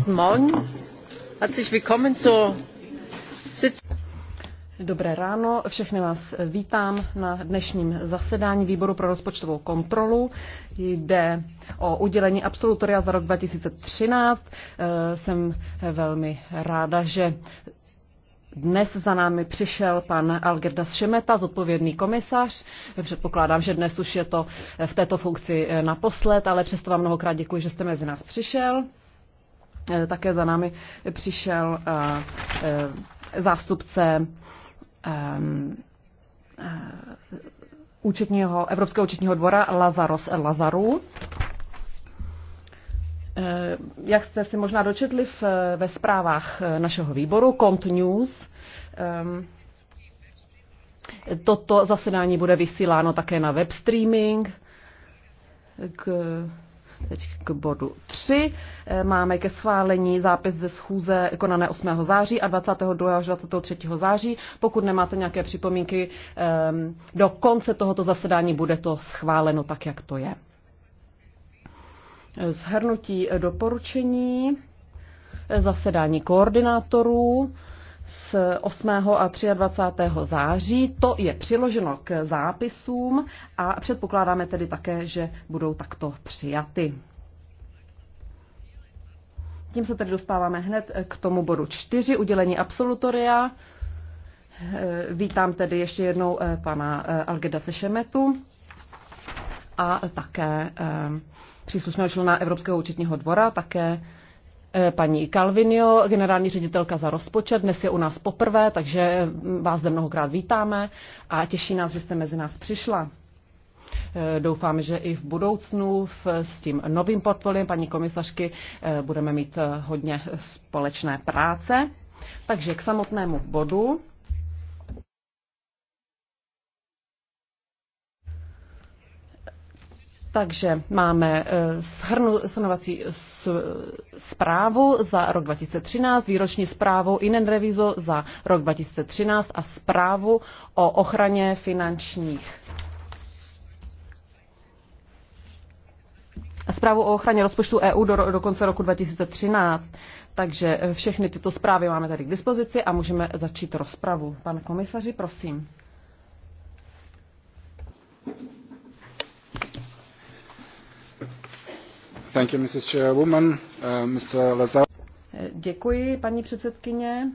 Guten Morgen. Herzlich willkommen zur Dobré ráno, všechny vás vítám na dnešním zasedání výboru pro rozpočtovou kontrolu. Jde o udělení absolutoria za rok 2013. Eh, jsem velmi ráda, že dnes za námi přišel pan Algerdas Šemeta, zodpovědný komisař. Předpokládám, že dnes už je to v této funkci eh, naposled, ale přesto vám mnohokrát děkuji, že jste mezi nás přišel. Eh, také za námi přišel eh, eh, zástupce účetního, Evropského účetního dvora Lazaros Lazaru. Jak jste si možná dočetli v, ve zprávách našeho výboru, Cont News, toto zasedání bude vysíláno také na web streaming. K, Teď k bodu 3. Eh, máme ke schválení zápis ze schůze konané 8. září a 22. až 23. září. Pokud nemáte nějaké připomínky, ehm, do konce tohoto zasedání bude to schváleno tak, jak to je. Zhrnutí doporučení, zasedání koordinátorů z 8. a 23. září. To je přiloženo k zápisům a předpokládáme tedy také, že budou takto přijaty. Tím se tedy dostáváme hned k tomu bodu 4, udělení absolutoria. Vítám tedy ještě jednou eh, pana eh, Algeda Sešemetu a také eh, příslušného člena Evropského účetního dvora, také Eh, paní Calvinio, generální ředitelka za rozpočet. Dnes je u nás poprvé, takže mm, vás zde mnohokrát vítáme a těší nás, že jste mezi nás přišla. Eh, Doufám, že i v budoucnu v, s tím novým portfoliem paní komisařky eh, budeme mít hodně společné práce. Takže k samotnému bodu. Takže máme shrnovací zprávu za rok 2013, výroční zprávu Inen Reviso za rok 2013 a zprávu o ochraně finančních zprávu o ochraně rozpočtu EU do, do konce roku 2013. Takže eh, všechny tyto zprávy máme tady k dispozici a můžeme začít rozpravu. Pan komisaři, prosím. Uh, děkuji, paní předsedkyně.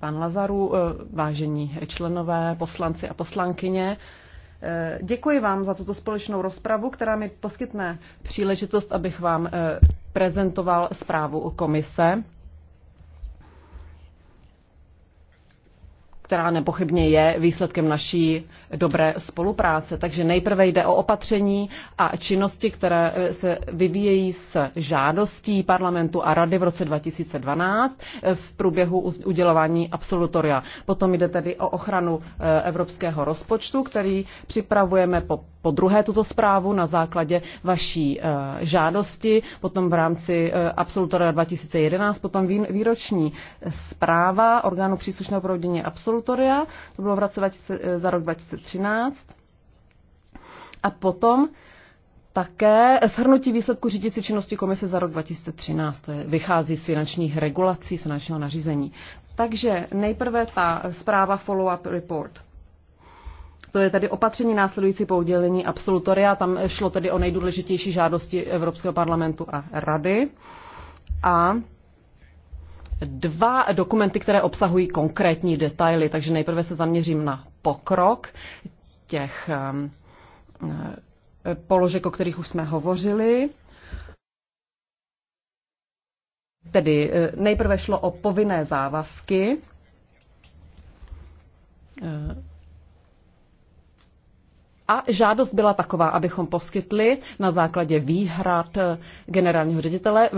Pan Lazaru, eh, vážení členové, poslanci a poslankyně, eh, děkuji vám za tuto společnou rozpravu, která mi poskytne příležitost, abych vám eh, prezentoval zprávu o komise která nepochybně je výsledkem naší dobré spolupráce. Takže nejprve jde o opatření a činnosti, které eh, se vyvíjejí s žádostí parlamentu a rady v roce 2012 eh, v průběhu udělování absolutoria. Potom jde tedy o ochranu eh, evropského rozpočtu, který připravujeme po, po druhé tuto zprávu na základě vaší žádosti, potom v rámci absolutoria 2011, potom výroční zpráva orgánu příslušného pro absolutoria absolutoria, to bylo v roce 20, eh, za rok 2013. A potom také shrnutí výsledku řídící činnosti komise za rok 2013, to je, vychází z finančních regulací, z finančního nařízení. Takže nejprve ta zpráva follow-up report. To je tedy opatření následující po udělení absolutoria. Tam šlo tedy o nejdůležitější žádosti Evropského parlamentu a rady. A dva dokumenty, které obsahují konkrétní detaily, takže nejprve se zaměřím na pokrok těch um, eh, položek, o kterých už jsme hovořili. Tedy eh, nejprve šlo o povinné závazky, eh, a žádost byla taková, abychom poskytli na základě výhrad eh, generálního ředitele.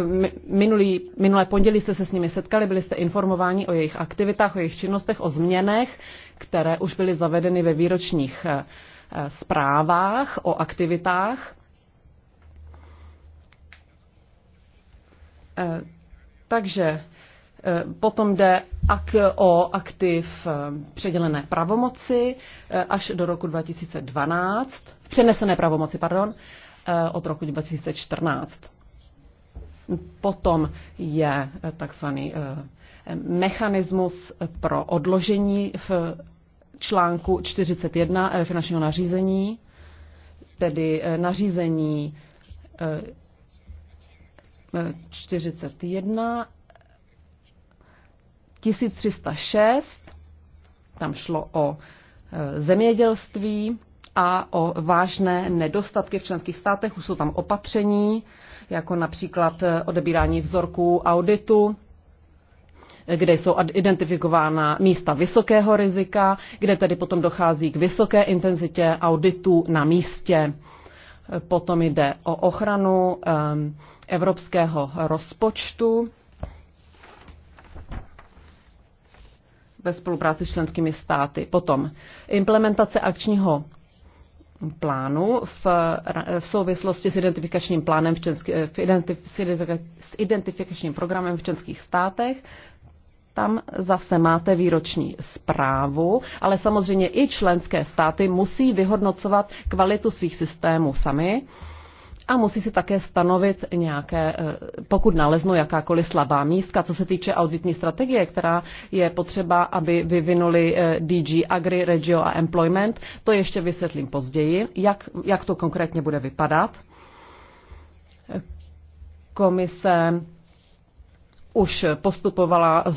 Minulý, minulé pondělí jste se s nimi setkali, byli jste informováni o jejich aktivitách, o jejich činnostech, o změnách, které už byly zavedeny ve výročních eh, eh, zprávách o aktivitách. Takže Eh, potom jde o aktiv eh, předělené pravomoci eh, až do roku 2012, přenesené pravomoci, pardon, od roku 2014. Potom je takzvaný mechanismus pro odložení v článku 41 finančního nařízení, tedy nařízení 41 1306, tam šlo o e, zemědělství a o vážné nedostatky v členských státech. Už jsou tam opatření, jako například e, odebírání vzorků auditu, kde jsou identifikována místa vysokého rizika, kde tedy potom dochází k vysoké intenzitě auditu na místě. Potom jde o ochranu e, evropského rozpočtu ve spolupráci s členskými státy. Potom implementace akčního plánu v, v souvislosti s identifikačním plánem v český, v identif, s, identifika, s identifikačním programem v českých státech. Tam zase máte výroční zprávu, ale samozřejmě i členské státy musí vyhodnocovat kvalitu svých systémů sami. Uh, a musí si také stanovit nějaké, eh, pokud naleznou jakákoliv slabá místka, co se týče auditní strategie, která je potřeba, aby vyvinuli eh, DG Agri, Regio a Employment. To ještě vysvětlím později, jak, jak to konkrétně bude vypadat. Komise už postupovala eh,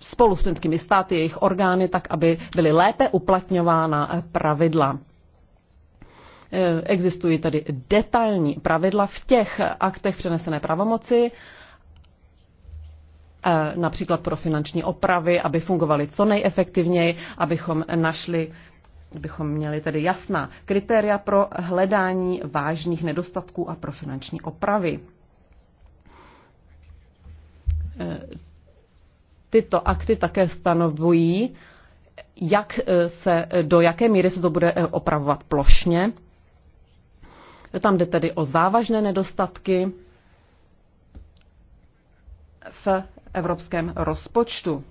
spolu s členskými státy, jejich orgány, tak aby byly lépe uplatňována pravidla. Eh, existují tady detailní pravidla v těch aktech přenesené pravomoci, eh, například pro finanční opravy, aby fungovaly co nejefektivněji, abychom našli bychom měli tedy jasná kritéria pro hledání vážných nedostatků a pro finanční opravy. Eh, tyto akty také stanovují, jak se, do jaké míry se to bude opravovat plošně tam jde tedy o závažné nedostatky v evropském rozpočtu.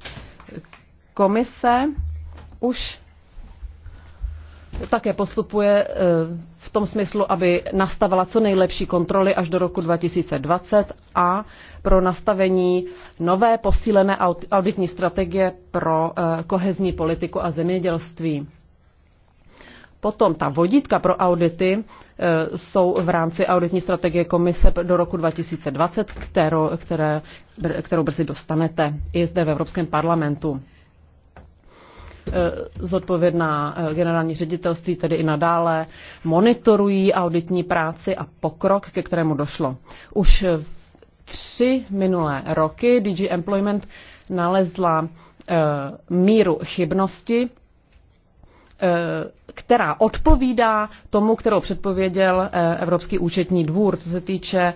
Komise už také postupuje eh, v tom smyslu, aby nastavila co nejlepší kontroly až do roku 2020 a pro nastavení nové posílené auditní strategie pro eh, kohezní politiku a zemědělství. Potom ta vodítka pro audity e, jsou v rámci auditní strategie komise do roku 2020, kterou, které, kterou brzy dostanete i zde v Evropském parlamentu. E, zodpovědná e, generální ředitelství tedy i nadále monitorují auditní práci a pokrok, ke kterému došlo. Už tři minulé roky DG Employment nalezla míru chybnosti Eh, která odpovídá tomu, kterou předpověděl eh, Evropský účetní dvůr, co se týče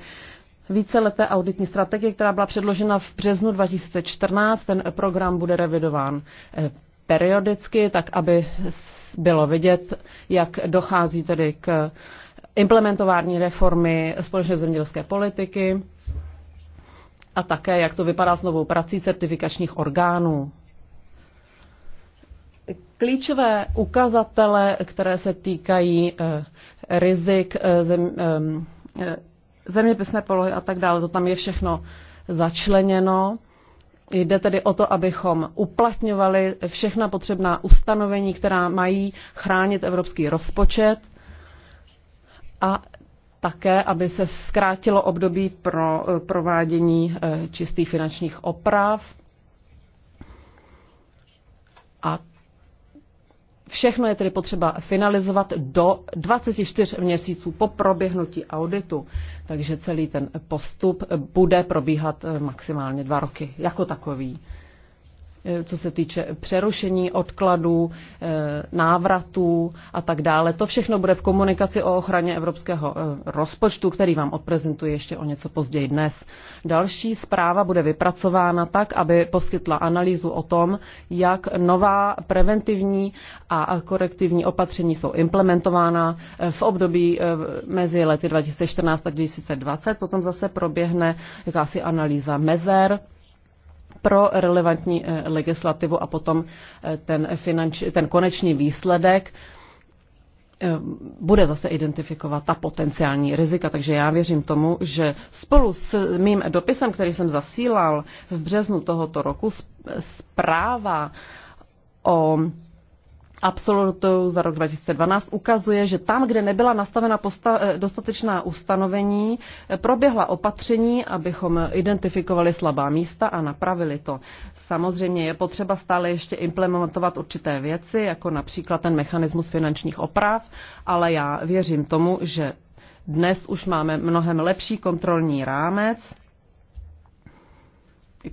víceleté auditní strategie, která byla předložena v březnu 2014. Ten program bude revidován eh, periodicky, tak aby bylo vidět, jak dochází tedy k implementování reformy společné zemědělské politiky a také, jak to vypadá s novou prací certifikačních orgánů klíčové ukazatele, které se týkají eh, rizik eh, zem, eh, zeměpisné polohy a tak dále, to tam je všechno začleněno. Jde tedy o to, abychom uplatňovali všechna potřebná ustanovení, která mají chránit evropský rozpočet a také, aby se zkrátilo období pro provádění čistých finančních oprav. A Všechno je tedy potřeba finalizovat do 24 měsíců po proběhnutí auditu, takže celý ten postup bude probíhat eh, maximálně dva roky jako takový. Eh, co se týče přerušení odkladů, eh, návratů a tak dále. To všechno bude v komunikaci o ochraně evropského eh, rozpočtu, který vám odprezentuji ještě o něco později dnes. Další zpráva bude vypracována tak, aby poskytla analýzu o tom, jak nová preventivní a korektivní opatření jsou implementována v období mezi lety 2014 a 2020. Potom zase proběhne jakási analýza mezer pro relevantní eh, legislativu a potom eh, ten, finanč, ten konečný výsledek eh, bude zase identifikovat ta potenciální rizika. Takže já věřím tomu, že spolu s mým dopisem, který jsem zasílal v březnu tohoto roku, zpráva o absolutu za rok 2012 ukazuje, že tam, kde nebyla nastavena eh, dostatečná ustanovení, eh, proběhla opatření, abychom identifikovali slabá místa a napravili to. Samozřejmě je potřeba stále ještě implementovat určité věci, jako například ten mechanismus finančních oprav, ale já věřím tomu, že dnes už máme mnohem lepší kontrolní rámec,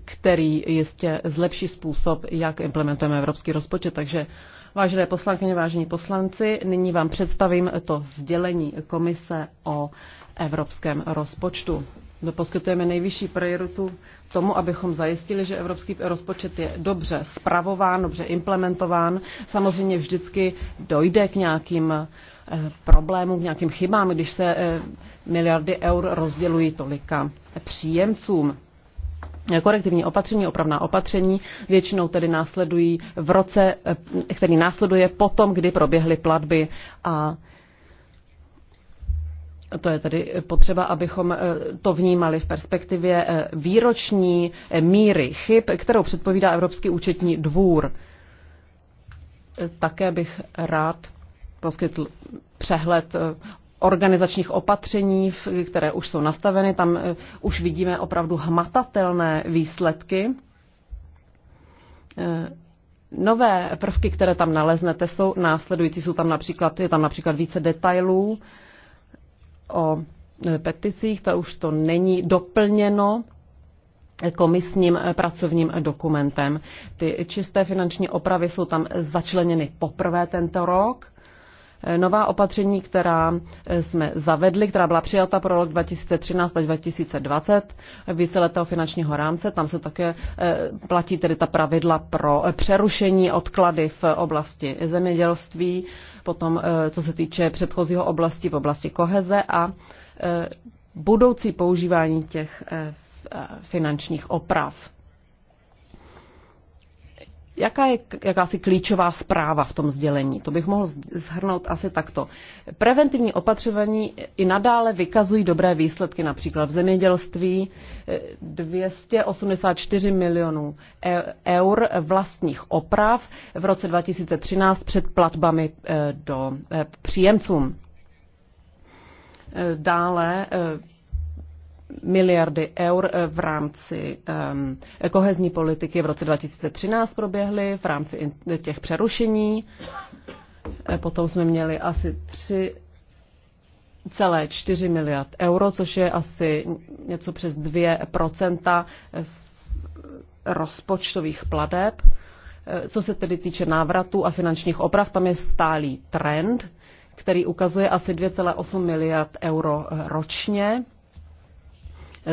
který jistě zlepší způsob, jak implementujeme evropský rozpočet. Takže Vážené poslankyně, vážení poslanci, nyní vám představím to sdělení komise o evropském rozpočtu. My poskytujeme nejvyšší prioritu tomu, abychom zajistili, že evropský rozpočet je dobře spravován, dobře implementován. Samozřejmě vždycky dojde k nějakým eh, problémům, k nějakým chybám, když se eh, miliardy eur rozdělují tolika příjemcům korektivní opatření, opravná opatření, většinou tedy následují v roce, který následuje potom, kdy proběhly platby a to je tedy potřeba, abychom eh, to vnímali v perspektivě eh, výroční eh, míry chyb, kterou předpovídá Evropský účetní dvůr. Také bych rád poskytl přehled organizačních opatření, které už jsou nastaveny. Tam eh, už vidíme opravdu hmatatelné výsledky. Eh, nové prvky, které tam naleznete, jsou následující. Jsou tam například, je tam například více detailů o eh, peticích, ta už to není doplněno komisním pracovním dokumentem. Ty čisté finanční opravy jsou tam začleněny poprvé tento rok Eh, nová opatření, která eh, jsme zavedli, která byla přijata pro rok 2013 až 2020 eh, víceletého finančního rámce. Tam se také platí tedy ta pravidla pro přerušení odklady v oblasti zemědělství, potom co se týče předchozího oblasti v oblasti koheze a budoucí používání těch finančních oprav. Jaká je jakási klíčová zpráva v tom sdělení? To bych mohl zhrnout asi takto. Preventivní opatření i nadále vykazují dobré výsledky, například v zemědělství 284 eh, milionů e- eur vlastních oprav v roce 2013 před platbami eh, do eh, příjemcům. Dále miliardy eur eh, v rámci um, kohezní politiky v roce 2013 proběhly v rámci těch přerušení. Eh, potom jsme měli asi 3,4 miliard euro, což je asi něco přes 2% eh, rozpočtových pladeb. Co se tedy týče návratu a finančních oprav, tam je stálý trend, který ukazuje asi 2,8 miliard euro ročně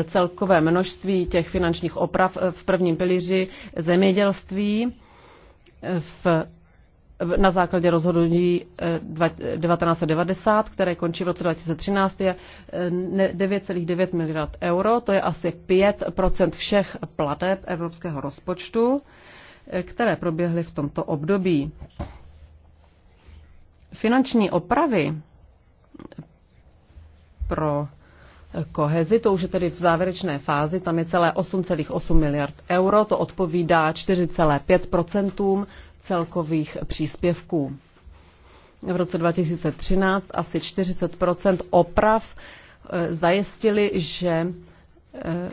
celkové množství těch finančních oprav v prvním pilíři zemědělství v, na základě rozhodnutí 1990, eh, které končí v roce 2013, je 9,9 eh, miliard euro. To je asi 5 všech plateb evropského rozpočtu, eh, které proběhly v tomto období. Finanční opravy pro kohezi, to už je tedy v závěrečné fázi, tam je celé 8,8 miliard euro, to odpovídá 4,5 celkových příspěvků. V roce 2013 asi 40 oprav eh, zajistili, že eh,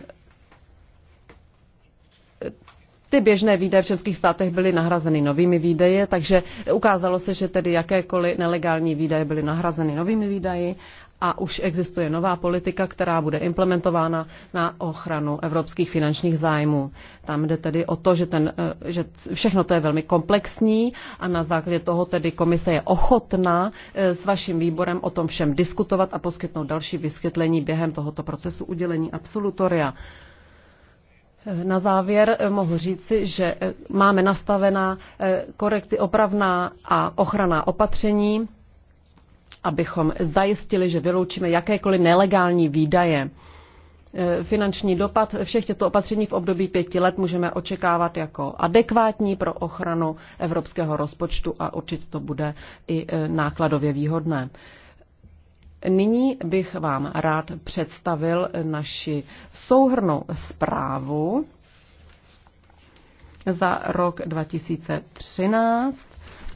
ty běžné výdaje v českých státech byly nahrazeny novými výdaje, takže ukázalo se, že tedy jakékoliv nelegální výdaje byly nahrazeny novými výdaji a už existuje nová politika, která bude implementována na ochranu evropských finančních zájmů. Tam jde tedy o to, že, ten, eh, že všechno to je velmi komplexní a na základě toho tedy komise je ochotná eh, s vaším výborem o tom všem diskutovat a poskytnout další vysvětlení během tohoto procesu udělení absolutoria. Eh, na závěr mohu říci, že máme nastavená korekty opravná a ochranná opatření abychom zajistili, že vyloučíme jakékoliv nelegální výdaje. E, finanční dopad všech těchto opatření v období pěti let můžeme očekávat jako adekvátní pro ochranu evropského rozpočtu a určitě to bude i e, nákladově výhodné. Nyní bych vám rád představil naši souhrnou zprávu za rok 2013.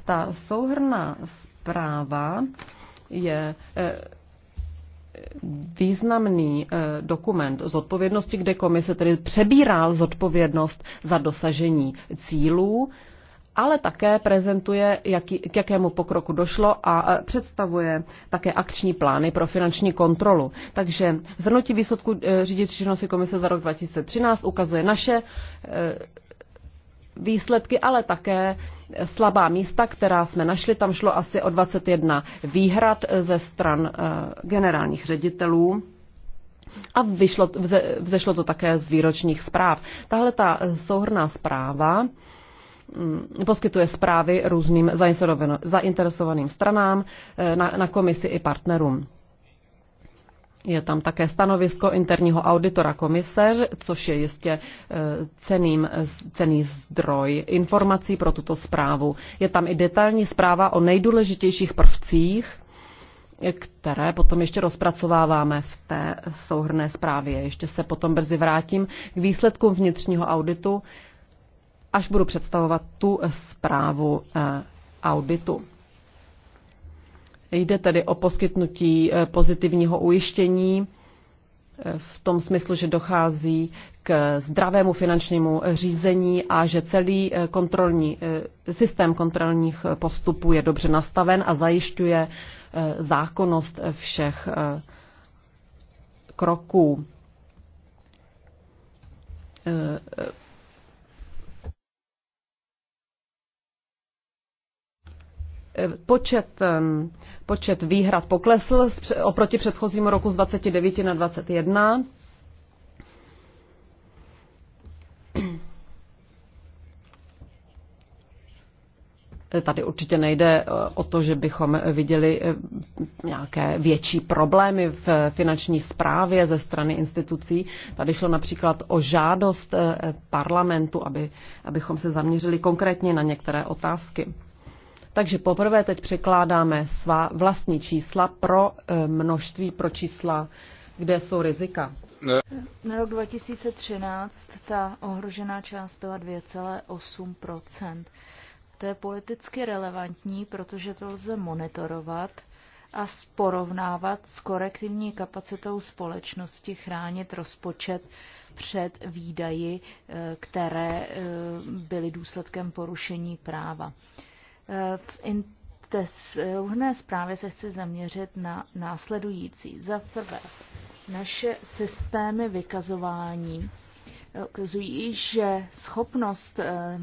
Ta souhrná zpráva je eh, významný eh, dokument z odpovědnosti, kde komise tedy přebírá zodpovědnost za dosažení cílů, ale také prezentuje, jaký, k jakému pokroku došlo a eh, představuje také akční plány pro finanční kontrolu. Takže zhrnutí výsledku řídící činnosti komise za rok 2013 ukazuje naše výsledky, ale také slabá místa, která jsme našli, tam šlo asi o 21 výhrad ze stran eh, generálních ředitelů. A vyšlo, vze, vzešlo to také z výročních zpráv. Tahle ta souhrná zpráva mm, poskytuje zprávy různým zainteresovaným stranám, eh, na, na komisi i partnerům. Je tam také stanovisko interního auditora komise, což je jistě e, ceným, cený zdroj informací pro tuto zprávu. Je tam i detailní zpráva o nejdůležitějších prvcích, které potom ještě rozpracováváme v té souhrné zprávě. Ještě se potom brzy vrátím k výsledkům vnitřního auditu, až budu představovat tu zprávu e, auditu. Jde tedy o poskytnutí eh, pozitivního ujištění eh, v tom smyslu, že dochází k zdravému finančnímu eh, řízení a že celý kontrolní, systém kontrolních postupů je dobře nastaven a zajišťuje zákonnost všech kroků Počet, počet výhrad poklesl oproti předchozímu roku z 29 na 21. Tady určitě nejde eh, o to, že bychom viděli eh, nějaké větší problémy v finanční správě ze strany institucí. Tady šlo například o žádost eh, parlamentu, aby, abychom se zaměřili konkrétně na některé otázky. Takže poprvé teď překládáme svá vlastní čísla pro eh, množství, pro čísla, kde jsou rizika. Na rok 2013 ta ohrožená část byla 2,8 To je politicky relevantní, protože to lze monitorovat a sporovnávat s korektivní kapacitou společnosti chránit rozpočet před výdaji, eh, které eh, byly důsledkem porušení práva. V té souhrné zprávě se chci zaměřit na následující. Za prvé, naše systémy vykazování eh, ukazují, že schopnost eh,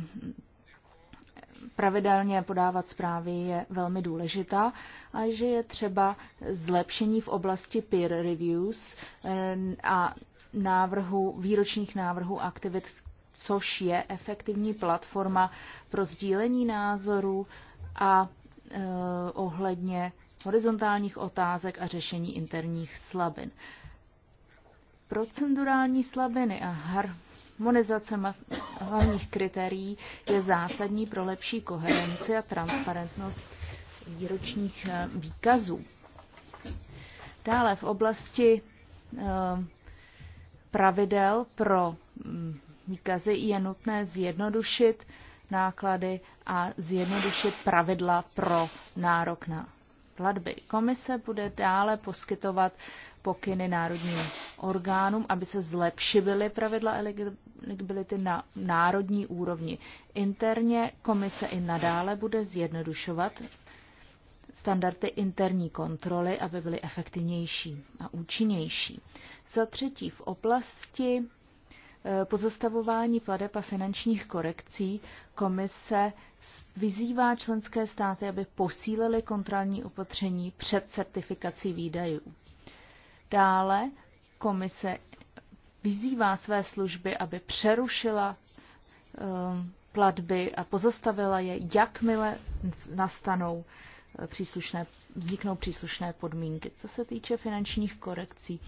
pravidelně podávat zprávy je velmi důležitá a že je třeba zlepšení v oblasti peer reviews eh, a návrhu, výročních návrhů aktivit což je efektivní platforma pro sdílení názorů a eh, ohledně horizontálních otázek a řešení interních slabin. Procedurální slabiny a harmonizace hlavních kritérií je zásadní pro lepší koherenci a transparentnost výročních e, výkazů. Dále v oblasti e, pravidel pro výkazy je nutné zjednodušit náklady a zjednodušit pravidla pro nárok na platby. Komise bude dále poskytovat pokyny národním orgánům, aby se zlepšily pravidla eligibility na národní úrovni. Interně komise i nadále bude zjednodušovat standardy interní kontroly, aby byly efektivnější a účinnější. Za třetí v oblasti pozastavování pladeb a finančních korekcí komise vyzývá členské státy, aby posílili kontrolní opatření před certifikací výdajů. Dále komise vyzývá své služby, aby přerušila ehm, platby a pozastavila je, jakmile nastanou e, příslušné, vzniknou příslušné podmínky. Co se týče finančních korekcí,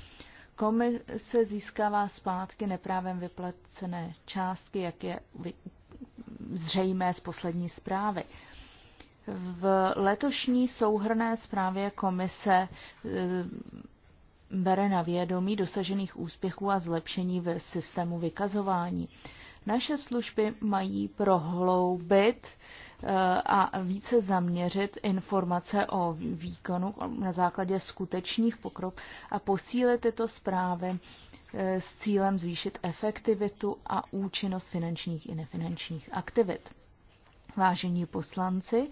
Komise získává zpátky neprávem vyplacené částky, jak je zřejmé z poslední zprávy. V letošní souhrné zprávě komise eh, bere na vědomí dosažených úspěchů a zlepšení ve systému vykazování. Naše služby mají prohloubit a více zaměřit informace o výkonu na základě skutečných pokrok a posílit tyto zprávy e, s cílem zvýšit efektivitu a účinnost finančních i nefinančních aktivit. Vážení poslanci,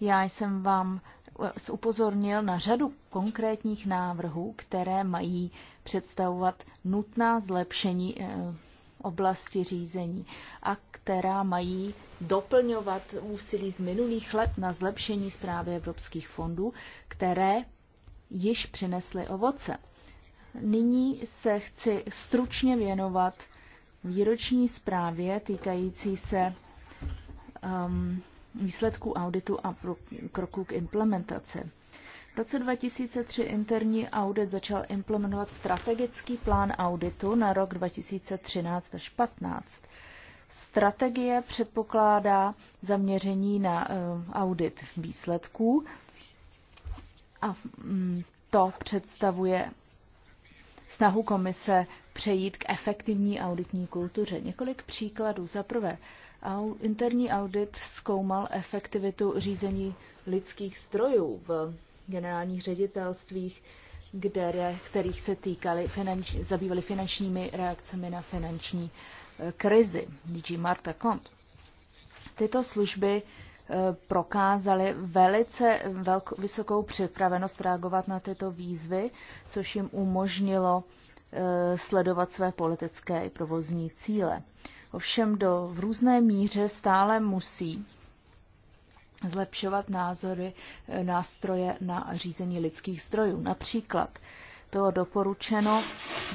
já jsem vám e, upozornil na řadu konkrétních návrhů, které mají představovat nutná zlepšení e, oblasti řízení a která mají doplňovat úsilí z minulých let na zlepšení zprávy evropských fondů, které již přinesly ovoce. Nyní se chci stručně věnovat výroční zprávě týkající se um, výsledků auditu a kroků k implementaci. V roce 2003 interní audit začal implementovat strategický plán auditu na rok 2013 až 15. Strategie předpokládá zaměření na eh, audit výsledků a mm, to představuje snahu komise přejít k efektivní auditní kultuře. Několik příkladů. Za prvé, interní audit zkoumal efektivitu řízení lidských strojů v generálních ředitelstvích, kde, kterých se týkali finanč, zabývali finančními reakcemi na finanční eh, krizi, DG Marta Kont. Tyto služby eh, prokázaly velice velkou, vysokou připravenost reagovat na tyto výzvy, což jim umožnilo eh, sledovat své politické i provozní cíle. Ovšem do v různé míře stále musí zlepšovat názory, e, nástroje na řízení lidských zdrojů. Například bylo doporučeno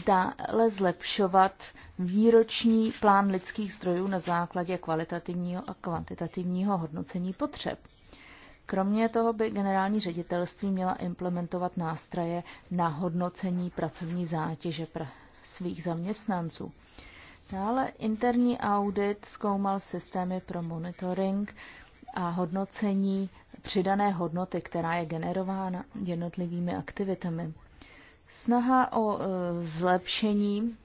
dále zlepšovat výroční plán lidských zdrojů na základě kvalitativního a kvantitativního hodnocení potřeb. Kromě toho by generální ředitelství měla implementovat nástroje na hodnocení pracovní zátěže pr- svých zaměstnanců. Dále interní audit zkoumal systémy pro monitoring a hodnocení přidané hodnoty, která je generována jednotlivými aktivitami. Snaha o e, zlepšení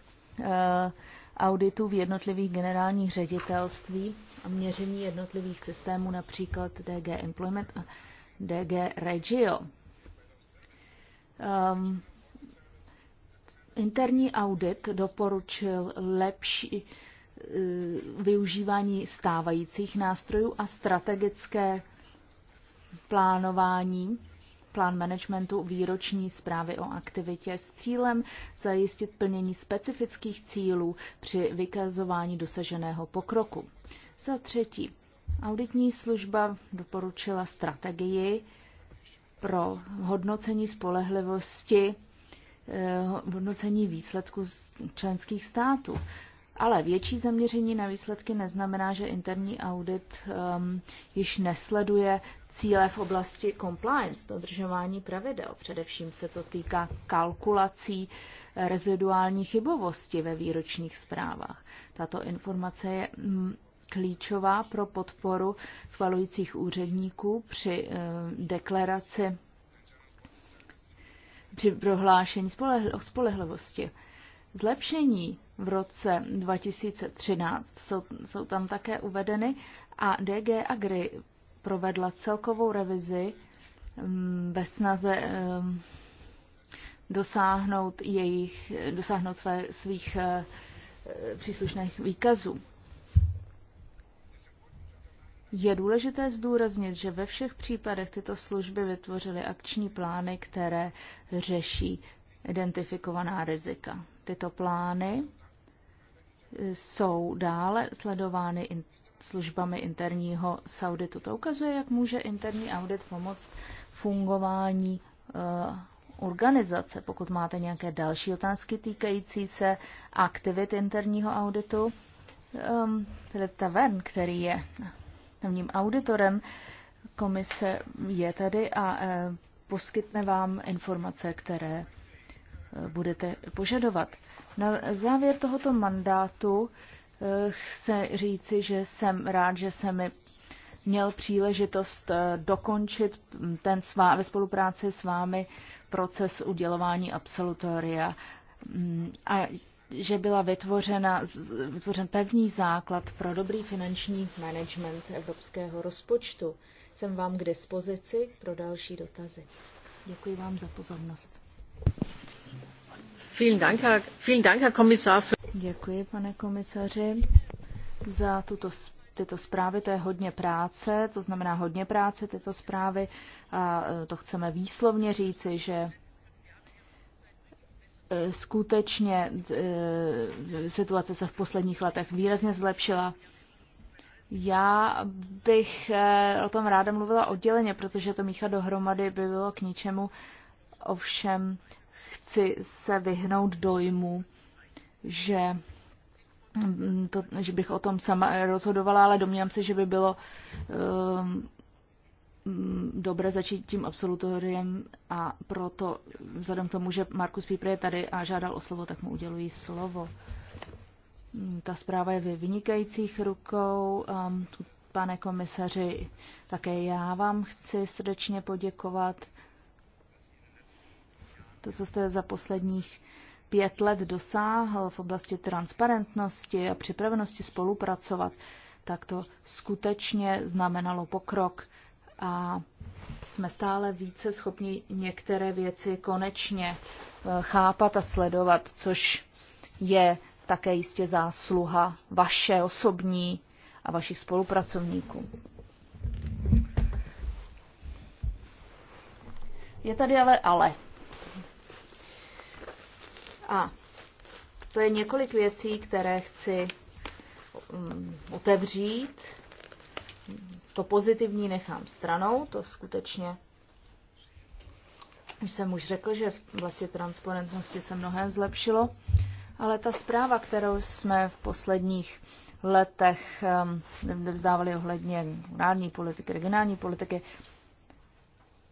e, auditu v jednotlivých generálních ředitelství a měření jednotlivých systémů, například DG Implement a DG Regio. Um, interní audit doporučil lepší Eh, využívání stávajících nástrojů a strategické plánování, plán managementu výroční zprávy o aktivitě s cílem zajistit plnění specifických cílů při vykazování dosaženého pokroku. Za třetí, auditní služba doporučila strategii pro hodnocení spolehlivosti eh, hodnocení výsledků členských států. Ale větší zaměření na výsledky neznamená, že interní audit um, již nesleduje cíle v oblasti compliance, dodržování pravidel. Především se to týká kalkulací eh, reziduální chybovosti ve výročních zprávách. Tato informace je mm, klíčová pro podporu schvalujících úředníků při eh, deklaraci při prohlášení spolehlivosti. Spolehlivosti zlepšení v roce 2013. Jsou, jsou tam také uvedeny a DG Agri provedla celkovou revizi mm, ve snaze ehm, dosáhnout, jejich, dosáhnout své, svých eh, příslušných výkazů. Je důležité zdůraznit, že ve všech případech tyto služby vytvořily akční plány, které řeší identifikovaná rizika. Tyto plány jsou dále sledovány in, službami interního sauditu. To ukazuje, jak může interní audit pomoct fungování eh, organizace. Pokud máte nějaké další otázky týkající se aktivit interního auditu, ehm, tedy Tavern, který je hlavním auditorem, komise je tady a eh, poskytne vám informace, které Eh, budete požadovat. Na závěr tohoto mandátu eh, chci říci, že jsem rád, že se mi měl příležitost eh, dokončit mm, ten svá, ve spolupráci s vámi proces udělování absolutoria mm, a že byla vytvořena, vytvořen pevný základ pro dobrý finanční management evropského rozpočtu. Jsem vám k dispozici pro další dotazy. Děkuji vám za pozornost. Děkuji, pane komisaři, za tuto tyto zprávy, to je hodně práce, to znamená hodně práce tyto zprávy a e, to chceme výslovně říci, že e, skutečně e, situace se v posledních letech výrazně zlepšila. Já bych o tom ráda mluvila odděleně, protože to míchat dohromady by bylo k ničemu. Ovšem chci se vyhnout dojmu, že, to, že bych o tom sama rozhodovala, ale domnívám se, že by bylo um, dobré začít tím absolutoriem a proto vzhledem k tomu, že Markus Pieper je tady a žádal o slovo, tak mu uděluji slovo. Mm, ta zpráva je ve vynikajících rukou. Um, pane komisaři, také já vám chci srdečně poděkovat to, co jste za posledních pět let dosáhl v oblasti transparentnosti a připravenosti spolupracovat, tak to skutečně znamenalo pokrok a jsme stále více schopni některé věci konečně eh, chápat a sledovat, což je také jistě zásluha vaše osobní a vašich spolupracovníků. Je tady ale ale. A to je několik věcí, které chci um, otevřít. To pozitivní nechám stranou, to skutečně už jsem už řekl, že v vlastně transparentnosti se mnohé zlepšilo, ale ta zpráva, kterou jsme v posledních letech um, vzdávali ohledně národní politiky, regionální politiky,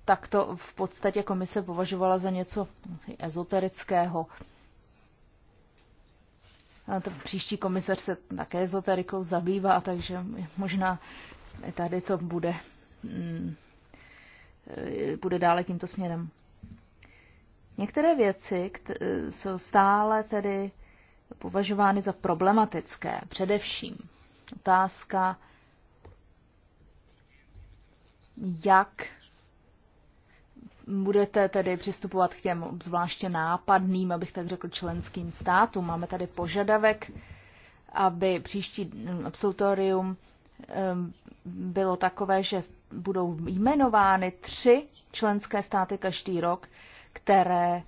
tak to v podstatě komise považovala za něco ezoterického příští komisař se také ezoterikou zabývá, takže možná tady to bude, mm, e, bude dále tímto směrem. Některé věci e, jsou stále tedy považovány za problematické. Především otázka, jak budete tedy přistupovat k těm zvláště nápadným, abych tak řekl, členským státům. Máme tady požadavek, aby příští absolutorium bylo takové, že budou jmenovány tři členské státy každý rok, které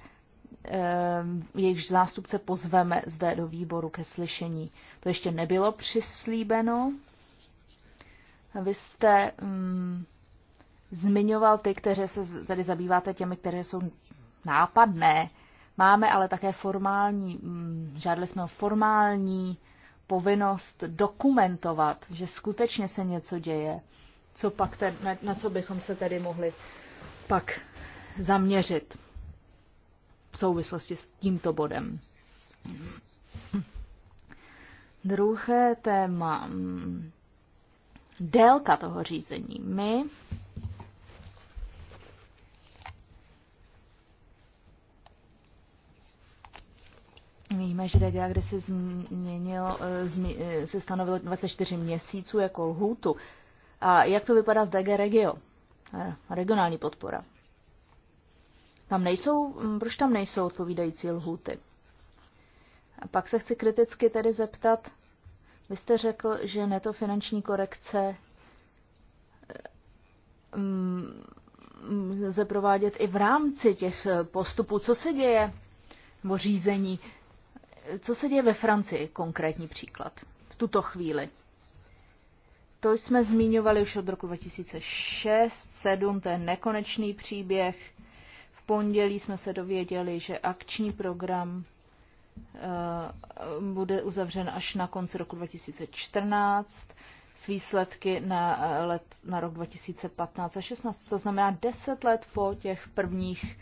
jejichž zástupce pozveme zde do výboru ke slyšení. To ještě nebylo přislíbeno. Vy jste mm, zmiňoval ty, kteří se tady zabýváte těmi, které jsou nápadné. Máme ale také formální, mm, žádali jsme o formální povinnost dokumentovat, že skutečně se něco děje, co pak te, na, na co bychom se tedy mohli pak zaměřit v souvislosti s tímto bodem. Druhé téma. Mm, délka toho řízení. My Víme, že DGA kde se, změnilo, eh, eh, se stanovilo 24 měsíců jako lhůtu. A jak to vypadá z DG Regio? Eh, regionální podpora. Tam nejsou, hm, proč tam nejsou odpovídající lhůty? A pak se chci kriticky tedy zeptat, vy jste řekl, že neto finanční korekce hm, lze provádět i v rámci těch postupů. Co se děje? Nebo řízení co se děje ve Francii, konkrétní příklad, v tuto chvíli? To jsme zmiňovali už od roku 2006, 7, to je nekonečný příběh. V pondělí jsme se dověděli, že akční program eh, bude uzavřen až na konci roku 2014 s výsledky na, eh, let, na rok 2015 a 2016. To znamená 10 let po těch prvních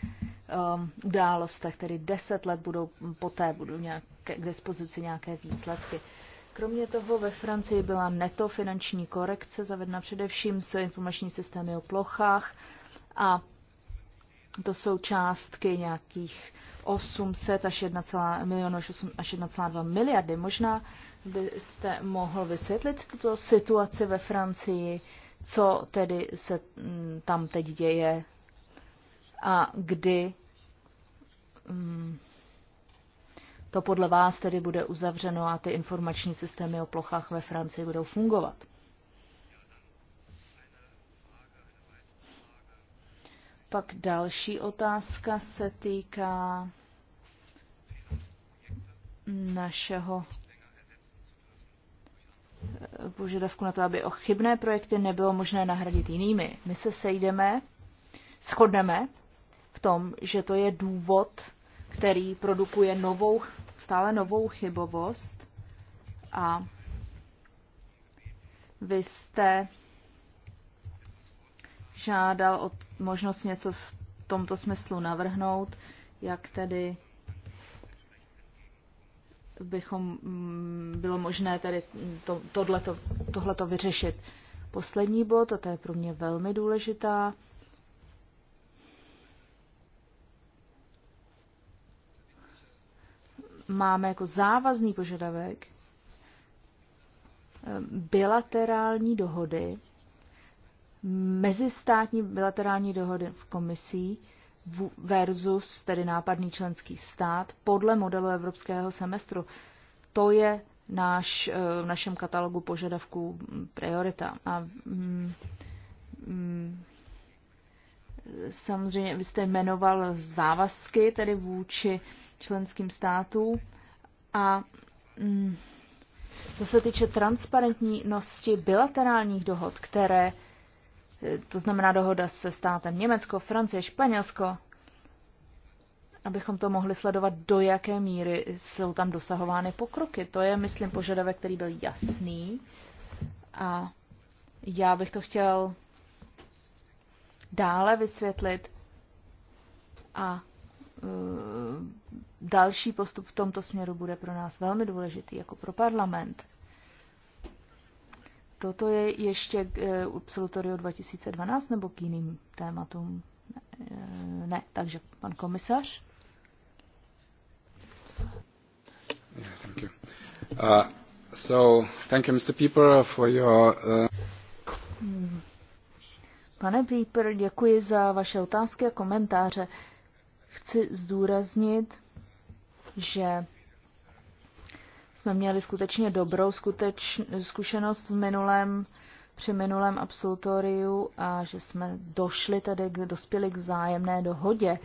um, událostech, tedy deset let budou poté budou nějaké, k dispozici nějaké výsledky. Kromě toho ve Francii byla neto finanční korekce zavedna především s informační systémy o plochách a to jsou částky nějakých 800 až 1,2 milionů až 1,2 miliardy. Možná byste mohl vysvětlit tuto situaci ve Francii, co tedy se mm, tam teď děje a kdy mm, to podle vás tedy bude uzavřeno a ty informační systémy o plochách ve Francii budou fungovat. Pak další otázka se týká našeho eh, požadavku na to, aby o chybné projekty nebylo možné nahradit jinými. My se sejdeme, shodneme v tom, že to je důvod, který produkuje novou, stále novou chybovost a vy jste žádal o možnost něco v tomto smyslu navrhnout, jak tedy bychom mm, bylo možné tady to, tohleto, tohleto vyřešit. Poslední bod, a to je pro mě velmi důležitá máme jako závazný požadavek eh, bilaterální dohody, mezistátní bilaterální dohody s komisí versus tedy nápadný členský stát podle modelu evropského semestru. To je náš, eh, v našem katalogu požadavků mm, priorita. A mm, mm, samozřejmě vy jste jmenoval závazky tedy vůči členským států. A mm, co se týče transparentnosti bilaterálních dohod, které, e, to znamená dohoda se státem Německo, Francie, Španělsko, abychom to mohli sledovat, do jaké míry jsou tam dosahovány pokroky. To je, myslím, požadavek, který byl jasný. A já bych to chtěl dále vysvětlit a Eh, další postup v tomto směru bude pro nás velmi důležitý, jako pro parlament. Toto je ještě k eh, absolutoriu 2012 nebo k jiným tématům? Eh, ne, takže pan komisař. thank you. Uh, so, thank you, Mr. Pieper, for your... Uh... Pane Pieper, děkuji za vaše otázky a komentáře. Uh, Chci zdůraznit, že jsme měli skutečně dobrou skuteč, zkušenost v minulém, při minulém absolutoriu a že jsme došli tedy, dospěli k zájemné dohodě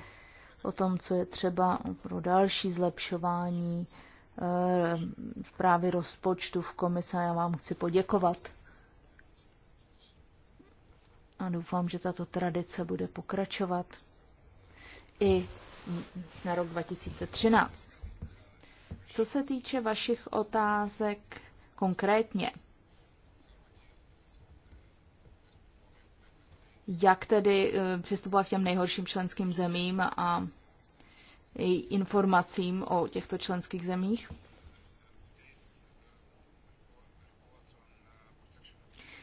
o tom, co je třeba pro další zlepšování eh, právě rozpočtu v komise a já vám chci poděkovat. A doufám, že tato tradice bude pokračovat i na rok 2013. Co se týče vašich otázek konkrétně, jak tedy eh, přistupovat k těm nejhorším členským zemím a informacím o těchto členských zemích?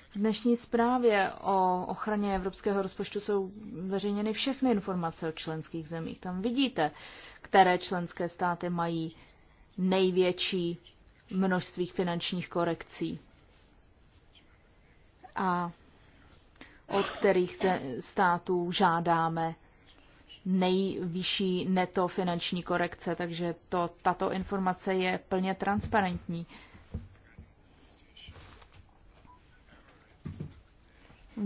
V dnešní zprávě o ochraně evropského rozpočtu jsou veřejněny všechny informace o členských zemích. Tam vidíte, které členské státy mají největší množství finančních korekcí a od kterých států žádáme nejvyšší neto finanční korekce, takže to, tato informace je plně transparentní.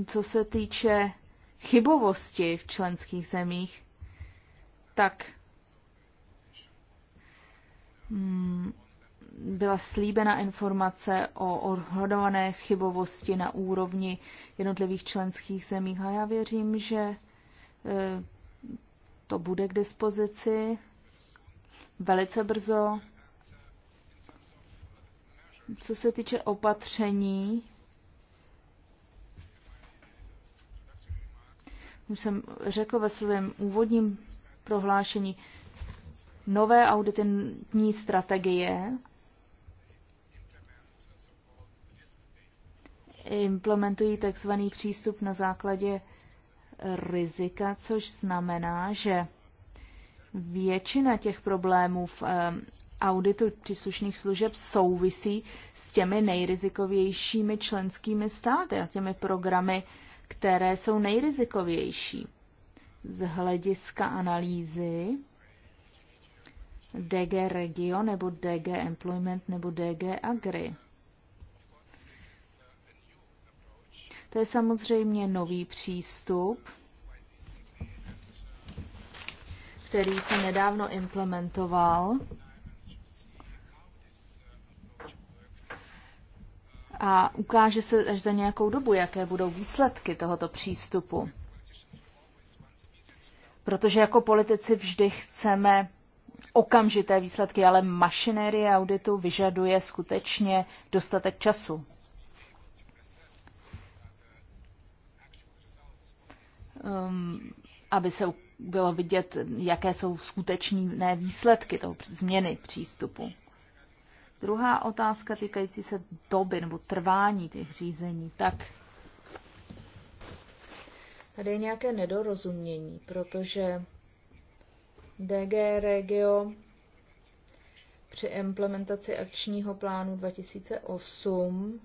Co se týče chybovosti v členských zemích, tak hmm, byla slíbena informace o odhodované chybovosti na úrovni jednotlivých členských zemí a já věřím, že eh, to bude k dispozici velice brzo. Co se týče opatření, jsem řekl ve svém úvodním prohlášení, nové auditní strategie implementují takzvaný přístup na základě rizika, což znamená, že většina těch problémů v eh, auditu příslušných služeb souvisí s těmi nejrizikovějšími členskými státy a těmi programy, které jsou nejrizikovější z hlediska analýzy DG Regio nebo DG Employment nebo DG Agri. To je samozřejmě nový přístup, který se nedávno implementoval a ukáže se až za nějakou dobu, jaké budou výsledky tohoto přístupu. Protože jako politici vždy chceme okamžité výsledky, ale mašinérie auditu vyžaduje skutečně dostatek času. Um, aby se bylo vidět, jaké jsou skutečné výsledky toho změny přístupu. Druhá otázka týkající se doby nebo trvání těch řízení. Tak tady je nějaké nedorozumění, protože DG Regio při implementaci akčního plánu 2008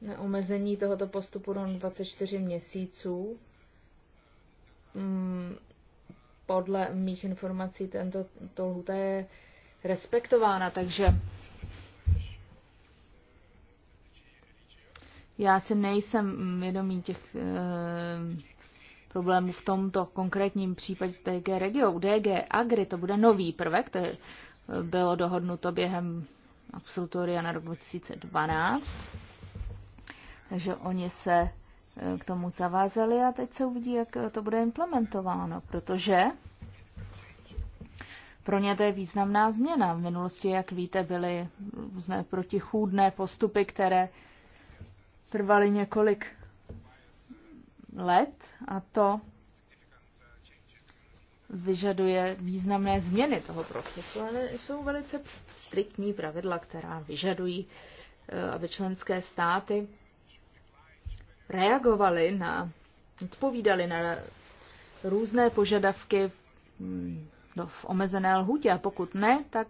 na omezení tohoto postupu do 24 měsíců. Mm, podle mých informací tento to lhuta je respektována, takže já si nejsem vědomý těch uh, problémů v tomto konkrétním případě s DG Regio. DG Agri to bude nový prvek, to je, eh, bylo dohodnuto během absolutoria na rok 2012. Takže oni se k tomu zavázali a teď se uvidí, jak to bude implementováno, protože pro ně to je významná změna. V minulosti, jak víte, byly různé protichůdné postupy, které trvaly několik let a to vyžaduje významné změny toho procesu, ale jsou velice striktní pravidla, která vyžadují, eh, aby členské státy reagovali na, odpovídali na různé požadavky no, v omezené lhůtě a pokud ne, tak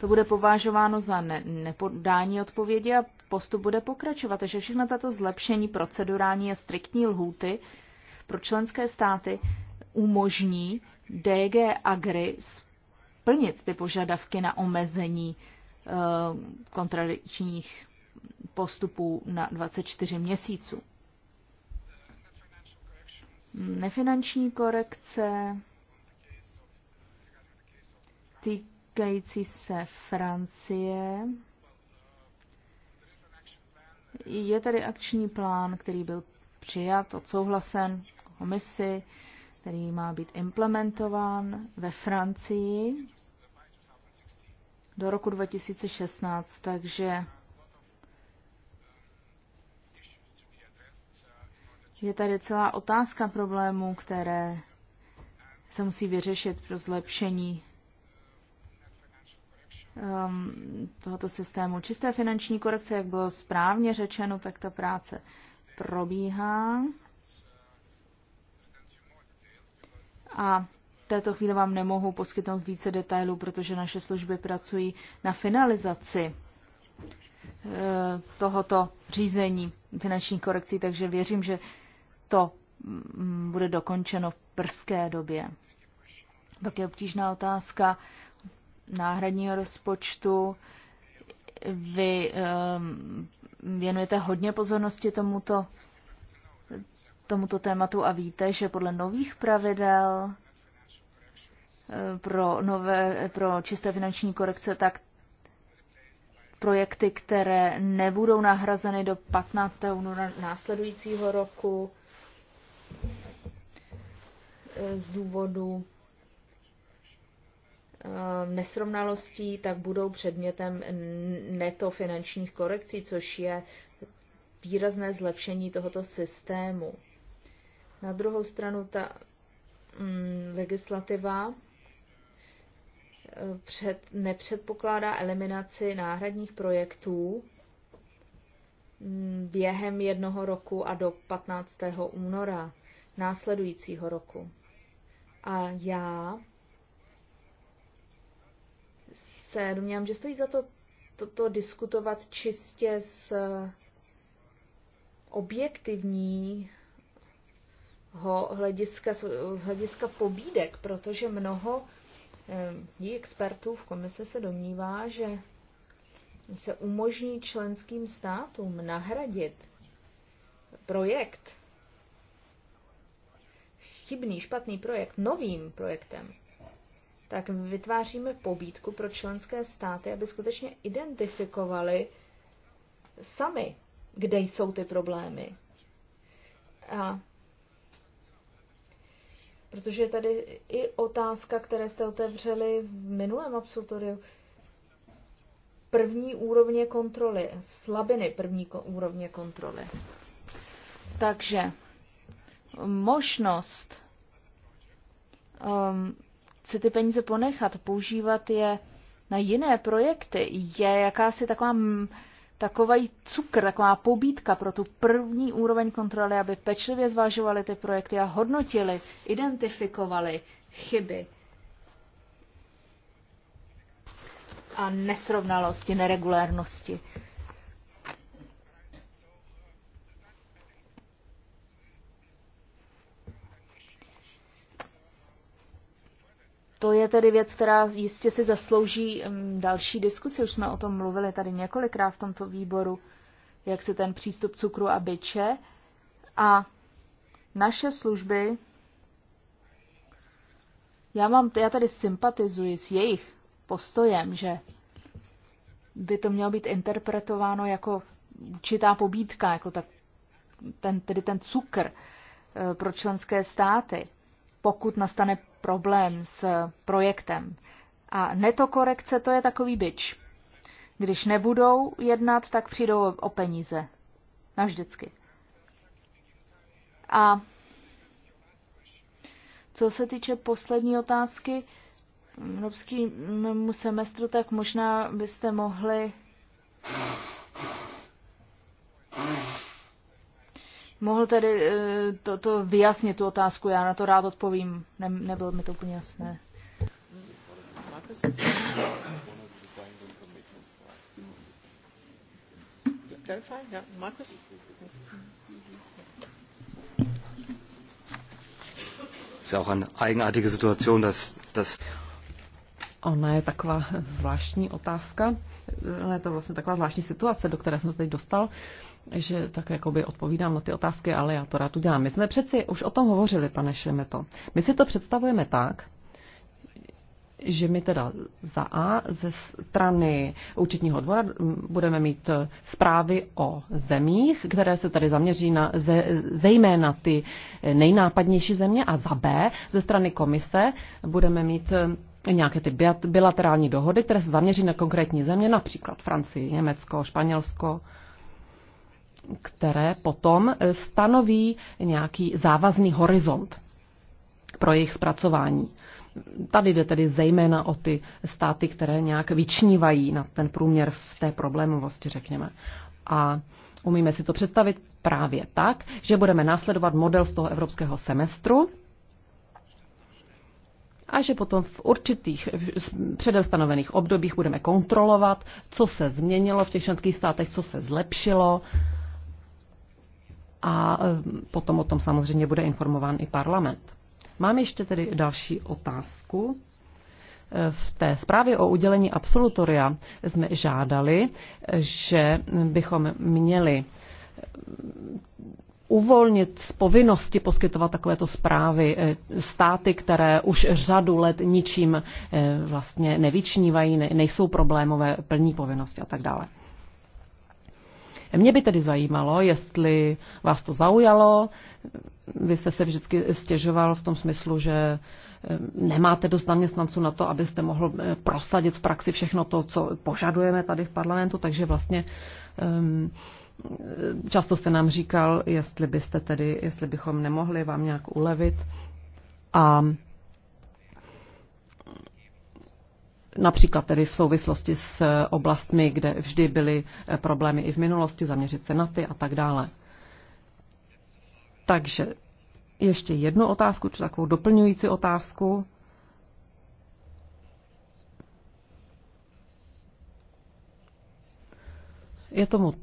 to bude považováno za ne- nepodání odpovědi a postup bude pokračovat. Takže všechna tato zlepšení procedurální a striktní lhůty pro členské státy umožní DG Agri splnit ty požadavky na omezení Eh, kontradičních postupů na 24 měsíců. Nefinanční korekce týkající se Francie. Je tady akční plán, který byl přijat, odsouhlasen komisi, který má být implementován ve Francii do roku 2016, takže je tady celá otázka problémů, které se musí vyřešit pro zlepšení um, tohoto systému. Čisté finanční korekce, jak bylo správně řečeno, tak ta práce probíhá. A této chvíli vám nemohu poskytnout více detailů, protože naše služby pracují na finalizaci eh, tohoto řízení finančních korekcí, takže věřím, že to mm, bude dokončeno v brzké době. Pak je obtížná otázka náhradního rozpočtu. Vy ehm, věnujete hodně pozornosti tomuto, tomuto tématu a víte, že podle nových pravidel Eh, pro, nové, pro čisté finanční korekce, tak projekty, které nebudou nahrazeny do 15. února následujícího roku eh, z důvodu eh, nesrovnalostí, tak budou předmětem neto finančních korekcí, což je výrazné zlepšení tohoto systému. Na druhou stranu ta mm, legislativa před, nepředpokládá eliminaci náhradních projektů během jednoho roku a do 15. února následujícího roku. A já se domnívám, že stojí za to toto diskutovat čistě z objektivního hlediska, hlediska pobídek, protože mnoho Dí ehm, expertů v komise se domnívá, že se umožní členským státům nahradit projekt, chybný, špatný projekt, novým projektem, tak vytváříme pobídku pro členské státy, aby skutečně identifikovali sami, kde jsou ty problémy. A Protože je tady i otázka, které jste otevřeli v minulém absolutoriu. První úrovně kontroly, slabiny první úrovně kontroly. Takže možnost um, si ty peníze ponechat, používat je na jiné projekty, je jakási taková takový cukr, taková pobítka pro tu první úroveň kontroly, aby pečlivě zvažovali ty projekty a hodnotili, identifikovali chyby a nesrovnalosti, neregulérnosti. je tedy věc, která jistě si zaslouží mm, další diskusi. Už jsme o tom mluvili tady několikrát v tomto výboru, jak se ten přístup cukru a byče. A naše služby, já, mám, já tady sympatizuji s jejich postojem, že by to mělo být interpretováno jako určitá pobídka, jako tak, ten, tedy ten cukr e, pro členské státy pokud nastane problém s projektem. A netokorekce to je takový byč. Když nebudou jednat, tak přijdou o peníze. Navždycky. A co se týče poslední otázky, evropský semestru, tak možná byste mohli mohl tedy eh, to, to vyjasnit, tu otázku. Já na to rád odpovím. Ne, nebylo mi to úplně jasné. Ona je taková zvláštní otázka, ale je to vlastně taková zvláštní situace, do které jsem se teď dostal že tak jakoby odpovídám na ty otázky, ale já to rád udělám. My jsme přeci už o tom hovořili, pane Šemeto. My si to představujeme tak, že my teda za A ze strany účetního dvora budeme mít zprávy o zemích, které se tady zaměří na ze, zejména ty nejnápadnější země a za B ze strany komise budeme mít nějaké ty bilaterální dohody, které se zaměří na konkrétní země, například Francii, Německo, Španělsko, které potom eh, stanoví nějaký závazný horizont pro jejich zpracování. Tady jde tedy zejména o ty státy, které nějak vyčnívají na ten průměr v té problémovosti, řekněme. A umíme si to představit právě tak, že budeme následovat model z toho evropského semestru a že potom v určitých předem obdobích budeme kontrolovat, co se změnilo v těch členských státech, co se zlepšilo a e, potom o tom samozřejmě bude informován i parlament. Mám ještě tedy další otázku. E, v té zprávě o udělení absolutoria jsme žádali, že bychom měli e, uvolnit z povinnosti poskytovat takovéto zprávy státy, které už řadu let ničím vlastně nevyčnívají, nejsou problémové, plní povinnosti a tak dále. Mě by tedy zajímalo, jestli vás to zaujalo. Vy jste se vždycky stěžoval v tom smyslu, že eh, nemáte dost zaměstnanců na to, abyste mohl eh, prosadit v praxi všechno to, co požadujeme tady v parlamentu, takže vlastně ehm, často jste nám říkal, jestli byste tedy, jestli bychom nemohli vám nějak ulevit. A například tedy v souvislosti s eh, oblastmi, kde vždy byly eh, problémy i v minulosti, zaměřit se na ty a tak dále. Takže ještě jednu otázku, či takovou doplňující otázku. Je tomu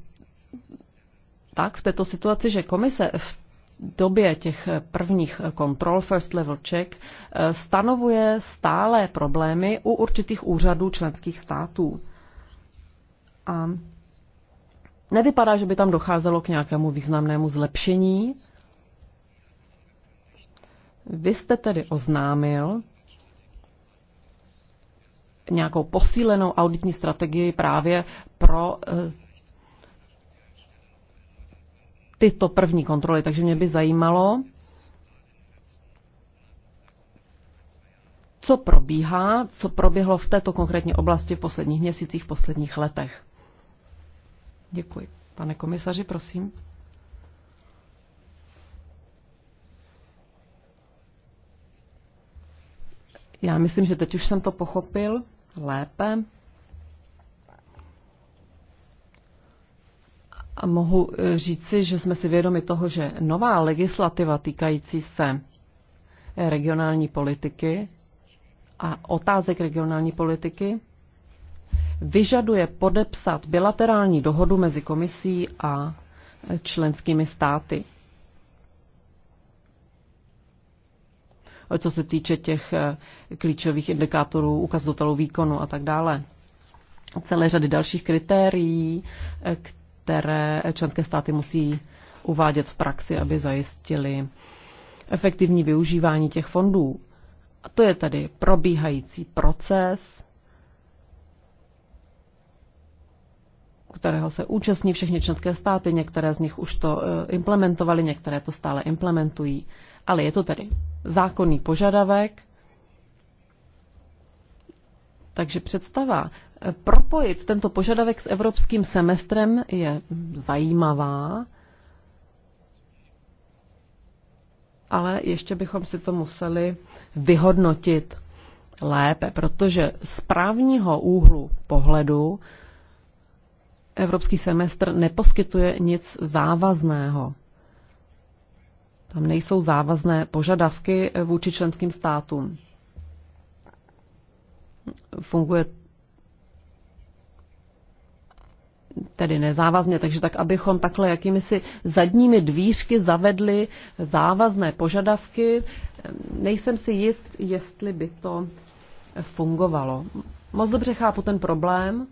tak v této situaci, že komise v době těch prvních kontrol, first level check, eh, stanovuje stále problémy u určitých úřadů členských států. A nevypadá, že by tam docházelo k nějakému významnému zlepšení. Vy jste tedy oznámil nějakou posílenou auditní strategii právě pro eh, tyto první kontroly. Takže mě by zajímalo, co probíhá, co proběhlo v této konkrétní oblasti v posledních měsících, v posledních letech. Děkuji. Pane komisaři, prosím. Já myslím, že teď už jsem to pochopil lépe. A mohu e, říci, že jsme si vědomi toho, že nová legislativa týkající se e, regionální politiky a otázek regionální politiky vyžaduje podepsat bilaterální dohodu mezi komisí a e, členskými státy. Co se týče těch klíčových indikátorů, ukazatelů výkonu a tak dále. Celé řady dalších kritérií, které které členské státy musí uvádět v praxi, aby zajistili efektivní využívání těch fondů. A to je tedy probíhající proces, kterého se účastní všechny členské státy, některé z nich už to eh, implementovaly, některé to stále implementují, ale je to tedy zákonný požadavek, takže představa eh, propojit tento požadavek s evropským semestrem je zajímavá, ale ještě bychom si to museli vyhodnotit lépe, protože z právního úhlu pohledu evropský semestr neposkytuje nic závazného. Tam nejsou závazné požadavky vůči členským státům funguje tedy nezávazně, takže tak, abychom takhle jakými si zadními dvířky zavedli závazné požadavky, nejsem si jist, jestli by to fungovalo. Moc dobře chápu ten problém.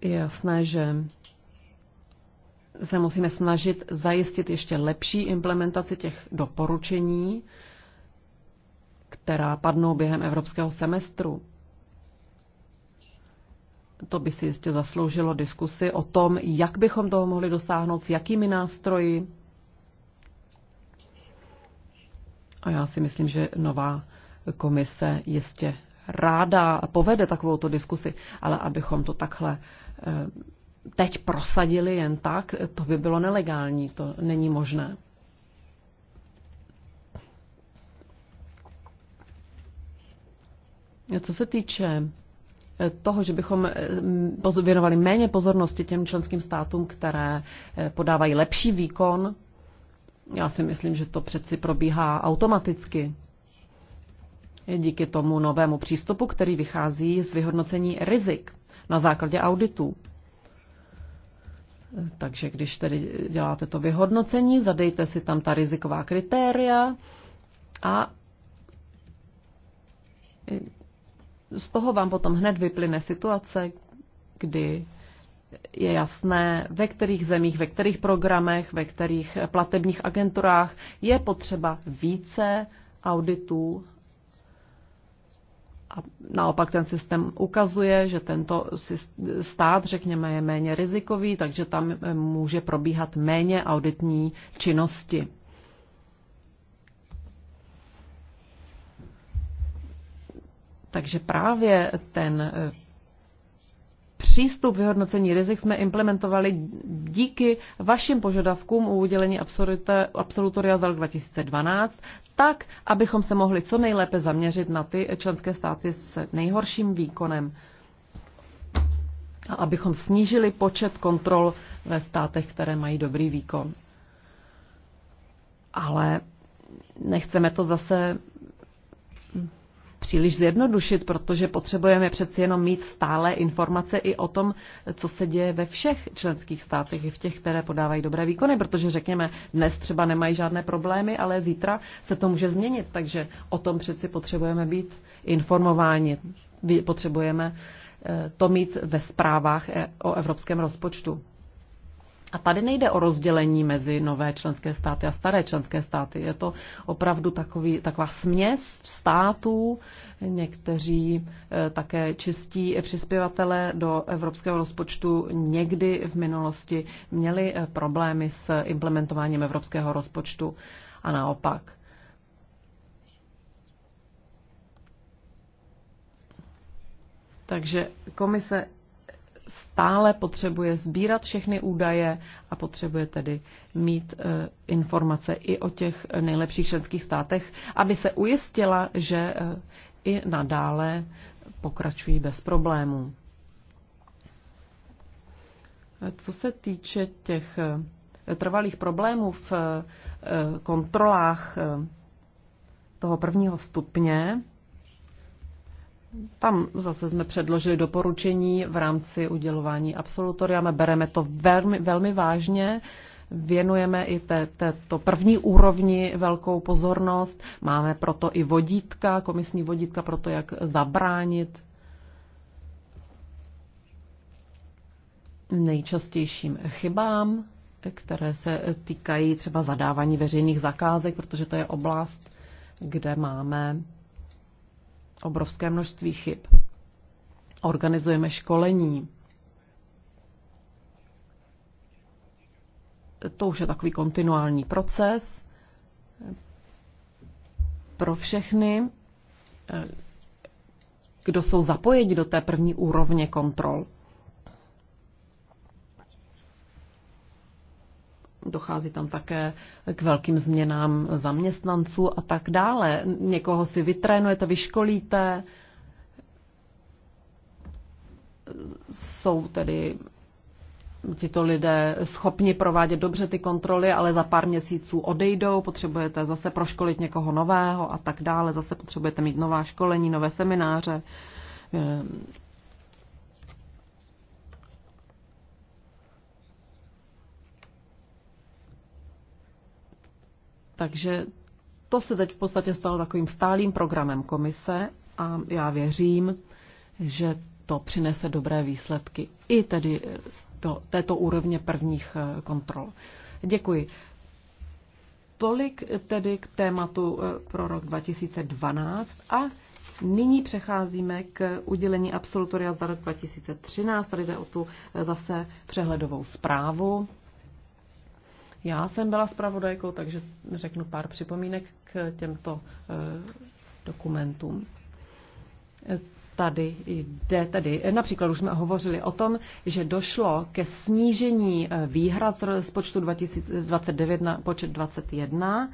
Je jasné, že se musíme snažit zajistit ještě lepší implementaci těch doporučení, která padnou během evropského semestru. To by si jistě zasloužilo diskusy o tom, jak bychom toho mohli dosáhnout, s jakými nástroji. A já si myslím, že nová komise jistě ráda povede takovouto diskusi, ale abychom to takhle eh, teď prosadili jen tak, to by bylo nelegální, to není možné. Co se týče eh, toho, že bychom eh, věnovali méně pozornosti těm členským státům, které eh, podávají lepší výkon, já si myslím, že to přeci probíhá automaticky. Díky tomu novému přístupu, který vychází z vyhodnocení rizik na základě auditů. Takže když tedy děláte to vyhodnocení, zadejte si tam ta riziková kritéria a z toho vám potom hned vyplyne situace, kdy je jasné, ve kterých zemích, ve kterých programech, ve kterých platebních agenturách je potřeba více auditů. A naopak ten systém ukazuje, že tento stát, řekněme, je méně rizikový, takže tam může probíhat méně auditní činnosti. Takže právě ten eh, přístup vyhodnocení rizik jsme implementovali díky vašim požadavkům u udělení absolutoria za rok 2012, tak, abychom se mohli co nejlépe zaměřit na ty členské státy s nejhorším výkonem a abychom snížili počet kontrol ve státech, které mají dobrý výkon. Ale nechceme to zase příliš zjednodušit, protože potřebujeme přeci jenom mít stále informace i o tom, co se děje ve všech členských státech, i v těch, které podávají dobré výkony, protože řekněme, dnes třeba nemají žádné problémy, ale zítra se to může změnit, takže o tom přeci potřebujeme být informováni, potřebujeme eh, to mít ve zprávách eh, o evropském rozpočtu. A tady nejde o rozdělení mezi nové členské státy a staré členské státy. Je to opravdu takový, taková směs států. Někteří e, také čistí přispěvatele do evropského rozpočtu někdy v minulosti měli e, problémy s implementováním evropského rozpočtu a naopak. Takže komise stále potřebuje sbírat všechny údaje a potřebuje tedy mít eh, informace i o těch nejlepších členských státech, aby se ujistila, že eh, i nadále pokračují bez problémů. Co se týče těch eh, trvalých problémů v kontrolách toho prvního stupně, tam zase jsme předložili doporučení v rámci udělování absolutoria. My bereme to velmi, velmi vážně, věnujeme i té, této první úrovni velkou pozornost. Máme proto i vodítka, komisní vodítka pro to, jak zabránit nejčastějším chybám, které se týkají třeba zadávání veřejných zakázek, protože to je oblast, kde máme obrovské množství chyb. Organizujeme školení. To už je takový kontinuální proces pro všechny, eh, kdo jsou zapojeni do té první úrovně kontrol. dochází tam také k velkým změnám zaměstnanců a tak dále. Někoho si vytrénujete, vyškolíte, jsou tedy tito lidé schopni provádět dobře ty kontroly, ale za pár měsíců odejdou, potřebujete zase proškolit někoho nového a tak dále, zase potřebujete mít nová školení, nové semináře, Takže to se teď v podstatě stalo takovým stálým programem komise a já věřím, že to přinese dobré výsledky i tedy do této úrovně prvních eh, kontrol. Děkuji. Tolik tedy k tématu eh, pro rok 2012 a nyní přecházíme k udělení absolutoria za rok 2013. Tady jde o tu eh, zase přehledovou zprávu. Já jsem byla zpravodajkou, takže řeknu pár připomínek k těmto eh, dokumentům. Tady jde tedy, například už jsme hovořili o tom, že došlo ke snížení eh, výhrad z počtu 2029 na počet 21.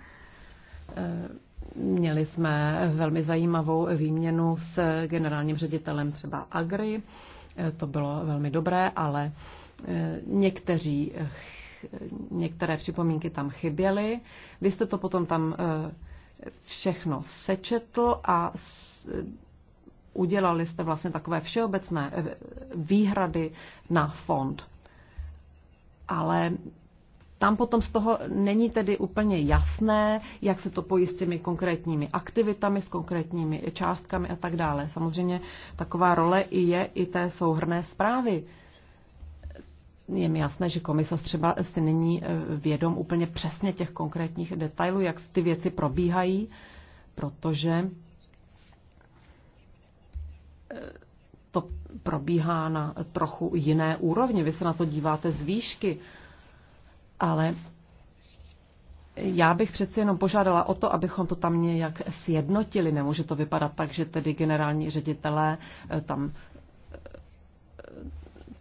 Eh, měli jsme velmi zajímavou výměnu s generálním ředitelem třeba Agri. To bylo velmi dobré, ale někteří některé připomínky tam chyběly. Vy jste to potom tam eh, všechno sečetl a eh, udělali jste vlastně takové všeobecné eh, výhrady na fond. Ale tam potom z toho není tedy úplně jasné, jak se to pojí s těmi konkrétními aktivitami, s konkrétními částkami a tak dále. Samozřejmě taková role i je i té souhrné zprávy je mi jasné, že komisař třeba si není e, vědom úplně přesně těch konkrétních detailů, jak ty věci probíhají, protože e, to probíhá na trochu jiné úrovni. Vy se na to díváte z výšky, ale já bych přeci jenom požádala o to, abychom to tam nějak sjednotili. Nemůže to vypadat tak, že tedy generální ředitelé e, tam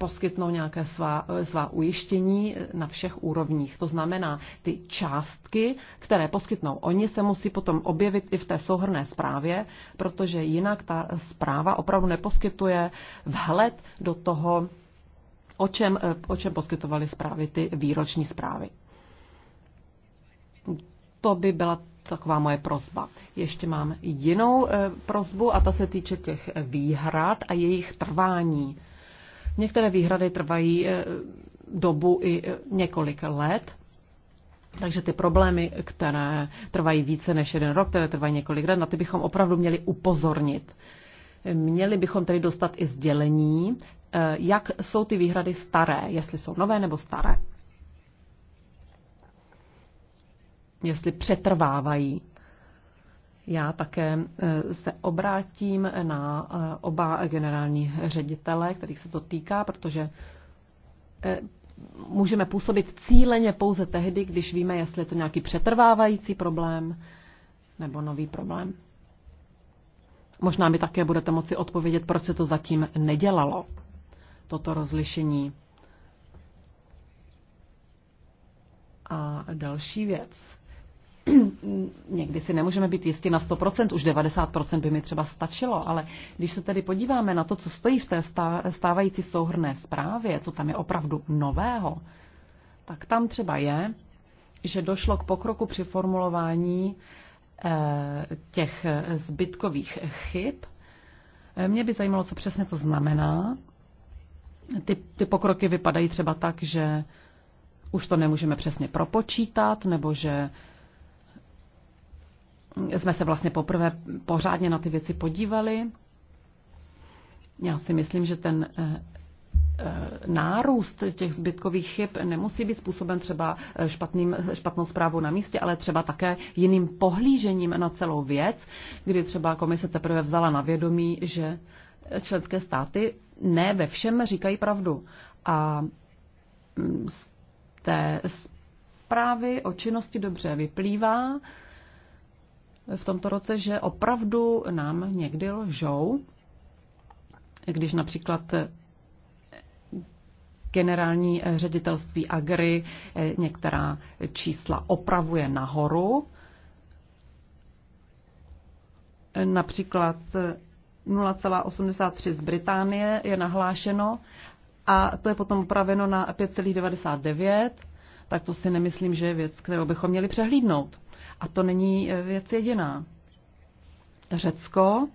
poskytnou nějaké svá, svá ujištění na všech úrovních. To znamená, ty částky, které poskytnou oni, se musí potom objevit i v té souhrné zprávě, protože jinak ta zpráva opravdu neposkytuje vhled do toho, o čem, o čem poskytovaly zprávy ty výroční zprávy. To by byla taková moje prozba. Ještě mám jinou eh, prozbu a ta se týče těch výhrad a jejich trvání. Některé výhrady trvají eh, dobu i eh, několik let, takže ty problémy, které trvají více než jeden rok, které trvají několik let, na ty bychom opravdu měli upozornit. Měli bychom tedy dostat i sdělení, eh, jak jsou ty výhrady staré, jestli jsou nové nebo staré. Jestli přetrvávají já také e, se obrátím na e, oba generální ředitele, kterých se to týká, protože e, můžeme působit cíleně pouze tehdy, když víme, jestli je to nějaký přetrvávající problém nebo nový problém. Možná mi také budete moci odpovědět, proč se to zatím nedělalo, toto rozlišení. A další věc. někdy si nemůžeme být jistí na 100%, už 90% by mi třeba stačilo, ale když se tedy podíváme na to, co stojí v té stávající souhrné zprávě, co tam je opravdu nového, tak tam třeba je, že došlo k pokroku při formulování eh, těch zbytkových chyb. Eh, mě by zajímalo, co přesně to znamená. Ty, ty pokroky vypadají třeba tak, že už to nemůžeme přesně propočítat, nebo že jsme se vlastně poprvé pořádně na ty věci podívali. Já si myslím, že ten eh, eh, nárůst těch zbytkových chyb nemusí být způsoben třeba eh, špatným, špatnou zprávou na místě, ale třeba také jiným pohlížením na celou věc, kdy třeba komise teprve vzala na vědomí, že členské státy ne ve všem říkají pravdu. A mm, z té zprávy o činnosti dobře vyplývá, v tomto roce, že opravdu nám někdy lžou, když například generální ředitelství Agry eh, některá čísla opravuje nahoru. Například 0,83 eh, z Británie je nahlášeno a to je potom upraveno na 5,99, tak to si nemyslím, že je věc, kterou bychom měli přehlídnout. A to není eh, věc jediná. Řecko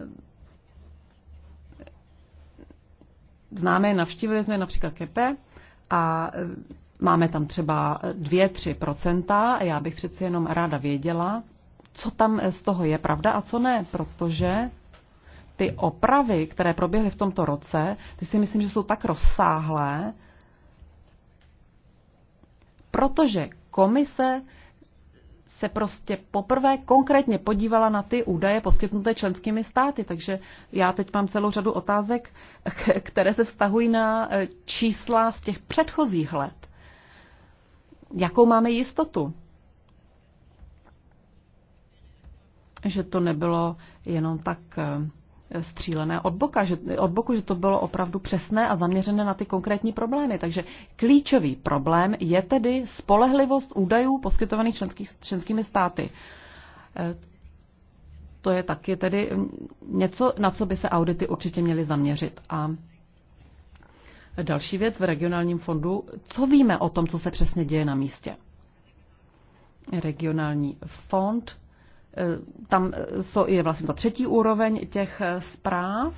eh, známe, navštívili jsme například Kepe a eh, máme tam třeba 2-3 procenta. Já bych přeci jenom ráda věděla, co tam z toho je pravda a co ne, protože ty opravy, které proběhly v tomto roce, ty si myslím, že jsou tak rozsáhlé, protože komise se prostě poprvé konkrétně podívala na ty údaje poskytnuté členskými státy. Takže já teď mám celou řadu otázek, které se vztahují na eh, čísla z těch předchozích let. Jakou máme jistotu? Že to nebylo jenom tak eh, střílené od, boka, že, od boku, že to bylo opravdu přesné a zaměřené na ty konkrétní problémy. Takže klíčový problém je tedy spolehlivost údajů poskytovaných členský, členskými státy. E, to je taky tedy něco, na co by se audity určitě měly zaměřit. A další věc v regionálním fondu, co víme o tom, co se přesně děje na místě. Regionální fond Eh, tam eh, je vlastně ta třetí úroveň těch eh, zpráv.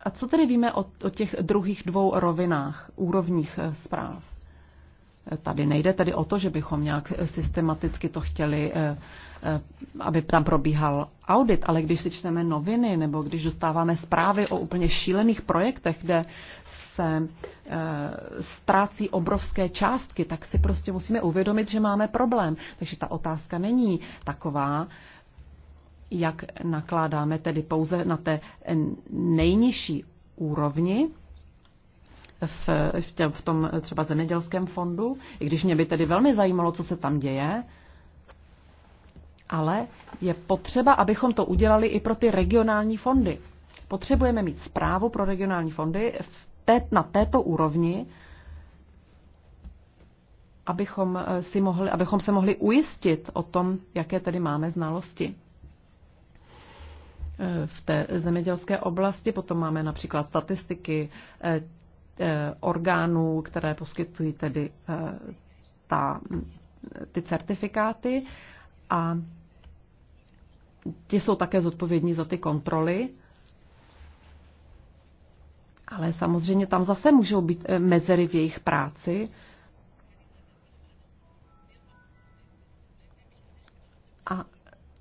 A co tedy víme o, o těch druhých dvou rovinách, úrovních zpráv? Tady nejde tedy o to, že bychom nějak systematicky to chtěli Eh, aby tam probíhal audit, ale když si čteme noviny nebo když dostáváme zprávy o úplně šílených projektech, kde se eh, ztrácí obrovské částky, tak si prostě musíme uvědomit, že máme problém. Takže ta otázka není taková, jak nakládáme tedy pouze na té nejnižší úrovni, v, v, tě, v tom třeba zemědělském fondu, i když mě by tedy velmi zajímalo, co se tam děje, ale je potřeba, abychom to udělali i pro ty regionální fondy. Potřebujeme mít zprávu pro regionální fondy v té, na této úrovni, abychom, eh, si mohli, abychom se mohli ujistit o tom, jaké tedy máme znalosti. Eh, v té zemědělské oblasti potom máme například statistiky eh, orgánů, které poskytují tedy ta, ty certifikáty a ti jsou také zodpovědní za ty kontroly. Ale samozřejmě tam zase můžou být eh, mezery v jejich práci. A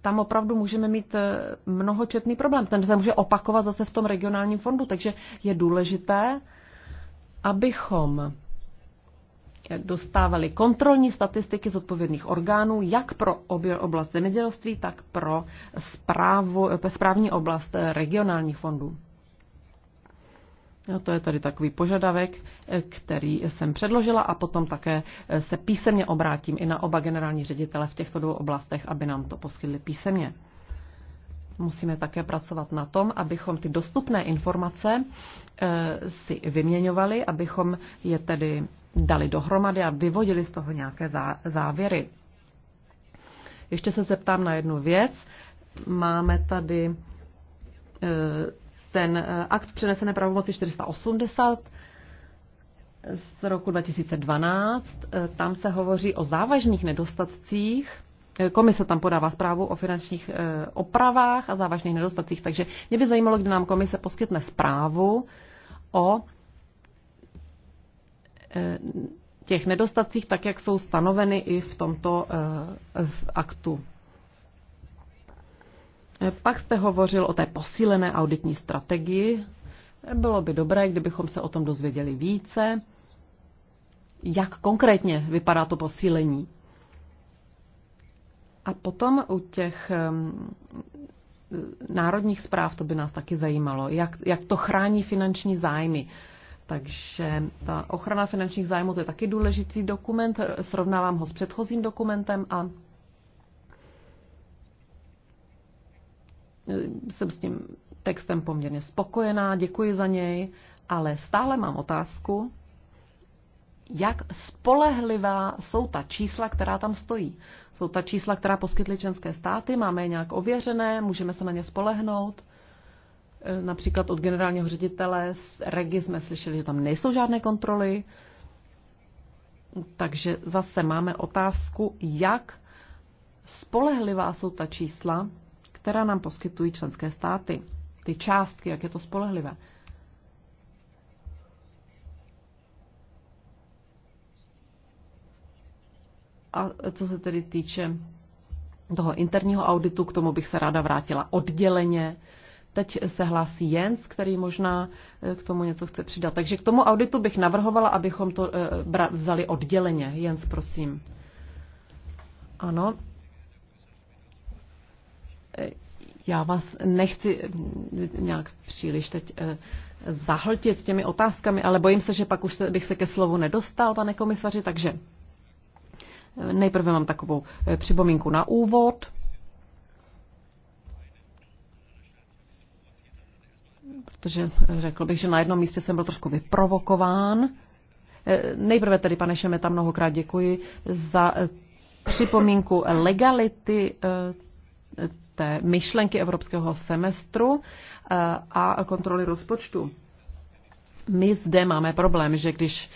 tam opravdu můžeme mít eh, mnohočetný problém. Ten se může opakovat zase v tom regionálním fondu. Takže je důležité, abychom dostávali kontrolní statistiky z odpovědných orgánů, jak pro oblast zemědělství, tak pro správu, správní oblast regionálních fondů. No, to je tady takový požadavek, který jsem předložila a potom také se písemně obrátím i na oba generální ředitele v těchto dvou oblastech, aby nám to poskytli písemně. Musíme také pracovat na tom, abychom ty dostupné informace eh, si vyměňovali, abychom je tedy dali dohromady a vyvodili z toho nějaké závěry. Ještě se zeptám na jednu věc. Máme tady e, ten e, akt přenesené pravomoci 480 z roku 2012. E, tam se hovoří o závažných nedostatcích. Komise tam podává zprávu o finančních opravách a závažných nedostatcích, takže mě by zajímalo, kdy nám komise poskytne zprávu o Eh, těch nedostacích, tak jak jsou stanoveny i v tomto eh, v aktu. Eh, pak jste hovořil o té posílené auditní strategii. Bylo by dobré, kdybychom se o tom dozvěděli více. Jak konkrétně vypadá to posílení? A potom u těch národních zpráv, to by nás taky zajímalo, jak, jak to chrání finanční zájmy. Takže ta ochrana finančních zájmů to je taky důležitý dokument. Srovnávám ho s předchozím dokumentem a e, jsem s tím textem poměrně spokojená, děkuji za něj, ale stále mám otázku, jak spolehlivá jsou ta čísla, která tam stojí. Jsou ta čísla, která poskytly členské státy, máme je nějak ověřené, můžeme se na ně spolehnout. Eh, například od generálního ředitele z Regi jsme slyšeli, že tam nejsou žádné kontroly. Takže zase máme otázku, jak spolehlivá jsou ta čísla, která nám poskytují členské státy. Ty částky, jak je to spolehlivé. A co se tedy týče toho interního auditu, k tomu bych se ráda vrátila odděleně. Teď se hlásí Jens, který možná eh, k tomu něco chce přidat. Takže k tomu auditu bych navrhovala, abychom to eh, vzali odděleně. Jens, prosím. Ano. Eh, já vás nechci mm, nějak příliš teď zahltit těmi otázkami, ale bojím se, že pak už bych se ke slovu nedostal, pane komisaři, takže nejprve mám takovou připomínku na úvod. protože eh, řekl bych, že na jednom místě jsem byl trošku vyprovokován. Eh, nejprve tedy, pane Šemeta, mnohokrát děkuji za eh, připomínku legality té myšlenky evropského semestru a kontroly rozpočtu. My zde máme problém, že když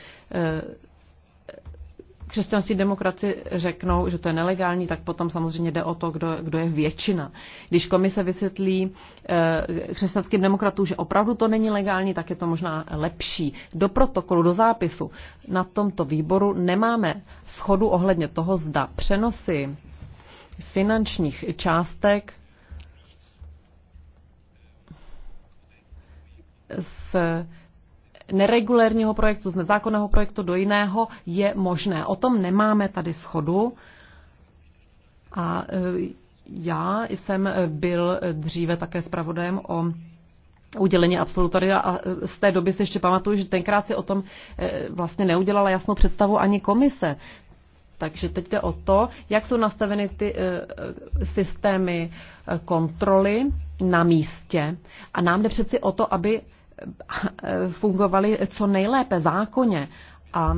křesťanství demokraci řeknou, že to je nelegální, tak potom samozřejmě jde o to, kdo, kdo je většina. Když komise vysvětlí eh, křesťanským demokratům, že opravdu to není legální, tak je to možná lepší. Do protokolu, do zápisu na tomto výboru nemáme schodu ohledně toho, zda přenosy finančních částek z neregulérního projektu, z nezákonného projektu do jiného je možné. O tom nemáme tady schodu. A e, já jsem e, byl dříve také zpravodajem o udělení absolutoria a e, z té doby si ještě pamatuju, že tenkrát si o tom vlastně neudělala jasnou představu ani komise. Takže teď jde o to, jak jsou nastaveny ty systémy kontroly na místě. A nám jde přeci o to, aby fungovaly co nejlépe zákonně. A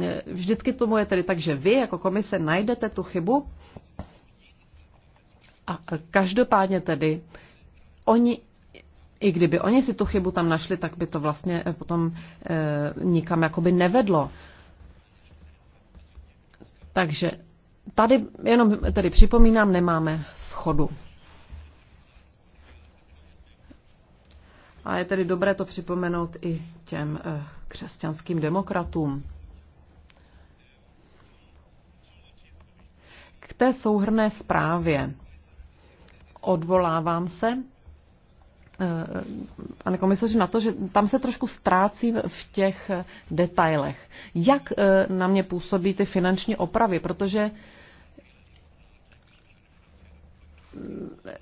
e, vždycky tomu je tedy tak, že vy jako komise najdete tu chybu a každopádně tedy oni, i kdyby oni si tu chybu tam našli, tak by to vlastně e, potom e, nikam jakoby nevedlo. Takže tady jenom tedy připomínám, nemáme schodu. A je tedy dobré to připomenout i těm eh, křesťanským demokratům. K té souhrné zprávě odvolávám se, eh, pane komisaři, na to, že tam se trošku ztrácím v těch eh, detailech. Jak na mě působí ty finanční opravy, protože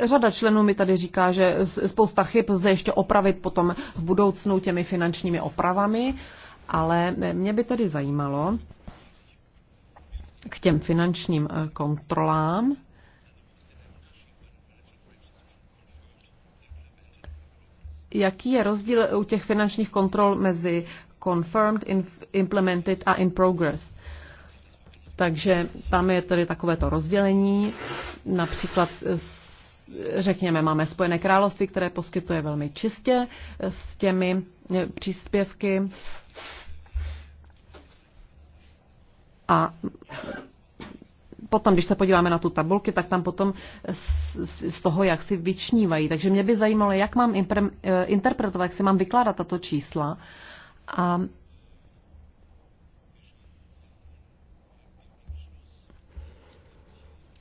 Řada členů mi tady říká, že spousta chyb lze ještě opravit potom v budoucnu těmi finančními opravami, ale mě by tedy zajímalo k těm finančním eh, kontrolám, jaký je rozdíl u těch finančních kontrol mezi confirmed, implemented a in progress. Takže tam je tedy takovéto rozdělení. Například eh, řekněme, máme Spojené království, které poskytuje velmi čistě eh, s těmi eh, příspěvky. A potom, když se podíváme na tu tabulky, tak tam potom z, toho, jak si vyčnívají. Takže mě by zajímalo, jak mám interpretovat, jak si mám vykládat tato čísla. A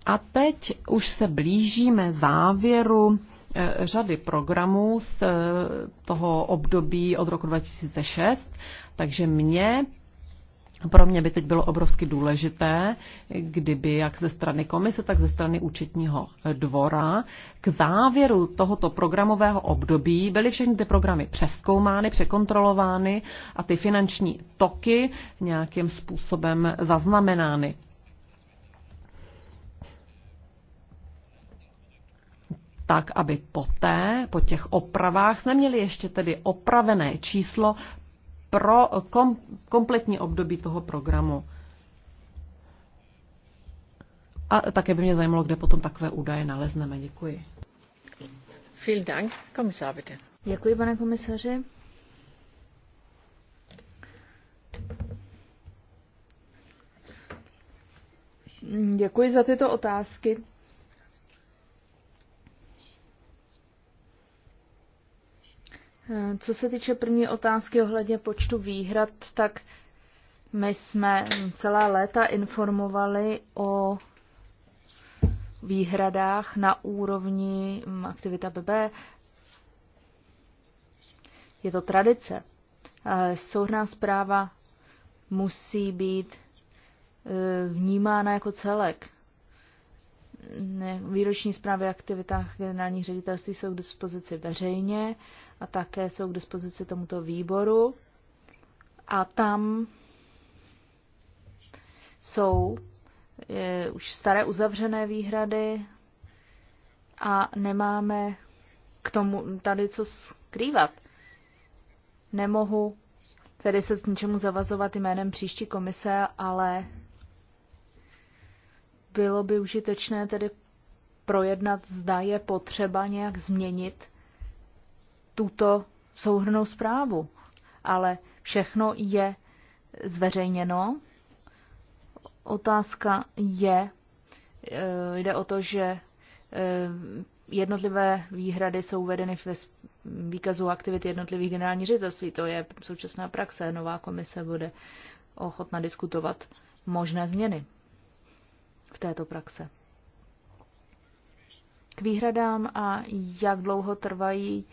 A teď už se blížíme závěru eh, řady programů z eh, toho období od roku 2006, takže mě pro mě by teď bylo obrovsky důležité, kdyby jak ze strany komise, tak ze strany účetního dvora k závěru tohoto programového období byly všechny ty programy přeskoumány, překontrolovány a ty finanční toky nějakým způsobem zaznamenány. tak, aby poté, po těch opravách, jsme měli ještě tedy opravené číslo pro kom, kompletní období toho programu. A také by mě zajímalo, kde potom takové údaje nalezneme. Děkuji. Vielen Dank, Kommissar, bitte. Děkuji, pane komisaři. Děkuji za tyto otázky. Eh, co se týče první otázky ohledně počtu výhrad, tak my jsme celá léta informovali o výhradách na úrovni mm, aktivita BB. Je to tradice. Eh, Souhrná zpráva musí být eh, vnímána jako celek. Výroční zprávy aktivitách generálních ředitelství jsou k dispozici veřejně a také jsou k dispozici tomuto výboru. A tam jsou je, už staré uzavřené výhrady a nemáme k tomu tady co skrývat. Nemohu tedy se k ničemu zavazovat jménem příští komise, ale bylo by užitečné tedy projednat, zda je potřeba nějak změnit tuto souhrnou zprávu. Ale všechno je zveřejněno. Otázka je, eh, jde o to, že eh, jednotlivé výhrady jsou uvedeny ve výkazu aktivit jednotlivých generálních ředitelství. To je současná praxe. Nová komise bude ochotna diskutovat možné změny této praxe. K výhradám a jak dlouho trvají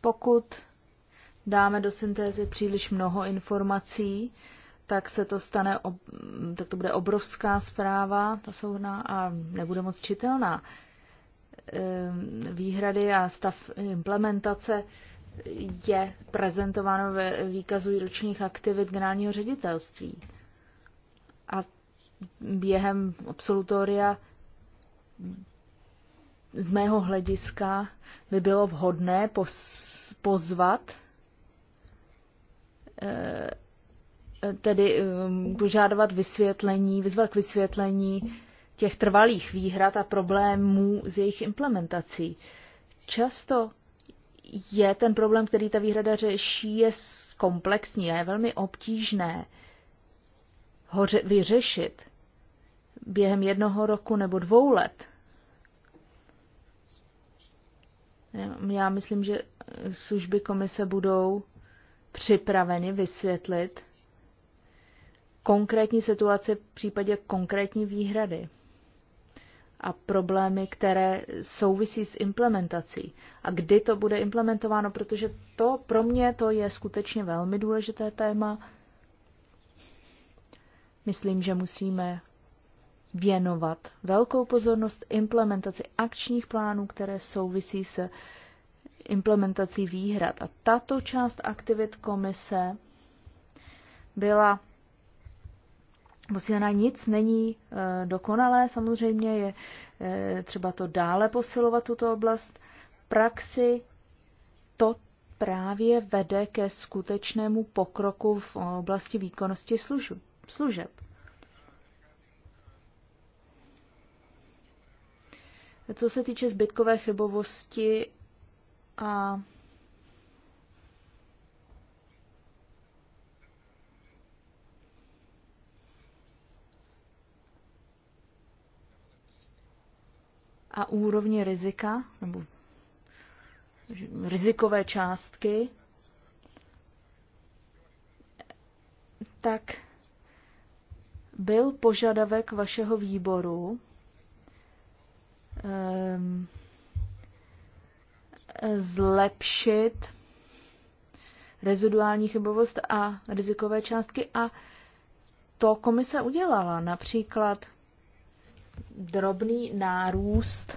pokud dáme do syntézy příliš mnoho informací, tak se to stane, tak to bude obrovská zpráva, ta souhna, a nebude moc čitelná. Ehm, výhrady a stav implementace je prezentováno ve výkazu ročních aktivit generálního ředitelství. A během absolutoria z mého hlediska by bylo vhodné pozvat eh, tedy ehm, požádovat vysvětlení, vyzvat k vysvětlení těch trvalých výhrad a problémů s jejich implementací. Často je ten problém, který ta výhrada řeší, je komplexní a je velmi obtížné ho vyřešit během jednoho roku nebo dvou let. Já myslím, že služby komise budou připraveny vysvětlit konkrétní situaci v případě konkrétní výhrady a problémy, které souvisí s implementací. A kdy to bude implementováno, protože to pro mě to je skutečně velmi důležité téma. Myslím, že musíme věnovat velkou pozornost implementaci akčních plánů, které souvisí s implementací výhrad. A tato část aktivit komise byla posílená. Nic není e, dokonalé, samozřejmě je e, třeba to dále posilovat, tuto oblast. Praxi to právě vede ke skutečnému pokroku v oblasti výkonnosti služeb. Co se týče zbytkové chybovosti a a úrovně rizika, nebo rizikové částky, tak byl požadavek vašeho výboru um, zlepšit reziduální chybovost a rizikové částky a to komise udělala. Například drobný nárůst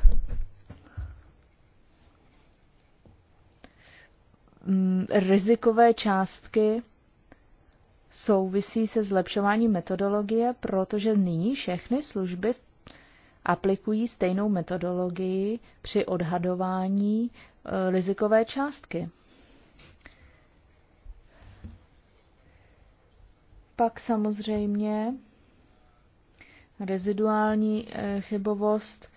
mm, rizikové částky souvisí se zlepšováním metodologie, protože nyní všechny služby aplikují stejnou metodologii při odhadování eh, rizikové částky. Pak samozřejmě reziduální eh, chybovost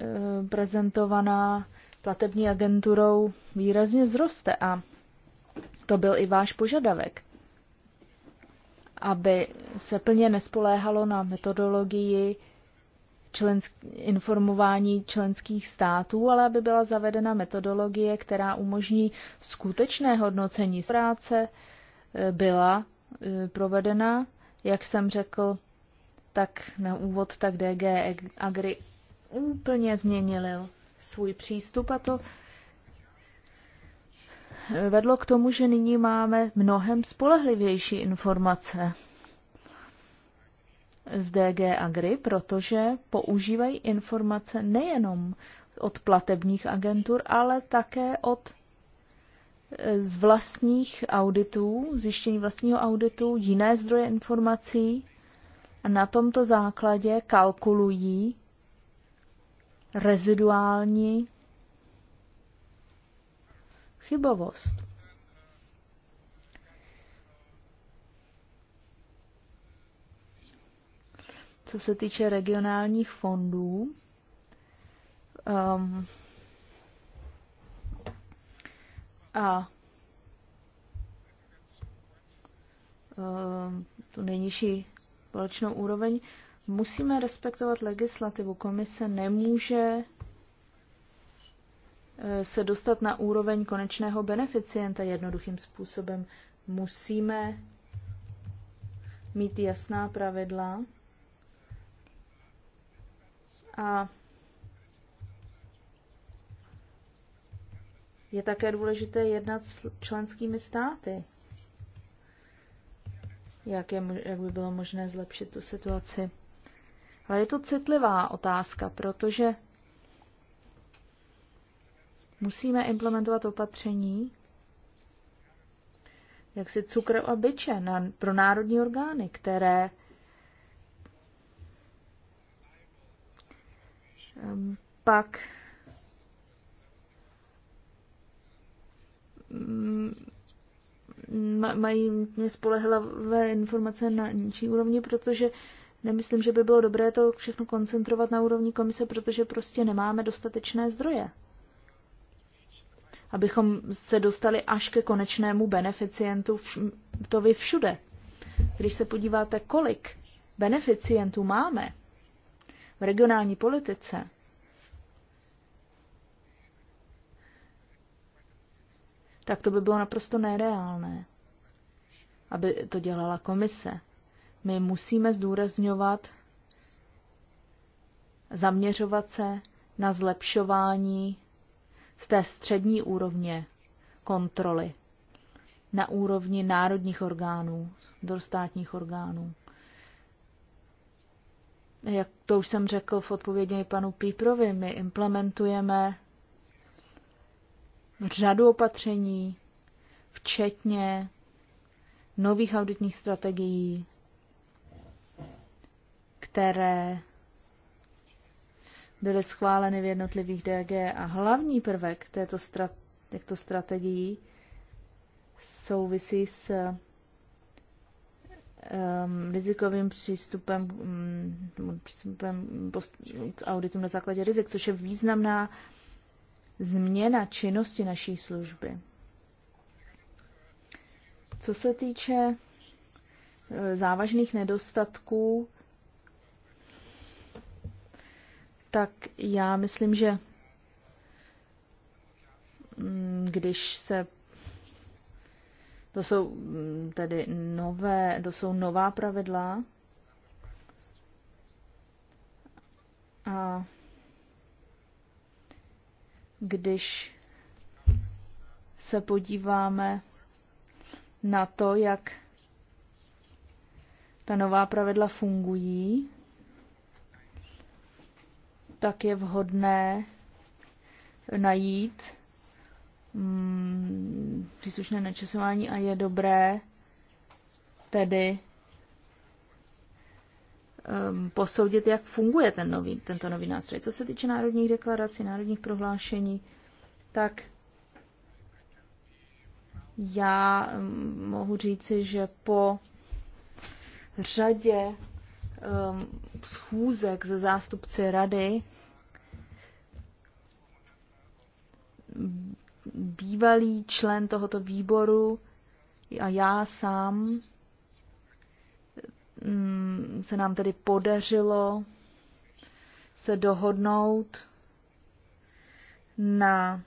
eh, prezentovaná platební agenturou výrazně zroste a to byl i váš požadavek, aby se plně nespoléhalo na metodologii člensk- informování členských států, ale aby byla zavedena metodologie, která umožní skutečné hodnocení práce, eh, byla provedena, jak jsem řekl, tak na úvod, tak DG Agri úplně změnili svůj přístup a to vedlo k tomu, že nyní máme mnohem spolehlivější informace z DG Agri, protože používají informace nejenom od platebních agentur, ale také od e, z vlastních auditů, zjištění vlastního auditu, jiné zdroje informací, a na tomto základě kalkulují reziduální chybovost. Co se týče regionálních fondů, um, a um, tu nejnižší společnou úroveň, musíme respektovat legislativu. Komise nemůže eh, se dostat na úroveň konečného beneficienta jednoduchým způsobem. Musíme mít jasná pravidla a je také důležité jednat s členskými státy jak, je, jak by bylo možné zlepšit tu situaci. Ale je to citlivá otázka, protože musíme implementovat opatření, jak si cukr a byče na, pro národní orgány, které ehm, pak mm, mají mě informace na nižší úrovni, protože nemyslím, že by bylo dobré to všechno koncentrovat na úrovni komise, protože prostě nemáme dostatečné zdroje. Abychom se dostali až ke konečnému beneficientu vš- to vy všude. Když se podíváte, kolik beneficientů máme v regionální politice, tak to by bylo naprosto nereálné, aby to dělala komise. My musíme zdůrazňovat, zaměřovat se na zlepšování z té střední úrovně kontroly na úrovni národních orgánů, dostátních orgánů. Jak to už jsem řekl v odpovědi panu Píprovi, my implementujeme řadu opatření, včetně nových auditních strategií, které byly schváleny v jednotlivých DG a hlavní prvek této strat, těchto strategií souvisí s um, rizikovým přístupem, um, přístupem post, k auditům na základě rizik, což je významná změna činnosti naší služby. Co se týče e, závažných nedostatků, tak já myslím, že mm, když se to jsou mm, tedy nové, to jsou nová pravidla. A když se podíváme na to, jak ta nová pravidla fungují, tak je vhodné najít mm, příslušné načasování a je dobré tedy Um, posoudit, jak funguje ten nový, tento nový nástroj. Co se týče národních deklarací, národních prohlášení, tak já um, mohu říci, že po řadě um, schůzek ze zástupci rady bývalý člen tohoto výboru a já sám Mm, se nám tedy podařilo se dohodnout na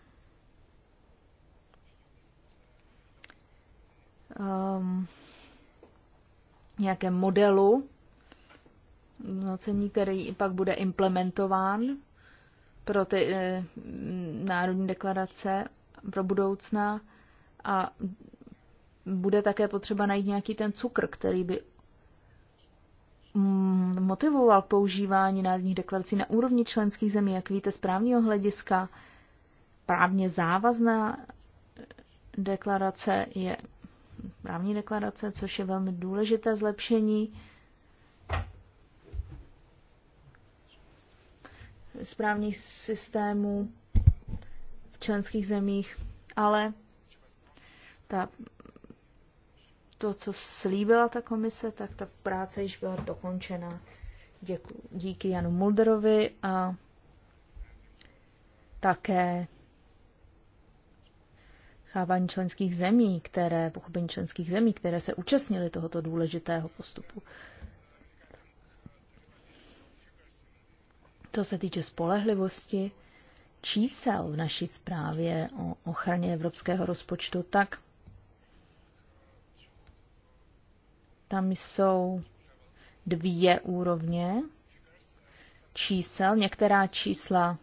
um, nějakém modelu nocení, který pak bude implementován pro ty e, národní deklarace pro budoucna a bude také potřeba najít nějaký ten cukr, který by Mm, motivoval k používání národních deklarací na úrovni členských zemí, jak víte, z právního hlediska. Právně závazná deklarace je právní deklarace, což je velmi důležité zlepšení. správních systémů v členských zemích, ale ta to, co slíbila ta komise, tak ta práce již byla dokončena Děkuji. díky Janu Mulderovi a také chávání členských zemí, které, pochopení členských zemí, které se účastnily tohoto důležitého postupu. Co se týče spolehlivosti čísel v naší zprávě o ochraně evropského rozpočtu, tak Tam jsou dvě úrovně čísel. Některá čísla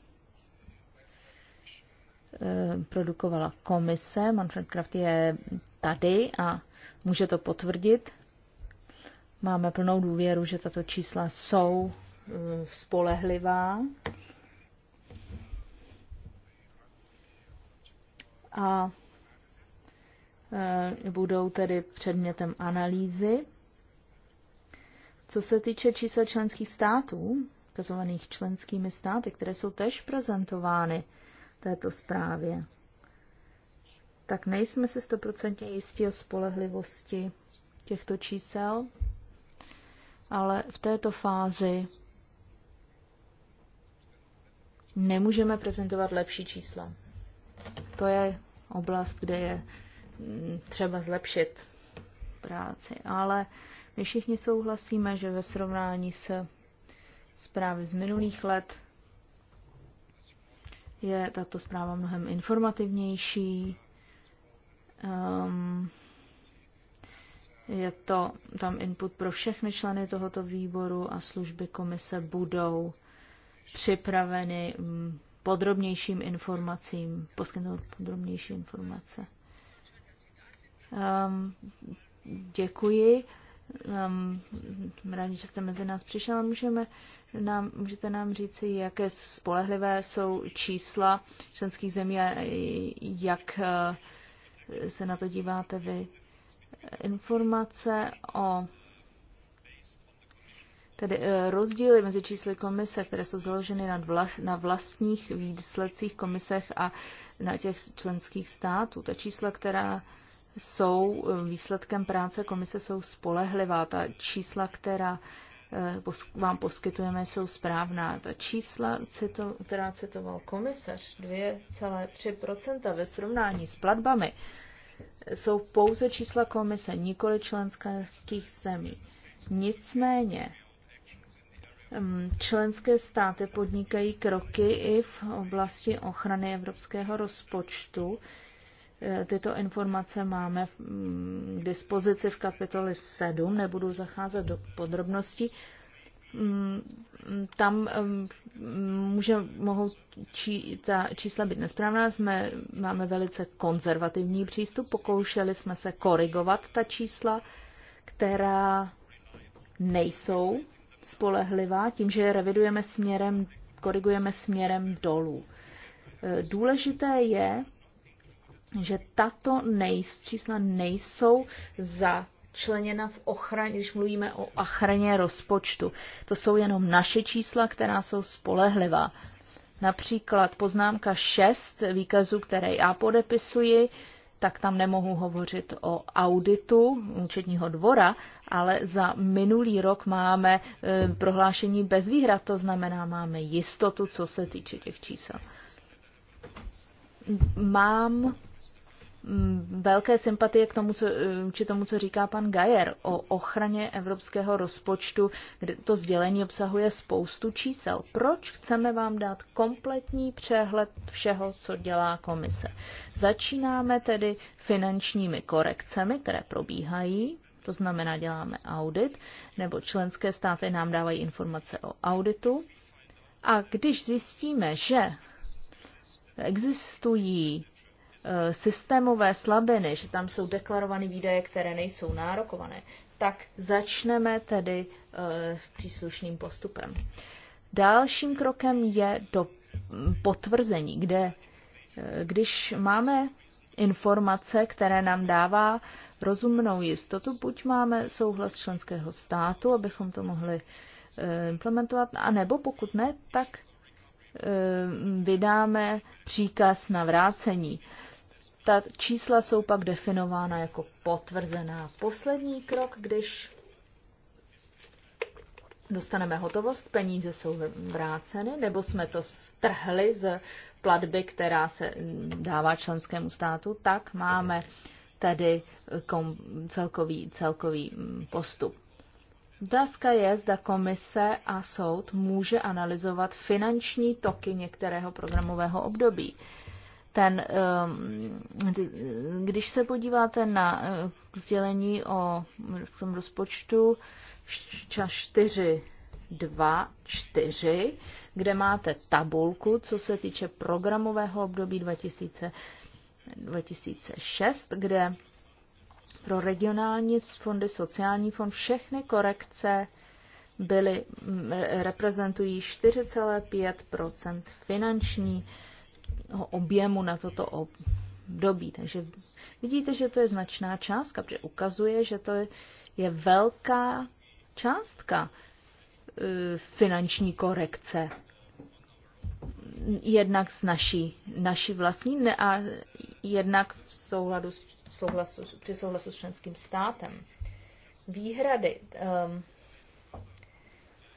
eh, produkovala komise. Manfred Kraft je tady a může to potvrdit. Máme plnou důvěru, že tato čísla jsou eh, spolehlivá. A eh, budou tedy předmětem analýzy. Co se týče čísel členských států, ukazovaných členskými státy, které jsou tež prezentovány této zprávě, tak nejsme si stoprocentně jistí o spolehlivosti těchto čísel, ale v této fázi nemůžeme prezentovat lepší čísla. To je oblast, kde je mm, třeba zlepšit práci, ale my všichni souhlasíme, že ve srovnání s zprávy z minulých let je tato zpráva mnohem informativnější. Um, je to tam input pro všechny členy tohoto výboru a služby komise budou připraveny mm, podrobnějším informacím, poskytnout podrobnější informace. Um, děkuji. Um, rádi, že jste mezi nás přišel. Můžeme nám, můžete nám říci, jaké spolehlivé jsou čísla členských zemí a jak eh, se na to díváte vy. Informace o tedy eh, rozdíly mezi čísly komise, které jsou založeny na, na vlastních výsledcích komisech a na těch členských států. Ta čísla, která jsou eh, výsledkem práce komise, jsou spolehlivá. Ta čísla, která eh, vám poskytujeme, jsou správná. Ta čísla, která citoval komisař, 2,3% ve srovnání s platbami, jsou pouze čísla komise, nikoli členských zemí. Nicméně mm, členské státy podnikají kroky i v oblasti ochrany evropského rozpočtu Tyto informace máme v mm, dispozici v kapitoli 7, nebudu zacházet do podrobností. Mm, tam mm, může, mohou čí, ta čísla být nesprávná, jsme, máme velice konzervativní přístup, pokoušeli jsme se korigovat ta čísla, která nejsou spolehlivá, tím, že je revidujeme směrem, korigujeme směrem dolů. E, důležité je, že tato nejs, čísla nejsou začleněna v ochraně, když mluvíme o ochraně rozpočtu. To jsou jenom naše čísla, která jsou spolehlivá. Například poznámka 6 výkazů, které já podepisuji, tak tam nemohu hovořit o auditu účetního dvora, ale za minulý rok máme e, prohlášení bez výhrad, to znamená, máme jistotu, co se týče těch čísel. Mám Mm, velké sympatie k tomu, co, eh, či tomu, co říká pan Gajer o ochraně evropského rozpočtu, kde to sdělení obsahuje spoustu čísel. Proč chceme vám dát kompletní přehled všeho, co dělá komise? Začínáme tedy finančními korekcemi, které probíhají, to znamená, děláme audit, nebo členské státy nám dávají informace o auditu. A když zjistíme, že existují Eh, systémové slabiny, že tam jsou deklarované výdaje, které nejsou nárokované, tak začneme tedy eh, s příslušným postupem. Dalším krokem je do hm, potvrzení, kde eh, když máme informace, které nám dává rozumnou jistotu, buď máme souhlas členského státu, abychom to mohli implementovat, a nebo pokud ne, tak vydáme příkaz na vrácení. Ta čísla jsou pak definována jako potvrzená. Poslední krok, když dostaneme hotovost, peníze jsou vráceny, nebo jsme to strhli z platby, která se dává členskému státu, tak máme tedy eh, kom, celkový, celkový mm, postup. Dáska je, zda komise a soud může analyzovat finanční toky některého programového období ten, um, když se podíváte na eh, sdělení o tom rozpočtu čas 4, 2, 4, kde máte tabulku, co se týče programového období 2000, 2006, kde pro regionální fondy, sociální fond, všechny korekce byly, reprezentují 4,5 finanční objemu na toto období. Takže vidíte, že to je značná částka, protože ukazuje, že to je velká částka e, finanční korekce. Jednak z naší, naší vlastní a jednak v souladu, souhlasu, při souhlasu s členským státem. Výhrady. Um,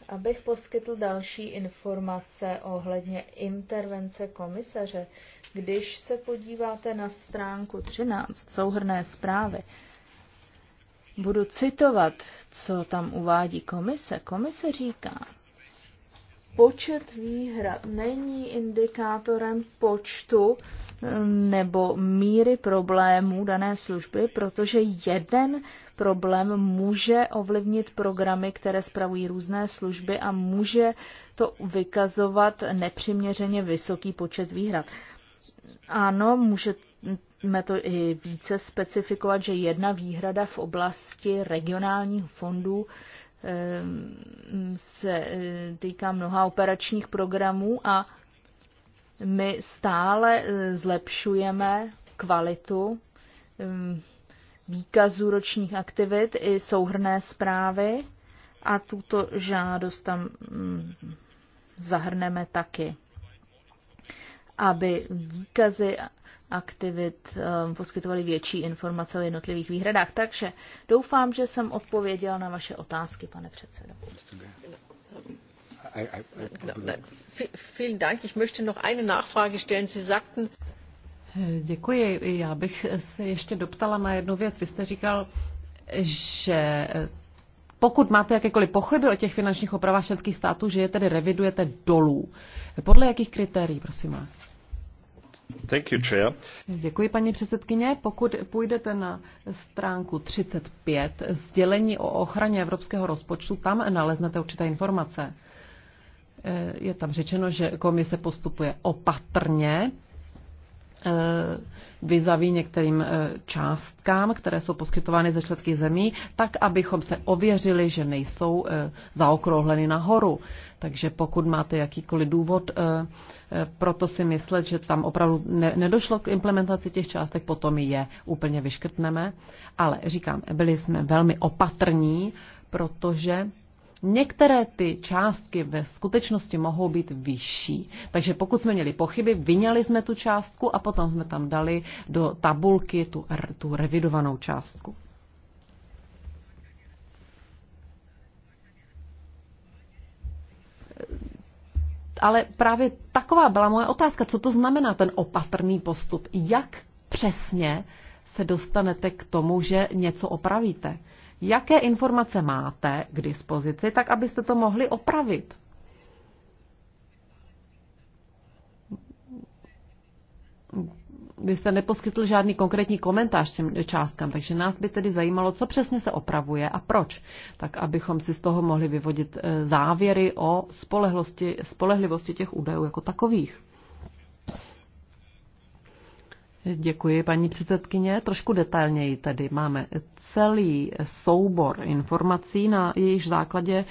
Abych poskytl další informace ohledně intervence komisaře, když se podíváte na stránku 13 souhrné zprávy, budu citovat, co tam uvádí komise. Komise říká, počet výhrad není indikátorem počtu Um, nebo míry problémů dané služby, protože jeden problém může ovlivnit programy, které spravují různé služby a může to vykazovat nepřiměřeně vysoký počet výhrad. Ano, můžeme to i více specifikovat, že jedna výhrada v oblasti regionálních fondů um, se uh, týká mnoha operačních programů a my stále eh, zlepšujeme kvalitu eh, výkazů ročních aktivit i souhrné zprávy a tuto žádost tam mm, zahrneme taky, aby výkazy aktivit eh, poskytovaly větší informace o jednotlivých výhradách. Takže doufám, že jsem odpověděl na vaše otázky, pane předsedo. Vielen Dank. Ich möchte noch eine Nachfrage stellen. Sie sagten, Děkuji. Já bych se ještě doptala na jednu věc. Vy jste říkal, že pokud máte jakékoliv pochyby o těch finančních opravách členských států, že je tedy revidujete dolů. Podle jakých kritérií, prosím vás? Thank you, chair. Děkuji, paní předsedkyně. Pokud půjdete na stránku 35, sdělení o ochraně evropského rozpočtu, tam naleznete určité informace. Eh, je tam řečeno, že komise postupuje opatrně eh, vyzaví některým eh, částkám, které jsou poskytovány ze členských zemí, tak, abychom se ověřili, že nejsou zaokrouhleny nahoru. Takže pokud máte jakýkoliv důvod proto si myslet, že tam opravdu nedošlo k implementaci těch částek, potom je úplně vyškrtneme. Ale říkám, byli jsme velmi opatrní, protože Některé ty částky ve skutečnosti mohou být vyšší. Takže pokud jsme měli pochyby, vyňali jsme tu částku a potom jsme tam dali do tabulky tu, tu revidovanou částku. Ale právě taková byla moje otázka, co to znamená ten opatrný postup. Jak přesně se dostanete k tomu, že něco opravíte? jaké informace máte k dispozici, tak abyste to mohli opravit. Vy jste neposkytl žádný konkrétní komentář těm částkám, takže nás by tedy zajímalo, co přesně se opravuje a proč, tak abychom si z toho mohli vyvodit eh, závěry o spolehlivosti těch údajů jako takových. Děkuji, paní předsedkyně. Trošku detailněji tady máme celý soubor informací, na jejich základě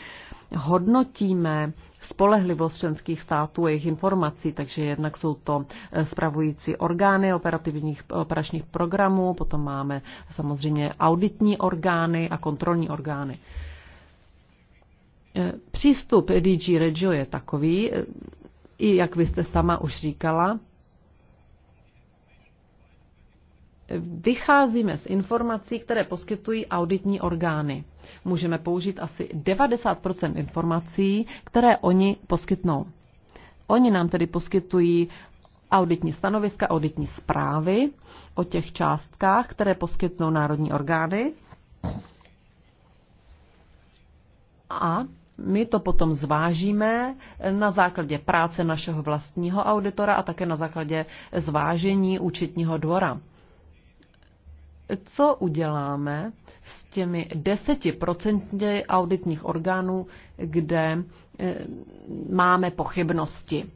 hodnotíme spolehlivost členských států a jejich informací, takže jednak jsou to spravující orgány operativních operačních programů, potom máme samozřejmě auditní orgány a kontrolní orgány. E, přístup DG Regio je takový, e, i jak vy jste sama už říkala, vycházíme z informací, které poskytují auditní orgány. Můžeme použít asi 90 informací, které oni poskytnou. Oni nám tedy poskytují auditní stanoviska, auditní zprávy o těch částkách, které poskytnou národní orgány. A my to potom zvážíme na základě práce našeho vlastního auditora a také na základě zvážení účetního dvora co uděláme s těmi 10% auditních orgánů, kde eh, máme pochybnosti.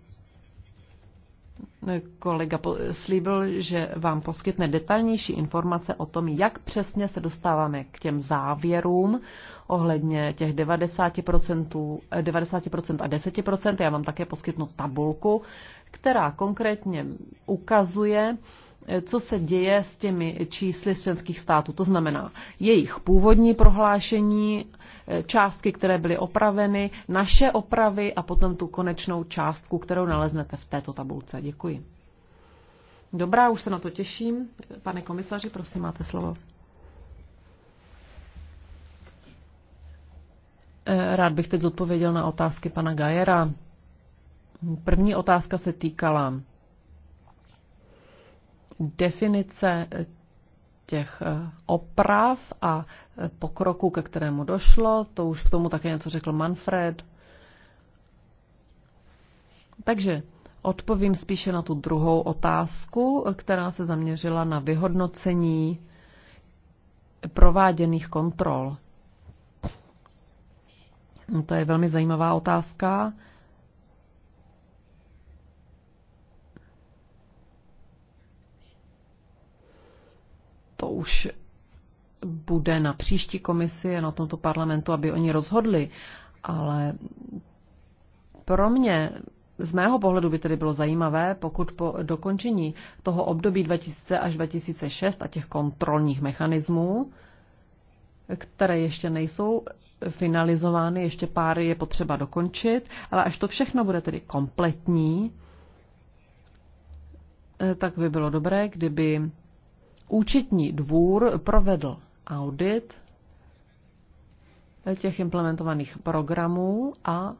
Kolega slíbil, že vám poskytne detailnější informace o tom, jak přesně se dostáváme k těm závěrům ohledně těch 90%, 90% eh, a 10%. Já vám také poskytnu tabulku, která konkrétně ukazuje, co se děje s těmi čísly členských států. To znamená jejich původní prohlášení, eh, částky, které byly opraveny, naše opravy a potom tu konečnou částku, kterou naleznete v této tabulce. Děkuji. Dobrá, už se na to těším. Pane komisaři, prosím, máte slovo. Eh, rád bych teď zodpověděl na otázky pana Gajera. První otázka se týkala definice eh, těch eh, oprav a eh, pokroku, ke kterému došlo. To už k tomu také něco řekl Manfred. Takže odpovím spíše na tu druhou otázku, která se zaměřila na vyhodnocení prováděných kontrol. No, to je velmi zajímavá otázka. to už bude na příští komisi a na tomto parlamentu, aby oni rozhodli, ale pro mě z mého pohledu by tedy bylo zajímavé, pokud po dokončení toho období 2000 až 2006 a těch kontrolních mechanismů, které ještě nejsou finalizovány, ještě pár je potřeba dokončit, ale až to všechno bude tedy kompletní, eh, tak by bylo dobré, kdyby Účetní dvůr provedl audit těch implementovaných programů a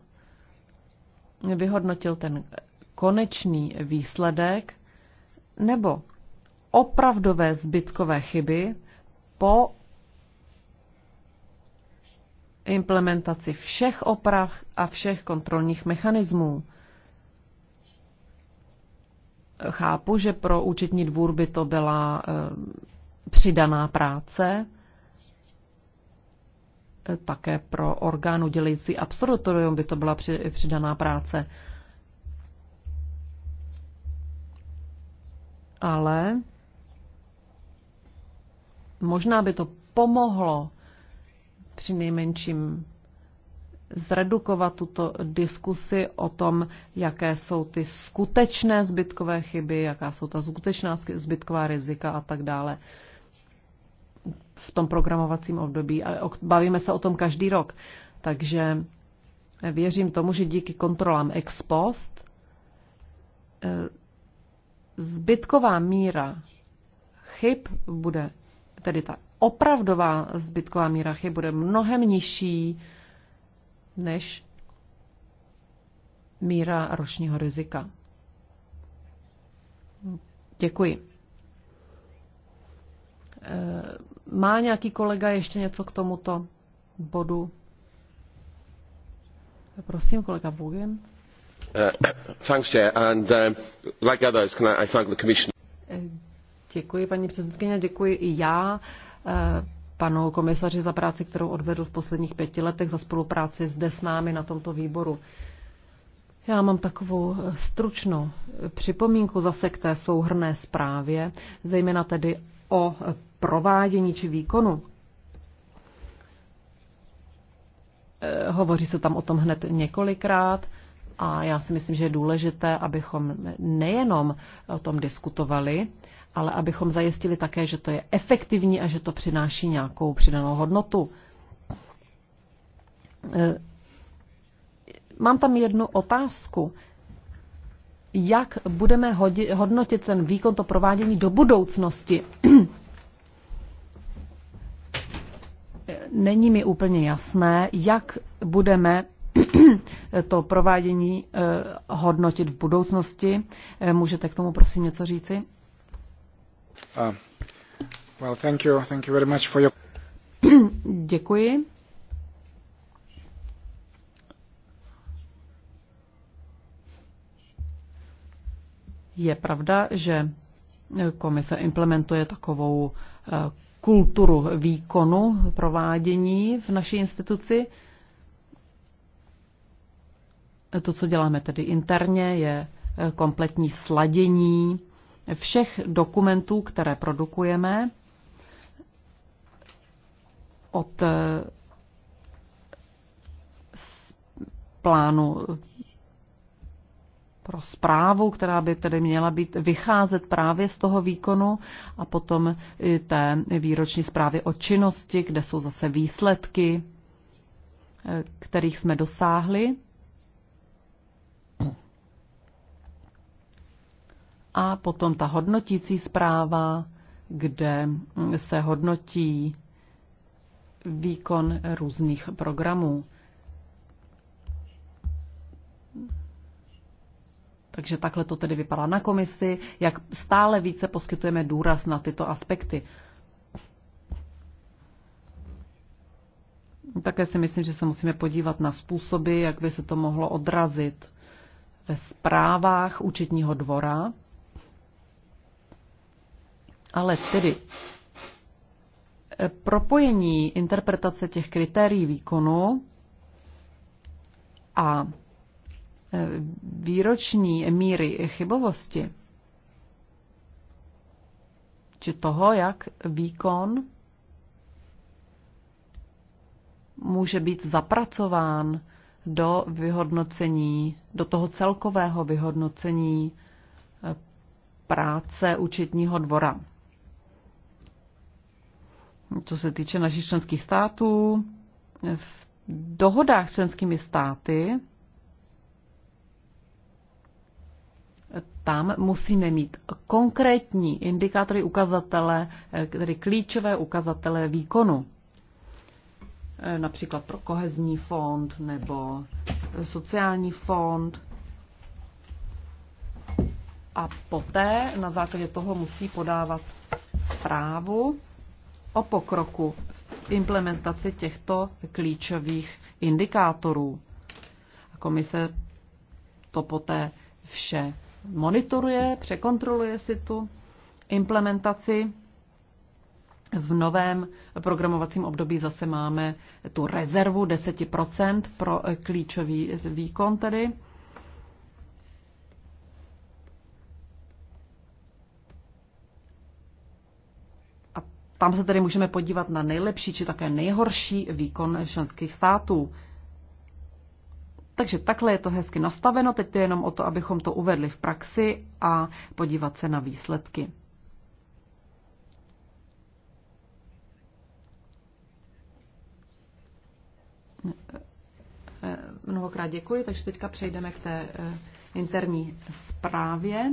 vyhodnotil ten konečný výsledek nebo opravdové zbytkové chyby po implementaci všech oprav a všech kontrolních mechanismů. Chápu, že pro účetní dvůr by to byla eh, přidaná práce, eh, také pro orgán udělující absolutorium by to byla přidaná práce. Ale možná by to pomohlo při nejmenším zredukovat tuto diskusi o tom, jaké jsou ty skutečné zbytkové chyby, jaká jsou ta skutečná zbytková rizika a tak dále v tom programovacím období. A bavíme se o tom každý rok. Takže věřím tomu, že díky kontrolám ex post eh, zbytková míra chyb bude, tedy ta opravdová zbytková míra chyb bude mnohem nižší, než míra ročního rizika. Děkuji. Eh, má nějaký kolega ještě něco k tomuto bodu? Prosím, kolega Vogen. Eh, eh, děkuji, paní předsedkyně, děkuji i já panu komisaři za práci, kterou odvedl v posledních pěti letech za spolupráci zde s námi na tomto výboru. Já mám takovou eh, stručnou připomínku zase k té souhrné zprávě, zejména tedy o eh, provádění či výkonu. Eh, hovoří se tam o tom hned několikrát a já si myslím, že je důležité, abychom nejenom o tom diskutovali, ale abychom zajistili také, že to je efektivní a že to přináší nějakou přidanou hodnotu. E, mám tam jednu otázku. Jak budeme hodnotit ten výkon, to provádění do budoucnosti? Není mi úplně jasné, jak budeme to provádění e, hodnotit v budoucnosti. E, můžete k tomu prosím něco říci? Uh, Děkuji. Je pravda, že komise implementuje takovou uh, kulturu výkonu, provádění v naší instituci. To, co děláme tedy interně, je uh, kompletní sladění všech dokumentů, které produkujeme, od eh, plánu eh, pro zprávu, která by tedy měla být vycházet právě z toho výkonu a potom té výroční zprávy o činnosti, kde jsou zase výsledky, eh, kterých jsme dosáhli. A potom ta hodnotící zpráva, kde se hodnotí výkon různých programů. Takže takhle to tedy vypadá na komisi, jak stále více poskytujeme důraz na tyto aspekty. Také si myslím, že se musíme podívat na způsoby, jak by se to mohlo odrazit ve zprávách účetního dvora, ale tedy e, propojení interpretace těch kritérií výkonu a e, výroční míry chybovosti, či toho, jak výkon může být zapracován do vyhodnocení, do toho celkového vyhodnocení e, práce účetního dvora co se týče našich členských států, v dohodách s členskými státy tam musíme mít konkrétní indikátory ukazatele, tedy klíčové ukazatele výkonu. Například pro kohezní fond nebo sociální fond. A poté na základě toho musí podávat zprávu o pokroku v implementaci těchto klíčových indikátorů. Komise to poté vše monitoruje, překontroluje si tu implementaci. V novém programovacím období zase máme tu rezervu 10% pro klíčový výkon tedy. Tam se tedy můžeme podívat na nejlepší či také nejhorší výkon členských států. Takže takhle je to hezky nastaveno, teď je jenom o to, abychom to uvedli v praxi a podívat se na výsledky. Mnohokrát děkuji, takže teďka přejdeme k té eh, interní zprávě.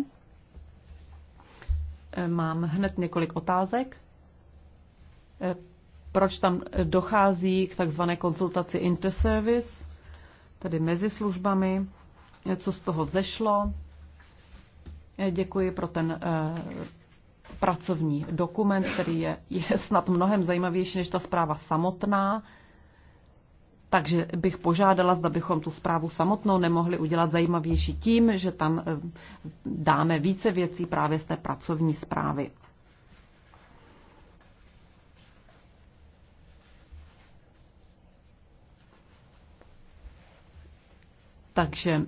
Mám hned několik otázek proč tam dochází k takzvané konzultaci interservice, tedy mezi službami, co z toho zešlo. Děkuji pro ten eh, pracovní dokument, který je, je snad mnohem zajímavější než ta zpráva samotná. Takže bych požádala, zda bychom tu zprávu samotnou nemohli udělat zajímavější tím, že tam eh, dáme více věcí právě z té pracovní zprávy. Takže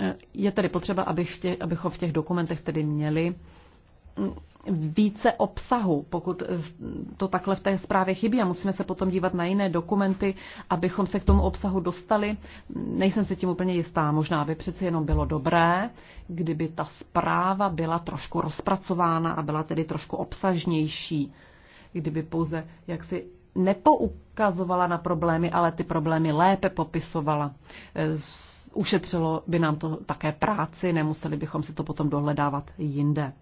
eh, je tedy potřeba, abych v těch, abychom v těch dokumentech tedy měli mm, více obsahu, pokud eh, to takhle v té zprávě chybí a musíme se potom dívat na jiné dokumenty, abychom se k tomu obsahu dostali. Nejsem si tím úplně jistá, možná by přeci jenom bylo dobré, kdyby ta zpráva byla trošku rozpracována a byla tedy trošku obsažnější, kdyby pouze jaksi nepoukazovala na problémy, ale ty problémy lépe popisovala. Eh, s ušetřilo by nám to také práci, nemuseli bychom si to potom dohledávat jinde.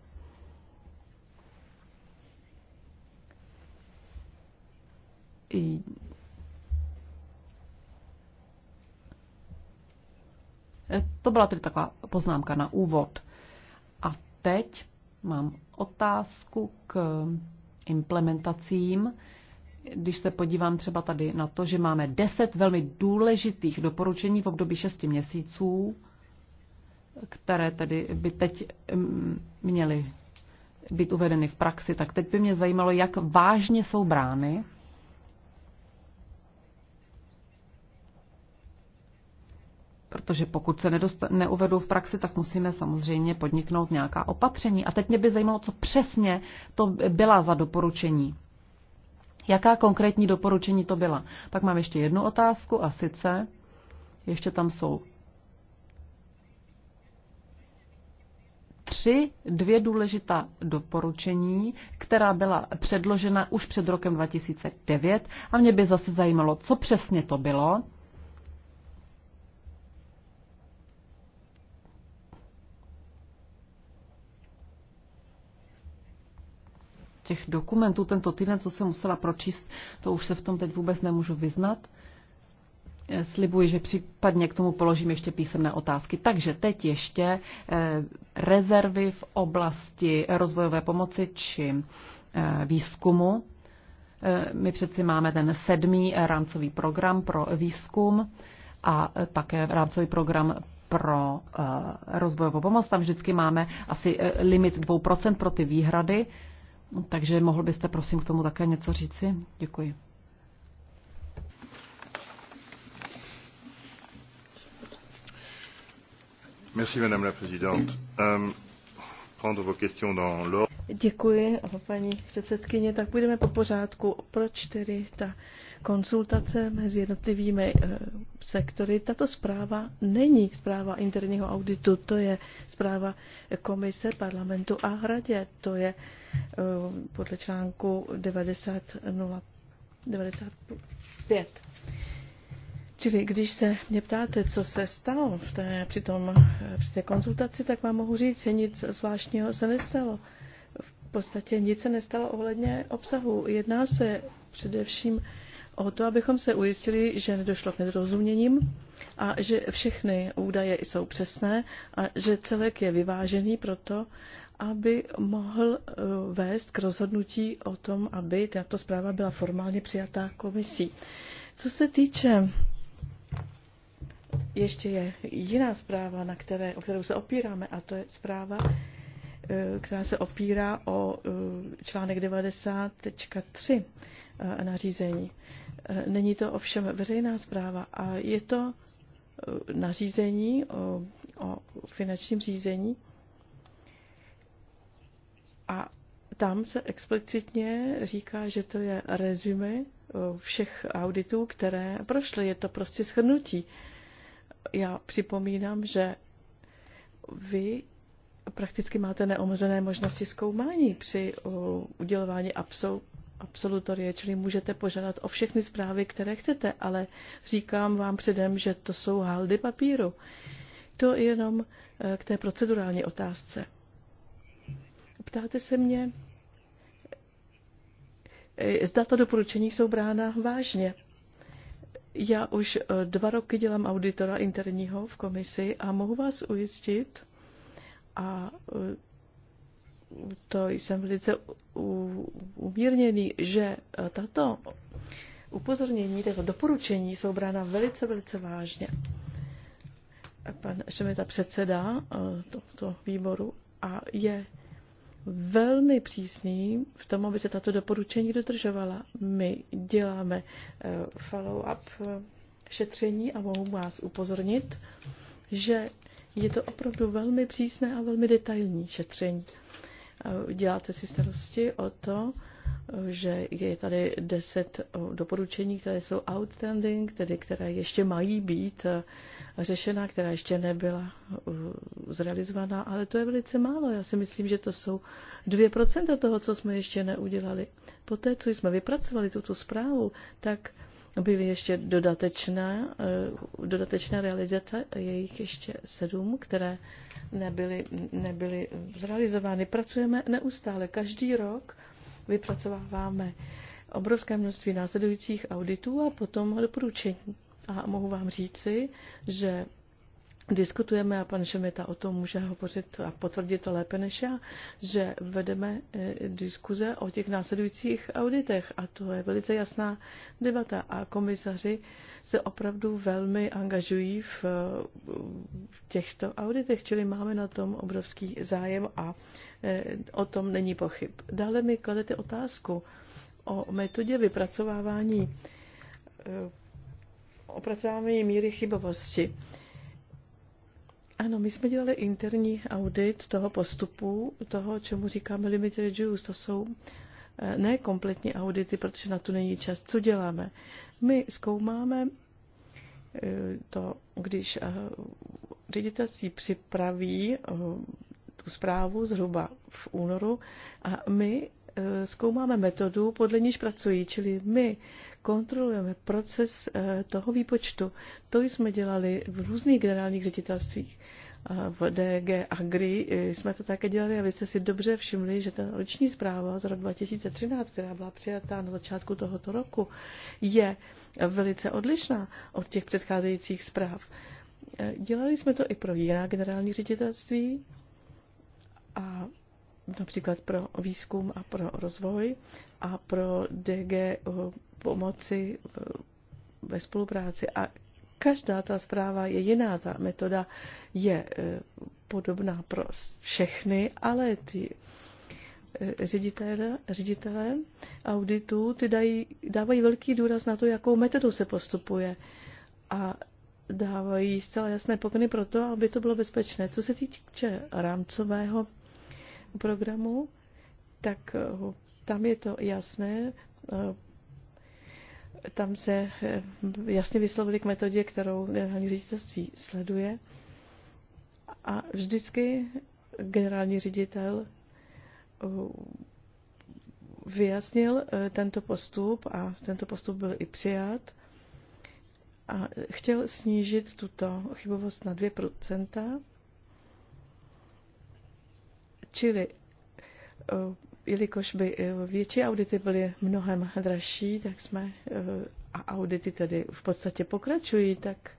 To byla tedy taková poznámka na úvod. A teď mám otázku k implementacím když se podívám třeba tady na to, že máme deset velmi důležitých doporučení v období šesti měsíců, které tedy by teď mm, měly být uvedeny v praxi, tak teď by mě zajímalo, jak vážně jsou brány. Protože pokud se nedost, neuvedou v praxi, tak musíme samozřejmě podniknout nějaká opatření. A teď mě by zajímalo, co přesně to byla za doporučení. Jaká konkrétní doporučení to byla? Pak mám ještě jednu otázku a sice, ještě tam jsou tři dvě důležitá doporučení, která byla předložena už před rokem 2009 a mě by zase zajímalo, co přesně to bylo, těch dokumentů tento týden, co jsem musela pročíst, to už se v tom teď vůbec nemůžu vyznat. Eh, slibuji, že případně k tomu položím ještě písemné otázky. Takže teď ještě eh, rezervy v oblasti rozvojové pomoci či eh, výzkumu. My přeci máme ten sedmý rámcový program pro výzkum a také rámcový program pro rozvojovou pomoc. Tam vždycky máme asi limit 2% pro ty výhrady. Takže mohl byste prosím k tomu také něco říci? Děkuji. Merci, Madame la Présidente. Um, prendre vos questions dans l'ordre. Děkuji, paní předsedkyně. Tak půjdeme po pořádku. Proč tedy ta konsultace mezi jednotlivými eh, sektory? Tato zpráva není zpráva interního auditu, to je zpráva komise, parlamentu a hradě. To je eh, podle článku 90.95. Čili když se mě ptáte, co se stalo v té, při, tom, eh, při té konzultaci, tak vám mohu říct, že nic zvláštního se nestalo podstatě nic se nestalo ohledně obsahu. Jedná se především o to, abychom se ujistili, že nedošlo k nedorozuměním a že všechny údaje jsou přesné a že celek je vyvážený proto, aby mohl eh, vést k rozhodnutí o tom, aby tato zpráva byla formálně přijatá komisí. Co se týče ještě je jiná zpráva, na které, o kterou se opíráme, a to je zpráva Eh, která se opírá o eh, článek 90.3 eh, nařízení. Není to ovšem veřejná zpráva a je to nařízení o, o finančním řízení a tam se explicitně říká, že to je rezume všech auditů, které prošly. Je to prostě shrnutí. Já připomínám, že vy prakticky máte neomezené možnosti zkoumání při udělování absol, absolutorie, čili můžete požádat o všechny zprávy, které chcete, ale říkám vám předem, že to jsou haldy papíru. To jenom e, k té procedurální otázce. Ptáte se mě, e, zda ta doporučení jsou brána vážně. Já už e, dva roky dělám auditora interního v komisi a mohu vás ujistit, a e, to jsem velice umírněný, že e, tato upozornění, tato doporučení jsou brána velice, velice vážně. Pan Šemeta předseda e, tohoto výboru a je velmi přísný v tom, aby se tato doporučení dodržovala. My děláme follow-up šetření a mohu vás upozornit, že je to opravdu velmi přísné a velmi detailní šetření. Děláte si starosti o to, že je tady deset doporučení, které jsou outstanding, tedy které ještě mají být e, řešena, která ještě nebyla zrealizovaná, ale to je velice málo. Já si myslím, že to jsou 2% toho, co jsme ještě neudělali. Poté, co jsme vypracovali tuto zprávu, tak objeví ještě dodatečná, eh, dodatečná realizace, jejich ještě sedm, které nebyly, nebyly zrealizovány. Pracujeme neustále, každý rok vypracováváme obrovské množství následujících auditů a potom doporučení. A mohu vám říci, že diskutujeme a pan Šemeta o tom může hovořit a potvrdit to lépe než já, že vedeme eh, diskuze o těch následujících auditech a to je velice jasná debata a komisaři se opravdu velmi angažují v eh, těchto auditech, čili máme na tom obrovský zájem a eh, o tom není pochyb. Dále mi kladete otázku o metodě vypracovávání opracování míry chybovosti. Ano, my jsme dělali interní audit toho postupu, toho, čemu říkáme limited use, to jsou eh, ne kompletní audity, protože na to není čas. Co děláme? My zkoumáme eh, to, když eh, ředitelství připraví tu zprávu zhruba v únoru a my Eh, zkoumáme metodu, podle níž pracují, čili my kontrolujeme proces eh, toho výpočtu. To jsme dělali v různých generálních ředitelstvích. Eh, v DG Agri jsme to také dělali a vy jste si dobře všimli, že ta roční zpráva z roku 2013, která byla přijatá na začátku tohoto roku, je velice odlišná od těch předcházejících zpráv. Dělali jsme to i pro jiná generální ředitelství a například pro výzkum a pro rozvoj a pro DG eh, pomoci eh, ve spolupráci. A každá ta zpráva je jiná, ta metoda je eh, podobná pro všechny, ale ty ředitele, ředitele auditů ty dají, dávají velký důraz na to, jakou metodou se postupuje a dávají zcela jasné pokyny pro to, aby to bylo bezpečné. Co se týče rámcového programu, tak eh, tam je to jasné. Eh, tam se eh, jasně vyslovili k metodě, kterou generální ředitelství sleduje. A vždycky generální ředitel vyjasnil tento postup a tento postup byl i přijat a chtěl snížit tuto chybovost na 2%. Čili eh, jelikož by eh, větší audity byly mnohem dražší, tak jsme eh, a audity tedy v podstatě pokračují, tak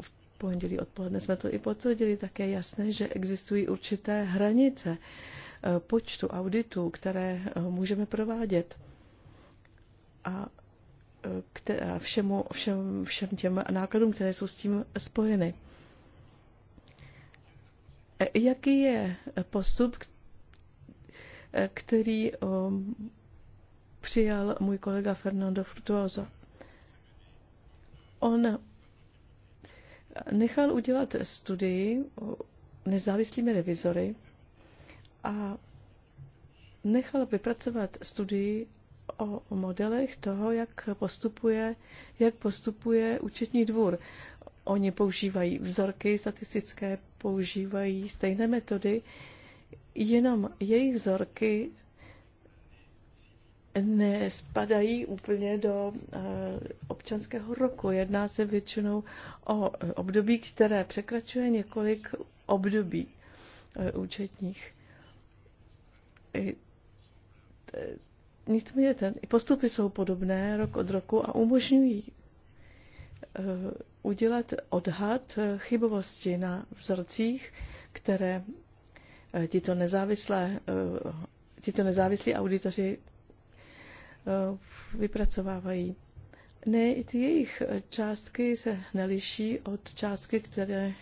v pondělí odpoledne jsme to i potvrdili, tak je jasné, že existují určité hranice počtu auditů, které můžeme provádět. A všemu, všem, všem těm nákladům, které jsou s tím spojeny. Jaký je postup, který eh, přijal můj kolega Fernando Frutuoso? On nechal udělat studii nezávislými revizory a nechal vypracovat studii o modelech toho, jak postupuje, jak postupuje účetní dvůr. Oni používají vzorky statistické, používají stejné metody, jenom jejich vzorky nespadají úplně do eh, občanského roku. Jedná se většinou o eh, období, které překračuje několik období eh, účetních. Nicméně ten, postupy jsou podobné rok od roku a umožňují Eh, udělat odhad eh, chybovosti na vzorcích, které eh, tito, nezávislé, tito nezávislí auditoři vypracovávají. Ne, ty jejich částky se neliší od částky, které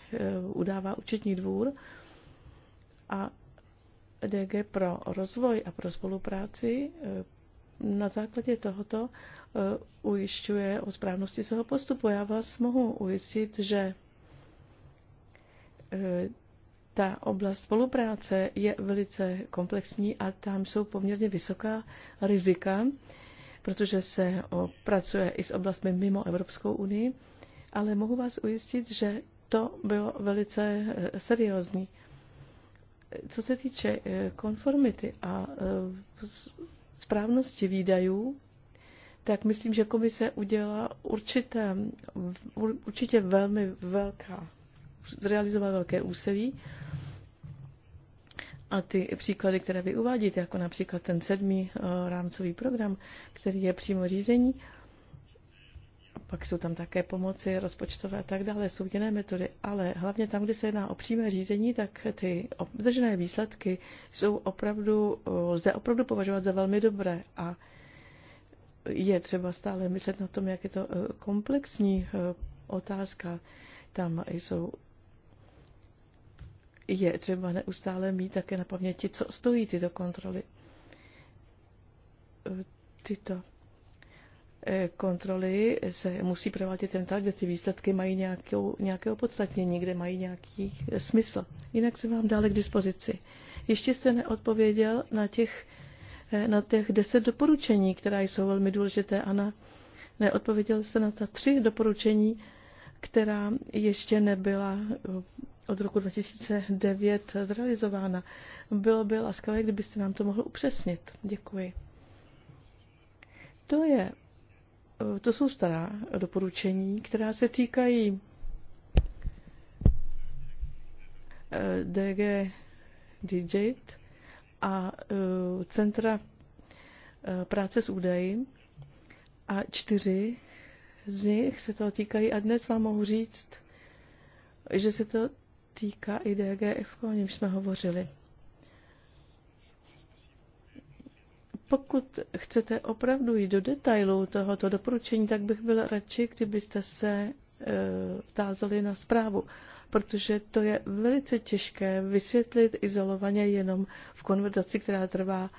udává účetní dvůr a DG pro rozvoj a pro spolupráci na základě tohoto eh, ujišťuje o správnosti svého postupu. Já vás mohu ujistit, že eh, ta oblast spolupráce je velice komplexní a tam jsou poměrně vysoká rizika, protože se pracuje i s oblastmi mimo Evropskou unii, ale mohu vás ujistit, že to bylo velice eh, seriózní. Co se týče konformity a správnosti výdajů, tak myslím, že komise udělala určité, určitě velmi velká, zrealizovala velké úsilí. A ty příklady, které vy uvádíte, jako například ten sedmý eh, rámcový program, který je přímo řízení, pak jsou tam také pomoci rozpočtové a tak dále, jsou jiné metody, ale hlavně tam, kde se jedná o přímé řízení, tak ty obdržené výsledky jsou opravdu, eh, lze opravdu považovat za velmi dobré a je třeba stále myslet na tom, jak je to eh, komplexní eh, otázka. Tam jsou je třeba neustále mít také na paměti, co stojí tyto kontroly. Tyto Eh, kontroly se musí provádět jen tak, kde ty výsledky mají nějakou, nějaké opodstatnění, kde mají nějaký eh, smysl. Jinak se vám dále k dispozici. Ještě jste neodpověděl na těch, eh, na těch deset doporučení, která jsou velmi důležité a na, neodpověděl jste na ta tři doporučení, která ještě nebyla od roku 2009 zrealizována. Bylo by laskavé, kdybyste nám to mohl upřesnit. Děkuji. To je Eh, to jsou stará doporučení, která se týkají eh, DG Digit a eh, Centra práce s údaji a čtyři z nich se to týkají a dnes vám mohu říct, že se to týká i DGF, o něm jsme hovořili. Pokud chcete opravdu jít do detailů tohoto doporučení, tak bych byl radši, kdybyste se e, tázali na zprávu, protože to je velice těžké vysvětlit izolovaně jenom v konverzaci, která trvá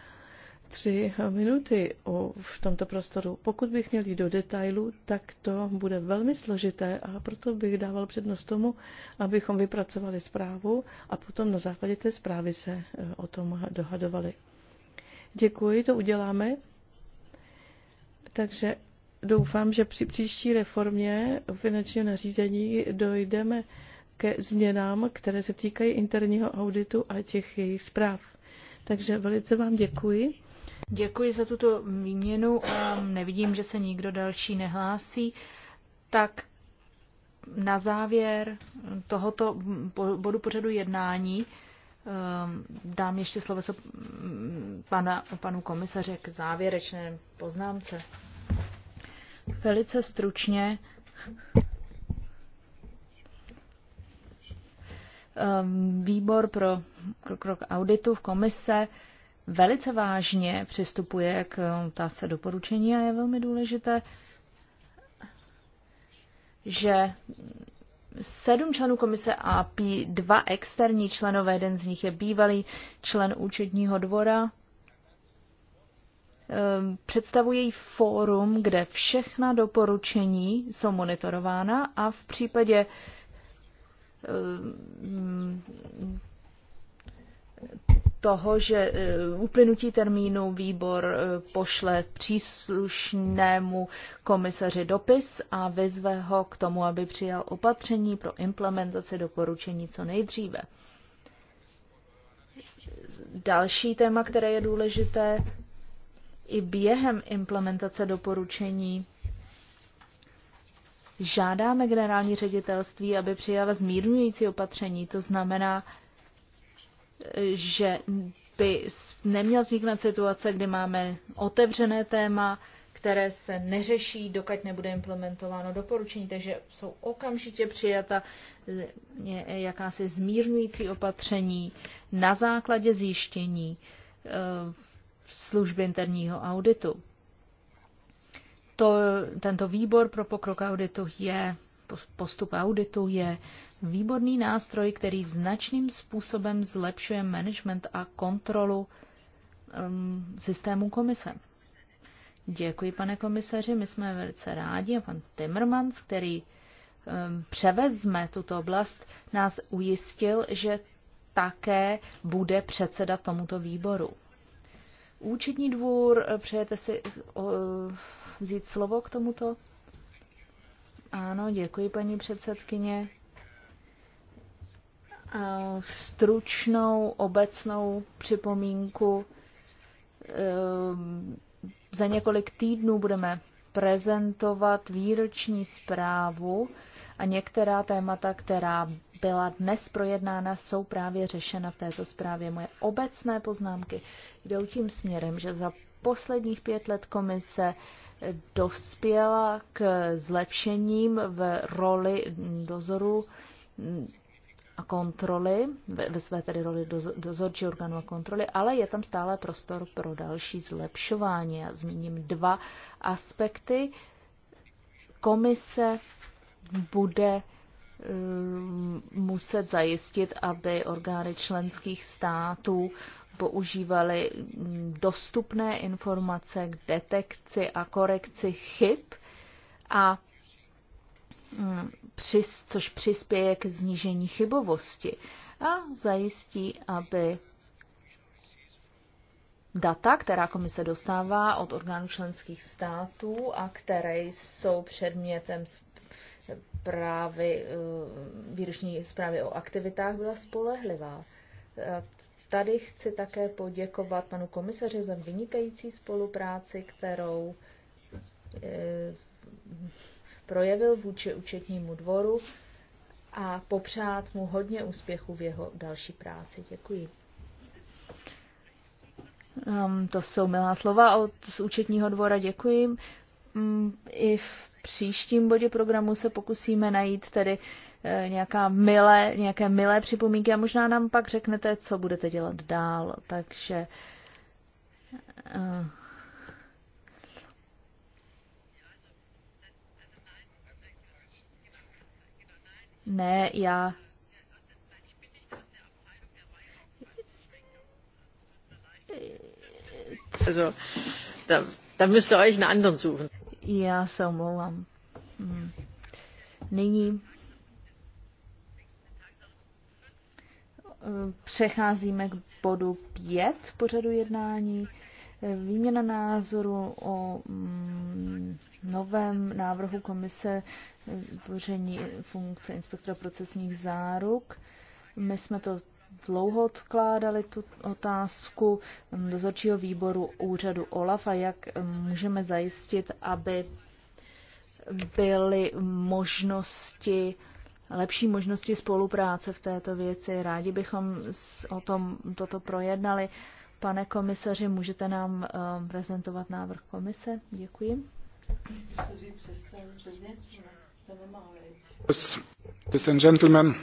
tři minuty v tomto prostoru. Pokud bych měl jít do detailu, tak to bude velmi složité a proto bych dával přednost tomu, abychom vypracovali zprávu a potom na základě té zprávy se e, o tom dohadovali. Děkuji, to uděláme. Takže doufám, že při příští reformě finančního nařízení dojdeme ke změnám, které se týkají interního auditu a těch jejich zpráv. Takže velice vám děkuji. Děkuji za tuto výměnu. Nevidím, že se nikdo další nehlásí. Tak na závěr tohoto bodu pořadu jednání Ehm, dám ještě slovo so pana, panu komisaře k závěrečné poznámce. Velice stručně ehm, výbor pro krok auditu v komise velice vážně přistupuje k otázce doporučení a je velmi důležité, že sedm členů komise a dva externí členové, jeden z nich je bývalý člen účetního dvora, ehm, představují fórum, kde všechna doporučení jsou monitorována a v případě ehm, toho, že eh, uplynutí termínu výbor eh, pošle příslušnému komisaři dopis a vyzve ho k tomu, aby přijal opatření pro implementaci doporučení co nejdříve. Další téma, které je důležité, i během implementace doporučení žádáme generální ředitelství, aby přijala zmírňující opatření, to znamená že by neměla vzniknout situace, kdy máme otevřené téma, které se neřeší, dokud nebude implementováno doporučení, takže jsou okamžitě přijata eh, jakási zmírňující opatření na základě zjištění eh, služby interního auditu. To, tento výbor pro pokrok auditu je postup auditu je výborný nástroj, který značným způsobem zlepšuje management a kontrolu um, systému komise. Děkuji, pane komisaři, my jsme velice rádi a pan Timmermans, který um, převezme tuto oblast, nás ujistil, že také bude předseda tomuto výboru. Účetní dvůr, přejete si o, uh, vzít slovo k tomuto? Ano, děkuji, paní předsedkyně. Stručnou obecnou připomínku. Ehm, za několik týdnů budeme prezentovat výroční zprávu a některá témata, která byla dnes projednána, jsou právě řešena v této zprávě. Moje obecné poznámky jdou tím směrem, že za posledních pět let komise dospěla k zlepšením v roli dozoru a kontroly, ve své tedy roli dozorčí orgánu a kontroly, ale je tam stále prostor pro další zlepšování. Já zmíním dva aspekty. Komise bude eh, muset zajistit, aby orgány členských států používali dostupné informace k detekci a korekci chyb, a mm, přis, což přispěje k znížení chybovosti a zajistí, aby data, která komise dostává od orgánů členských států a které jsou předmětem zprávy, eh, výroční zprávy o aktivitách, byla spolehlivá. Eh, Tady chci také poděkovat panu komisaři za vynikající spolupráci, kterou eh, projevil vůči účetnímu dvoru a popřát mu hodně úspěchu v jeho další práci. Děkuji. Um, to jsou milá slova od z účetního dvora, děkuji. Um, I v příštím bodě programu se pokusíme najít tedy eh, nějaká milé, nějaké milé připomínky a možná nám pak řeknete, co budete dělat dál. Takže eh, ne, já Also, da, da müsst ihr euch einen anderen suchen. Já se omlouvám. Hmm. Nyní eh, přecházíme k bodu 5 pořadu jednání. Výměna názoru o mm, novém návrhu komise eh, vytvoření funkce inspektora procesních záruk. My jsme to dlouho odkládali tu otázku dozorčího výboru úřadu OLAF a jak můžeme zajistit, aby byly možnosti, lepší možnosti spolupráce v této věci. Rádi bychom o tom toto projednali. Pane komisaři, můžete nám prezentovat návrh komise? Děkuji. Ladies and gentlemen,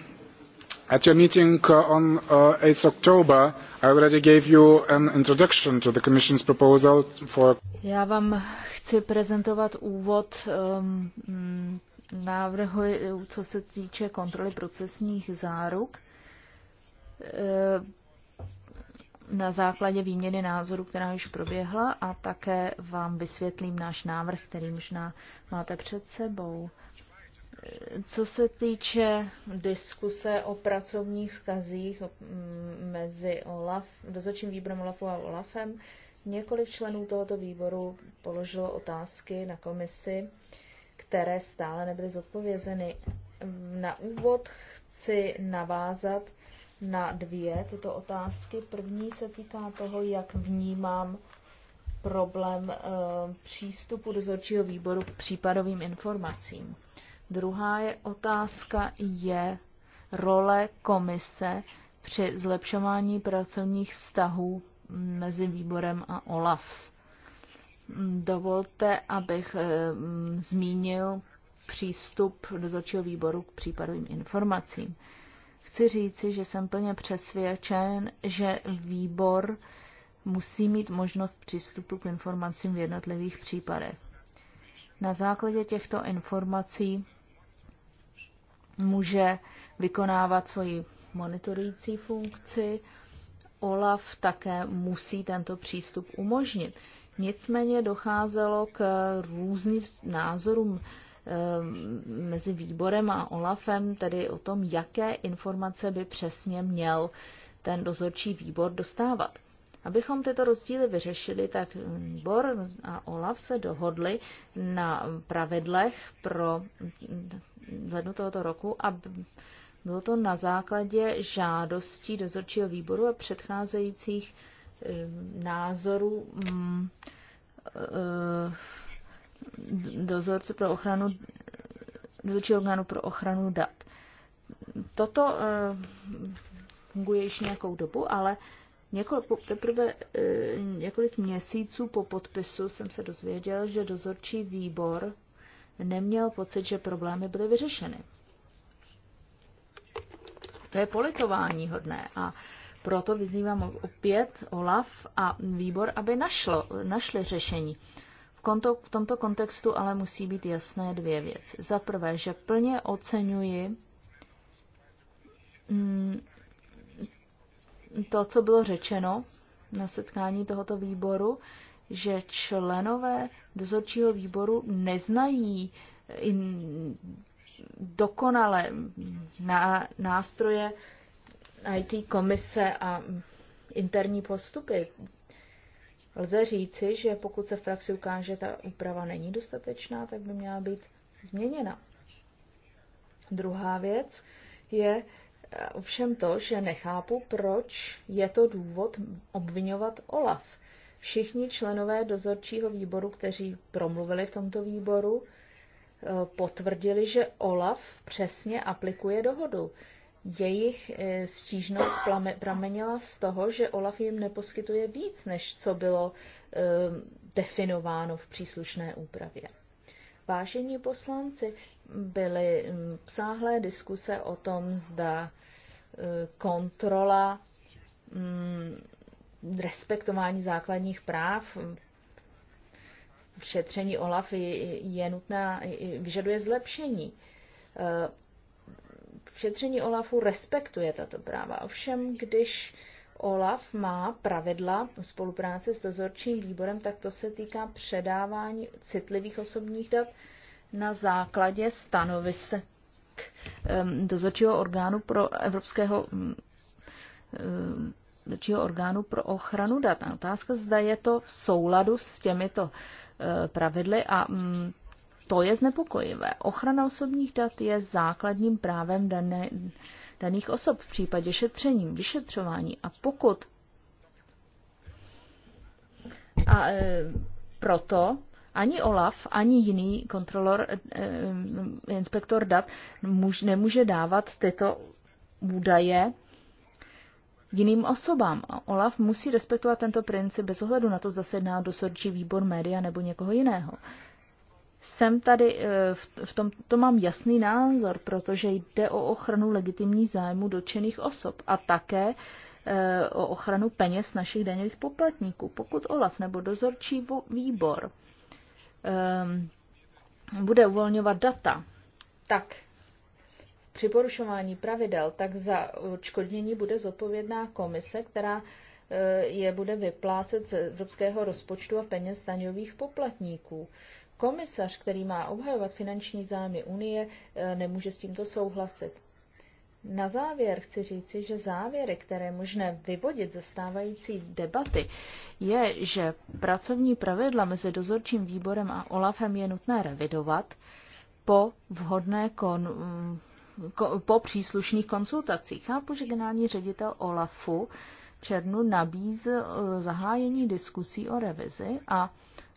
At your meeting uh, on uh, 8 October, I already gave you an introduction to the Commission's proposal for. Já vám chci prezentovat úvod um, mm, návrhu, co se týče kontroly procesních záruk eh, na základě výměny názoru, která již proběhla a také vám vysvětlím náš návrh, který možná máte před sebou. Co se týče diskuse o pracovních vztazích mezi OLAF, dozorčím výborem OLAFu a OLAFem, několik členů tohoto výboru položilo otázky na komisi, které stále nebyly zodpovězeny. Na úvod chci navázat na dvě tyto otázky. První se týká toho, jak vnímám problém e, přístupu dozorčího výboru k případovým informacím. Druhá je otázka je role komise při zlepšování pracovních vztahů mezi výborem a OLAF. Dovolte, abych e, zmínil přístup dozorčího výboru k případovým informacím. Chci říci, že jsem plně přesvědčen, že výbor musí mít možnost přístupu k informacím v jednotlivých případech. Na základě těchto informací může vykonávat svoji monitorující funkci. OLAF také musí tento přístup umožnit. Nicméně docházelo k různým názorům eh, mezi výborem a OLAFem, tedy o tom, jaké informace by přesně měl ten dozorčí výbor dostávat. Abychom tyto rozdíly vyřešili, tak Bor a Olaf se dohodli na pravidlech pro lednu tohoto roku a bylo to na základě žádostí dozorčího výboru a předcházejících eh, názorů mm, eh, dozorce pro ochranu dozorčího orgánu pro ochranu dat. Toto eh, funguje již nějakou dobu, ale Několik, teprve e, několik měsíců po podpisu jsem se dozvěděl, že dozorčí výbor neměl pocit, že problémy byly vyřešeny. To je politování hodné a proto vyzývám opět OLAF a výbor, aby našlo, našli řešení. V, konto, v tomto kontextu ale musí být jasné dvě věci. Za prvé, že plně oceňuji mm, to, co bylo řečeno na setkání tohoto výboru, že členové dozorčího výboru neznají dokonale na nástroje IT komise a interní postupy. Lze říci, že pokud se v praxi ukáže, že ta úprava není dostatečná, tak by měla být změněna. Druhá věc je, ovšem to, že nechápu, proč je to důvod obvinovat Olaf. Všichni členové dozorčího výboru, kteří promluvili v tomto výboru, eh, potvrdili, že Olaf přesně aplikuje dohodu. Jejich eh, stížnost pramenila z toho, že Olaf jim neposkytuje víc, než co bylo eh, definováno v příslušné úpravě. Vážení poslanci, byly mm, psáhlé diskuse o tom, zda e, kontrola mm, respektování základních práv šetření OLAF je nutná, vyžaduje zlepšení. E, šetření OLAFu respektuje tato práva. Ovšem, když OLAF má pravidla spolupráce s dozorčím výborem, tak to se týká předávání citlivých osobních dat na základě stanovisek ehm, dozorčího orgánu pro Evropského mm, ehm, dozorčího orgánu pro ochranu dat. A otázka, zda je to v souladu s těmito eh, pravidly a mm, to je znepokojivé. Ochrana osobních dat je základním právem dané, daných osob v případě šetření, vyšetřování. A pokud a e, proto ani Olaf, ani jiný kontrolor, e, e, inspektor dat muž, nemůže dávat tyto údaje jiným osobám. A Olaf musí respektovat tento princip bez ohledu na to, zda se jedná výbor média nebo někoho jiného. E, jsem tady, eh, v tom to mám jasný názor, protože jde o ochranu legitimní zájmu dotčených osob a také eh, o ochranu peněz našich daňových poplatníků. Pokud OLAF nebo dozorčí výbor ehm, bude uvolňovat data, tak při porušování pravidel, tak za odškodnění bude zodpovědná komise, která eh, je bude vyplácet z evropského rozpočtu a peněz daňových poplatníků. Komisař, který má obhajovat finanční zájmy Unie, eh, nemůže s tímto souhlasit. Na závěr chci říci, že závěry, které možné vyvodit ze stávající debaty, je, že pracovní pravidla mezi dozorčím výborem a OLAFem je nutné revidovat po vhodné kon, mm, po příslušných konsultacích. Chápu, že generální ředitel OLAFu Černu nabízl eh, zahájení diskusí o revizi a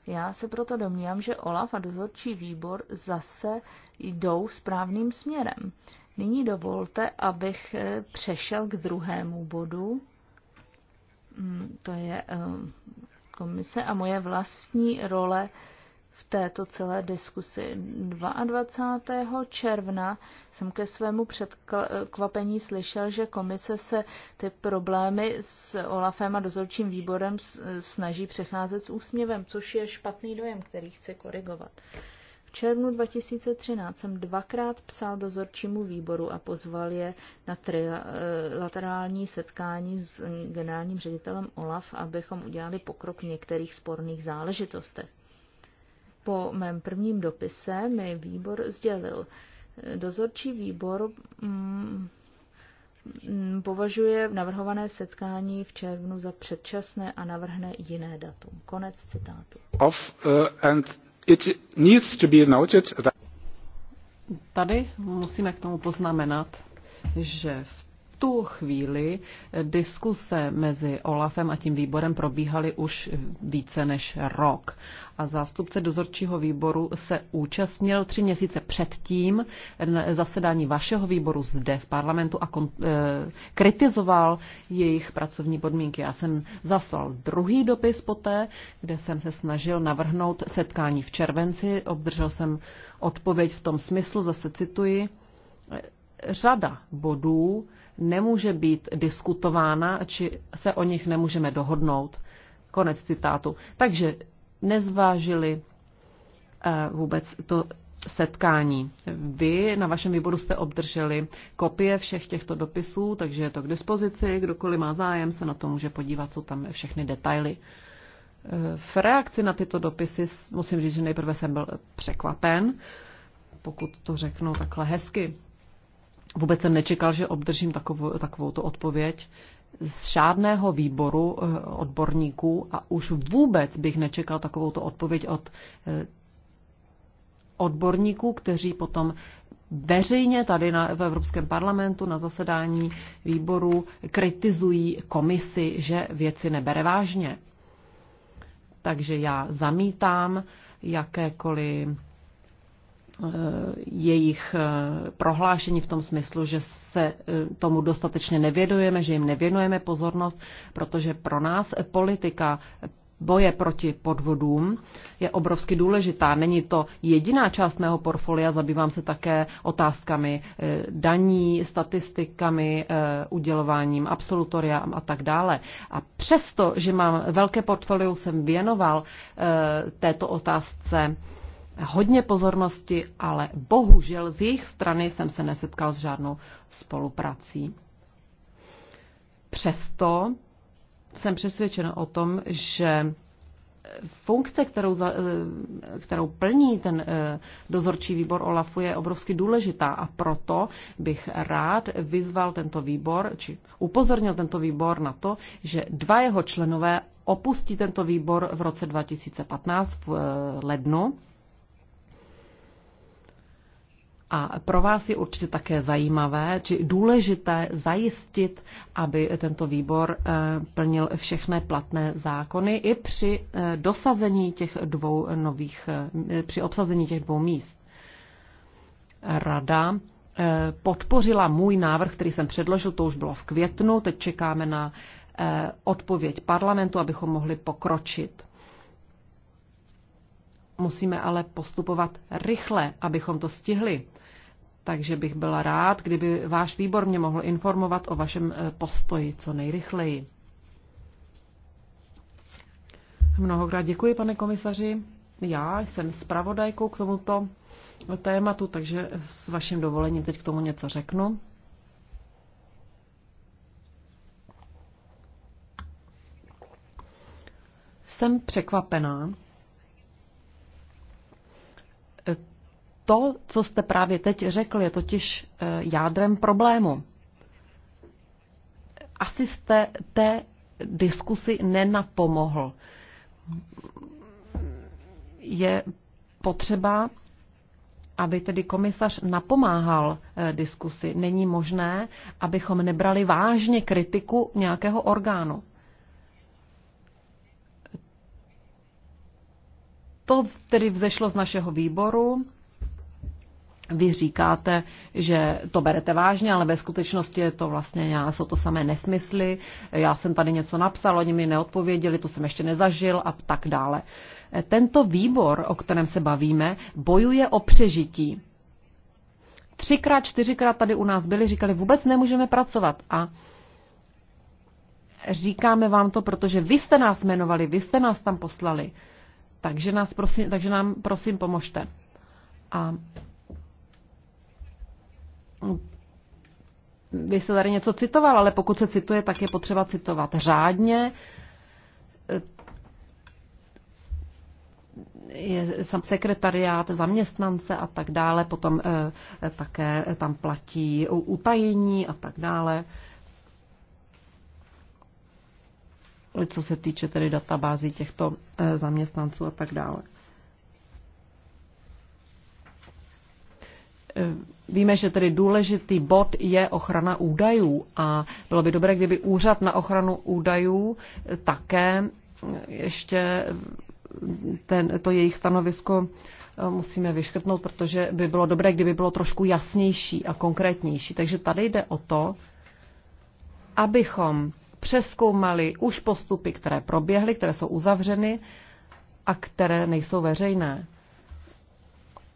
já se proto domnívám, že OLAF a dozorčí výbor zase jdou správným směrem. Nyní dovolte, abych eh, přešel k druhému bodu. Mm, to je eh, komise a moje vlastní role v této celé diskusi. 22. června jsem ke svému předkvapení slyšel, že komise se ty problémy s Olafem a dozorčím výborem snaží přecházet s úsměvem, což je špatný dojem, který chci korigovat. V červnu 2013 jsem dvakrát psal dozorčímu výboru a pozval je na trilaterální setkání s generálním ředitelem OLAF, abychom udělali pokrok v některých sporných záležitostech. Po mém prvním dopise mi výbor sdělil, eh, dozorčí výbor mm, mm, považuje navrhované setkání v červnu za předčasné a navrhne jiné datum. Konec citátu. Of, uh, and it needs to be noted that... Tady musíme k tomu poznamenat, že v tu chvíli eh, diskuse mezi OLAFem a tím výborem probíhaly už více než rok. A zástupce dozorčího výboru se účastnil tři měsíce předtím eh, zasedání vašeho výboru zde v parlamentu a kon- eh, kritizoval jejich pracovní podmínky. Já jsem zaslal druhý dopis poté, kde jsem se snažil navrhnout setkání v červenci. Obdržel jsem odpověď v tom smyslu, zase cituji, řada bodů nemůže být diskutována, či se o nich nemůžeme dohodnout. Konec citátu. Takže nezvážili eh, vůbec to setkání. Vy na vašem výboru jste obdrželi kopie všech těchto dopisů, takže je to k dispozici. Kdokoliv má zájem, se na to může podívat, jsou tam všechny detaily. Eh, v reakci na tyto dopisy musím říct, že nejprve jsem byl překvapen, pokud to řeknu takhle hezky. Vůbec jsem nečekal, že obdržím takovou, takovou to odpověď z žádného výboru eh, odborníků a už vůbec bych nečekal takovou to odpověď od eh, odborníků, kteří potom veřejně tady na, v Evropském parlamentu na zasedání výboru kritizují komisi, že věci nebere vážně. Takže já zamítám jakékoliv Eh, jejich eh, prohlášení v tom smyslu, že se eh, tomu dostatečně nevědujeme, že jim nevěnujeme pozornost, protože pro nás politika boje proti podvodům je obrovsky důležitá. Není to jediná část mého portfolia, zabývám se také otázkami daní, statistikami, udělováním absolutoria a tak dále. A přesto, že mám velké portfolio, jsem věnoval této otázce hodně pozornosti, ale bohužel z jejich strany jsem se nesetkal s žádnou spoluprací. Přesto jsem přesvědčen o tom, že funkce, kterou, za, eh, kterou plní ten eh, dozorčí výbor OLAFu, je obrovsky důležitá a proto bych rád vyzval tento výbor, či upozornil tento výbor na to, že dva jeho členové opustí tento výbor v roce 2015 v eh, lednu a pro vás je určitě také zajímavé, či důležité zajistit, aby tento výbor eh, plnil všechny platné zákony i při eh, dosazení těch dvou nových, eh, při obsazení těch dvou míst. Rada podpořila můj návrh, který jsem předložil, to už bylo v květnu, teď čekáme na odpověď parlamentu, abychom mohli pokročit. Musíme ale postupovat rychle, abychom to stihli takže bych byla rád, kdyby váš výbor mě mohl informovat o vašem eh, postoji co nejrychleji. Mnohokrát děkuji, pane komisaři. Já jsem zpravodajkou k tomuto tématu, takže s vaším dovolením teď k tomu něco řeknu. Jsem překvapená, to, co jste právě teď řekl, je totiž eh, jádrem problému. Asi jste té diskusi nenapomohl. Je potřeba, aby tedy komisař napomáhal eh, diskusi. Není možné, abychom nebrali vážně kritiku nějakého orgánu. To tedy vzešlo z našeho výboru vy říkáte, že to berete vážně, ale ve skutečnosti je to vlastně, já, jsou to samé nesmysly, já jsem tady něco napsal, oni mi neodpověděli, to jsem ještě nezažil a tak dále. Tento výbor, o kterém se bavíme, bojuje o přežití. Třikrát, čtyřikrát tady u nás byli, říkali, vůbec nemůžeme pracovat. A říkáme vám to, protože vy jste nás jmenovali, vy jste nás tam poslali. Takže, nás prosím, takže nám prosím pomožte. A vy jste tady něco citoval, ale pokud se cituje, tak je potřeba citovat řádně. Je sam sekretariát, zaměstnance a tak dále, potom eh, eh, také tam platí utajení a tak dále. Co se týče tedy databází těchto eh, zaměstnanců a tak dále. Eh, víme, že tedy důležitý bod je ochrana údajů a bylo by dobré, kdyby úřad na ochranu údajů eh, také eh, ještě ten, to jejich stanovisko musíme vyškrtnout, protože by bylo dobré, kdyby bylo trošku jasnější a konkrétnější. Takže tady jde o to, abychom přeskoumali už postupy, které proběhly, které jsou uzavřeny a které nejsou veřejné.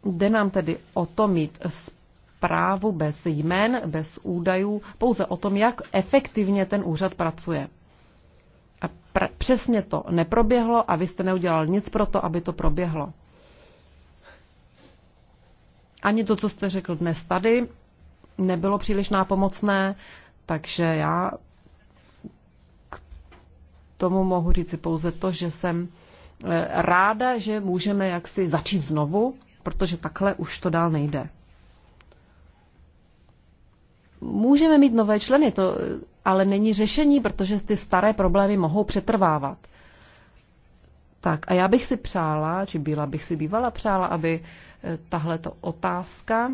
Jde nám tedy o to mít zprávu bez jmen, bez údajů, pouze o tom, jak efektivně ten úřad pracuje. A pr- přesně to neproběhlo a vy jste neudělal nic pro to, aby to proběhlo. Ani to, co jste řekl dnes tady, nebylo příliš nápomocné, takže já k tomu mohu říci pouze to, že jsem eh, ráda, že můžeme jaksi začít znovu protože takhle už to dál nejde. Můžeme mít nové členy, to ale není řešení, protože ty staré problémy mohou přetrvávat. Tak a já bych si přála, či byla bych si bývala přála, aby eh, tahle otázka,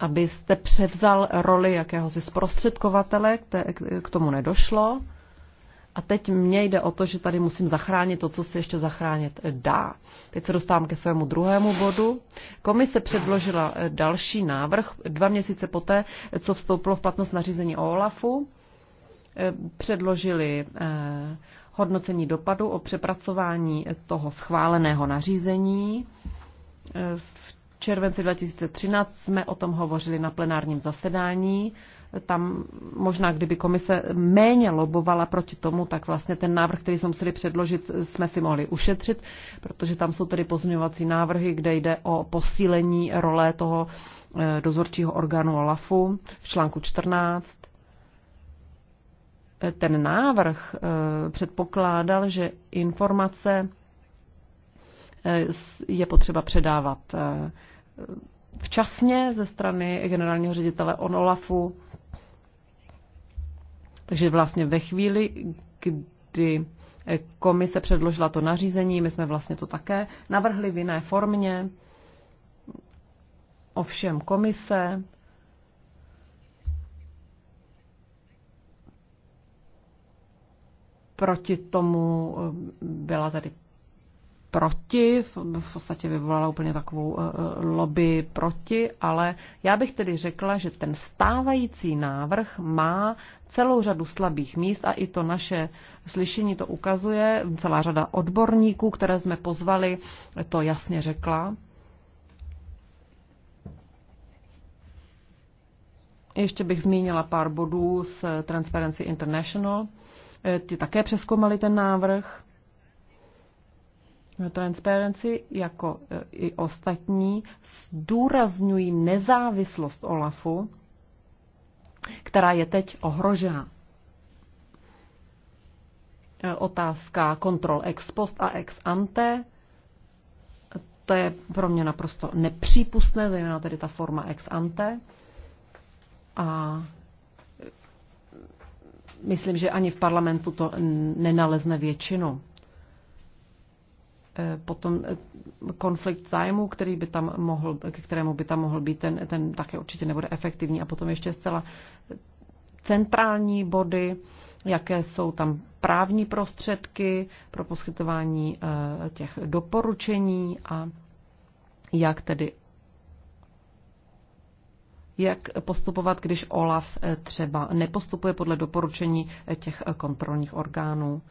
abyste převzal roli jakéhosi zprostředkovatele, k tomu nedošlo. A teď mně jde o to, že tady musím zachránit to, co se ještě zachránit dá. Teď se dostávám ke svému druhému bodu. Komise předložila eh, další návrh dva měsíce poté, eh, co vstoupilo v platnost nařízení o OLAFu. Eh, předložili hodnocení dopadu o přepracování toho schváleného nařízení. V červenci 2013 jsme o tom hovořili na plenárním zasedání. Tam možná, kdyby komise méně lobovala proti tomu, tak vlastně ten návrh, který jsme museli předložit, jsme si mohli ušetřit, protože tam jsou tedy pozměňovací návrhy, kde jde o posílení role toho eh, dozorčího orgánu OLAFu v článku 14 eh, ten návrh eh, předpokládal, že informace je potřeba předávat včasně ze strany generálního ředitele ONOLAFu takže vlastně ve chvíli, kdy eh, komise předložila to nařízení, my jsme vlastně to také navrhli v jiné formě, ovšem komise proti tomu eh, byla tady proti, v, v podstatě vyvolala úplně takovou eh, eh, lobby proti, ale já bych tedy řekla, že ten stávající návrh má celou řadu slabých míst a i to naše slyšení to ukazuje. Celá řada odborníků, které jsme pozvali, to jasně řekla. Ještě bych zmínila pár bodů z Transparency International. Eh, ti také přeskoumali ten návrh. Transparency jako e, i ostatní zdůrazňují nezávislost OLAFu, která je teď ohrožena. E, otázka kontrol ex post a ex ante, to je pro mě naprosto nepřípustné, zejména tedy ta forma ex ante. A myslím, že ani v parlamentu to nenalezne většinu. Eh, potom eh, konflikt zájmu, který by tam mohl, k kterému by tam mohl být, ten, ten také určitě nebude efektivní. A potom ještě zcela centrální body, jaké jsou tam právní prostředky pro poskytování eh, těch doporučení a jak tedy jak postupovat, když OLAF třeba nepostupuje podle doporučení těch kontrolních orgánů.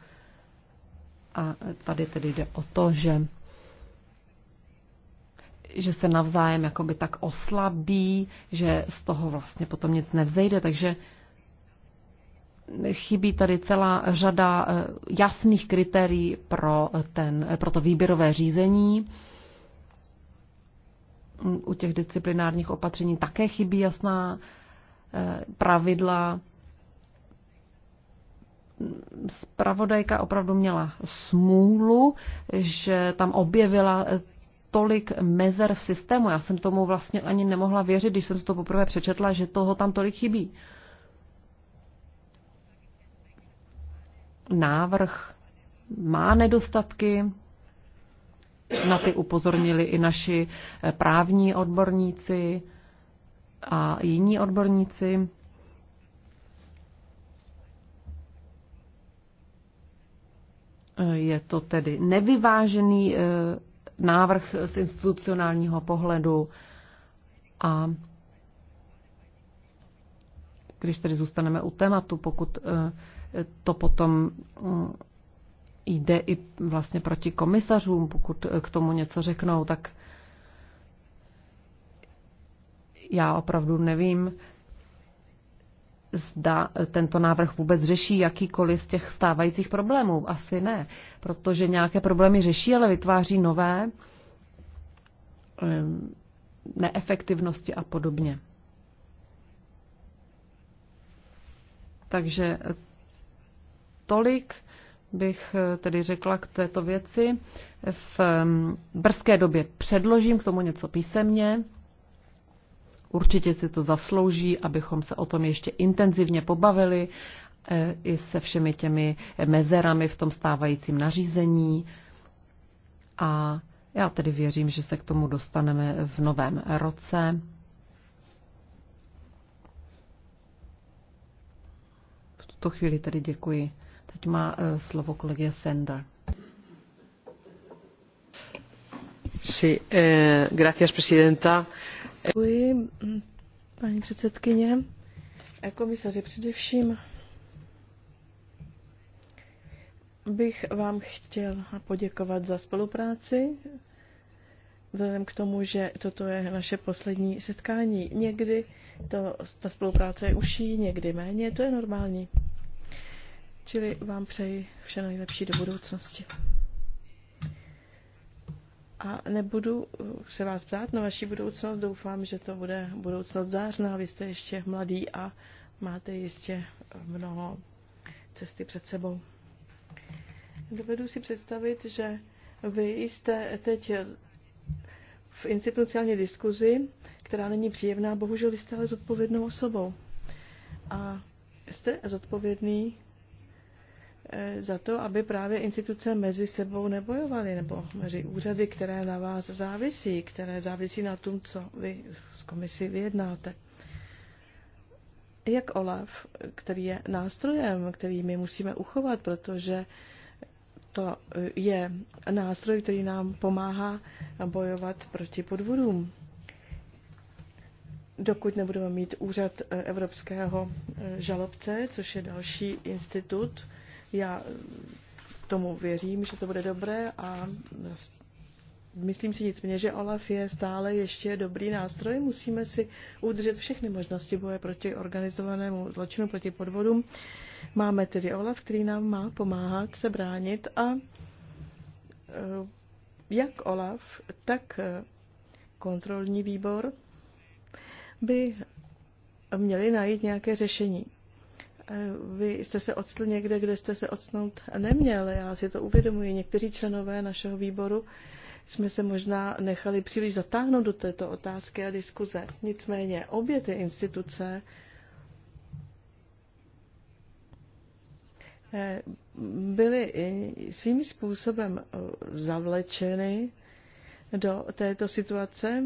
A tady tedy jde o to, že že se navzájem jakoby tak oslabí, že z toho vlastně potom nic nevzejde, takže chybí tady celá řada eh, jasných kritérií pro, eh, ten, eh, pro to výběrové řízení. U těch disciplinárních opatření také chybí jasná pravidla spravodajka opravdu měla smůlu, že tam objevila tolik mezer v systému. Já jsem tomu vlastně ani nemohla věřit, když jsem si to poprvé přečetla, že toho tam tolik chybí. Návrh má nedostatky, na ty upozornili i naši právní odborníci a jiní odborníci. Je to tedy nevyvážený eh, návrh z institucionálního pohledu a když tedy zůstaneme u tématu, pokud eh, to potom mm, jde i vlastně proti komisařům, pokud eh, k tomu něco řeknou, tak já opravdu nevím, zda tento návrh vůbec řeší jakýkoliv z těch stávajících problémů. Asi ne, protože nějaké problémy řeší, ale vytváří nové neefektivnosti a podobně. Takže eh, tolik bych eh, tedy řekla k této věci. V brzké době předložím k tomu něco písemně. Určitě si to zaslouží, abychom se o tom ještě intenzivně pobavili e, i se všemi těmi mezerami v tom stávajícím nařízení. A já tedy věřím, že se k tomu dostaneme v novém roce. V tuto chvíli tedy děkuji. Teď má e, slovo kolegie Sender. Sí, eh, gracias, presidenta. Děkuji, mm, paní předsedkyně. Eh, komisaři, především bych vám chtěl poděkovat za spolupráci, vzhledem k tomu, že toto je naše poslední setkání. Někdy to, ta spolupráce je užší, někdy méně, to je normální. Čili vám přeji vše nejlepší do budoucnosti. A nebudu uh, se vás ptát na vaši budoucnost, doufám, že to bude budoucnost zářná, vy jste ještě mladý a máte jistě uh, mnoho cesty před sebou. Dovedu si představit, že vy jste teď v institucionální diskuzi, která není příjemná, bohužel vy jste ale zodpovědnou osobou. A jste zodpovědný Eh, za to, aby právě instituce mezi sebou nebojovaly, nebo mezi úřady, které na vás závisí, které závisí na tom, co vy z komisí vyjednáte. Jak OLAF, který je nástrojem, který my musíme uchovat, protože to je nástroj, který nám pomáhá bojovat proti podvodům. Dokud nebudeme mít úřad eh, evropského eh, žalobce, což je další institut, já tomu věřím, že to bude dobré a myslím si nicméně, že OLAF je stále ještě dobrý nástroj. Musíme si udržet všechny možnosti boje proti organizovanému zločinu, proti podvodům. Máme tedy OLAF, který nám má pomáhat se bránit a eh, jak OLAF, tak eh, kontrolní výbor by měli najít nějaké řešení. Eh, vy jste se odstl někde, kde jste se odstnout neměl. Já si to uvědomuji. Někteří členové našeho výboru jsme se možná nechali příliš zatáhnout do této otázky a diskuze. Nicméně obě ty instituce eh, byly svým způsobem eh, zavlečeny do této situace,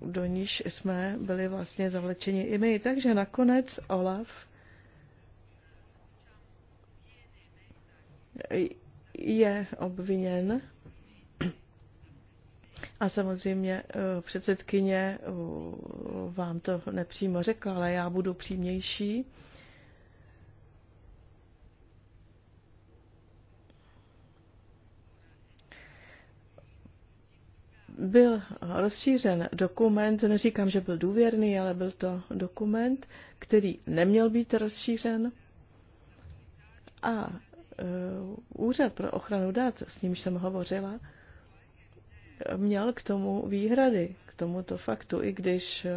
do níž jsme byli vlastně zavlečeni i my. Takže nakonec Olaf je obviněn a samozřejmě eh, předsedkyně eh, vám to nepřímo řekla, ale já budu přímější. Byl rozšířen dokument, neříkám, že byl důvěrný, ale byl to dokument, který neměl být rozšířen. A Eh, úřad pro ochranu dat, s nímž jsem hovořila, měl k tomu výhrady, k tomuto faktu, i když eh,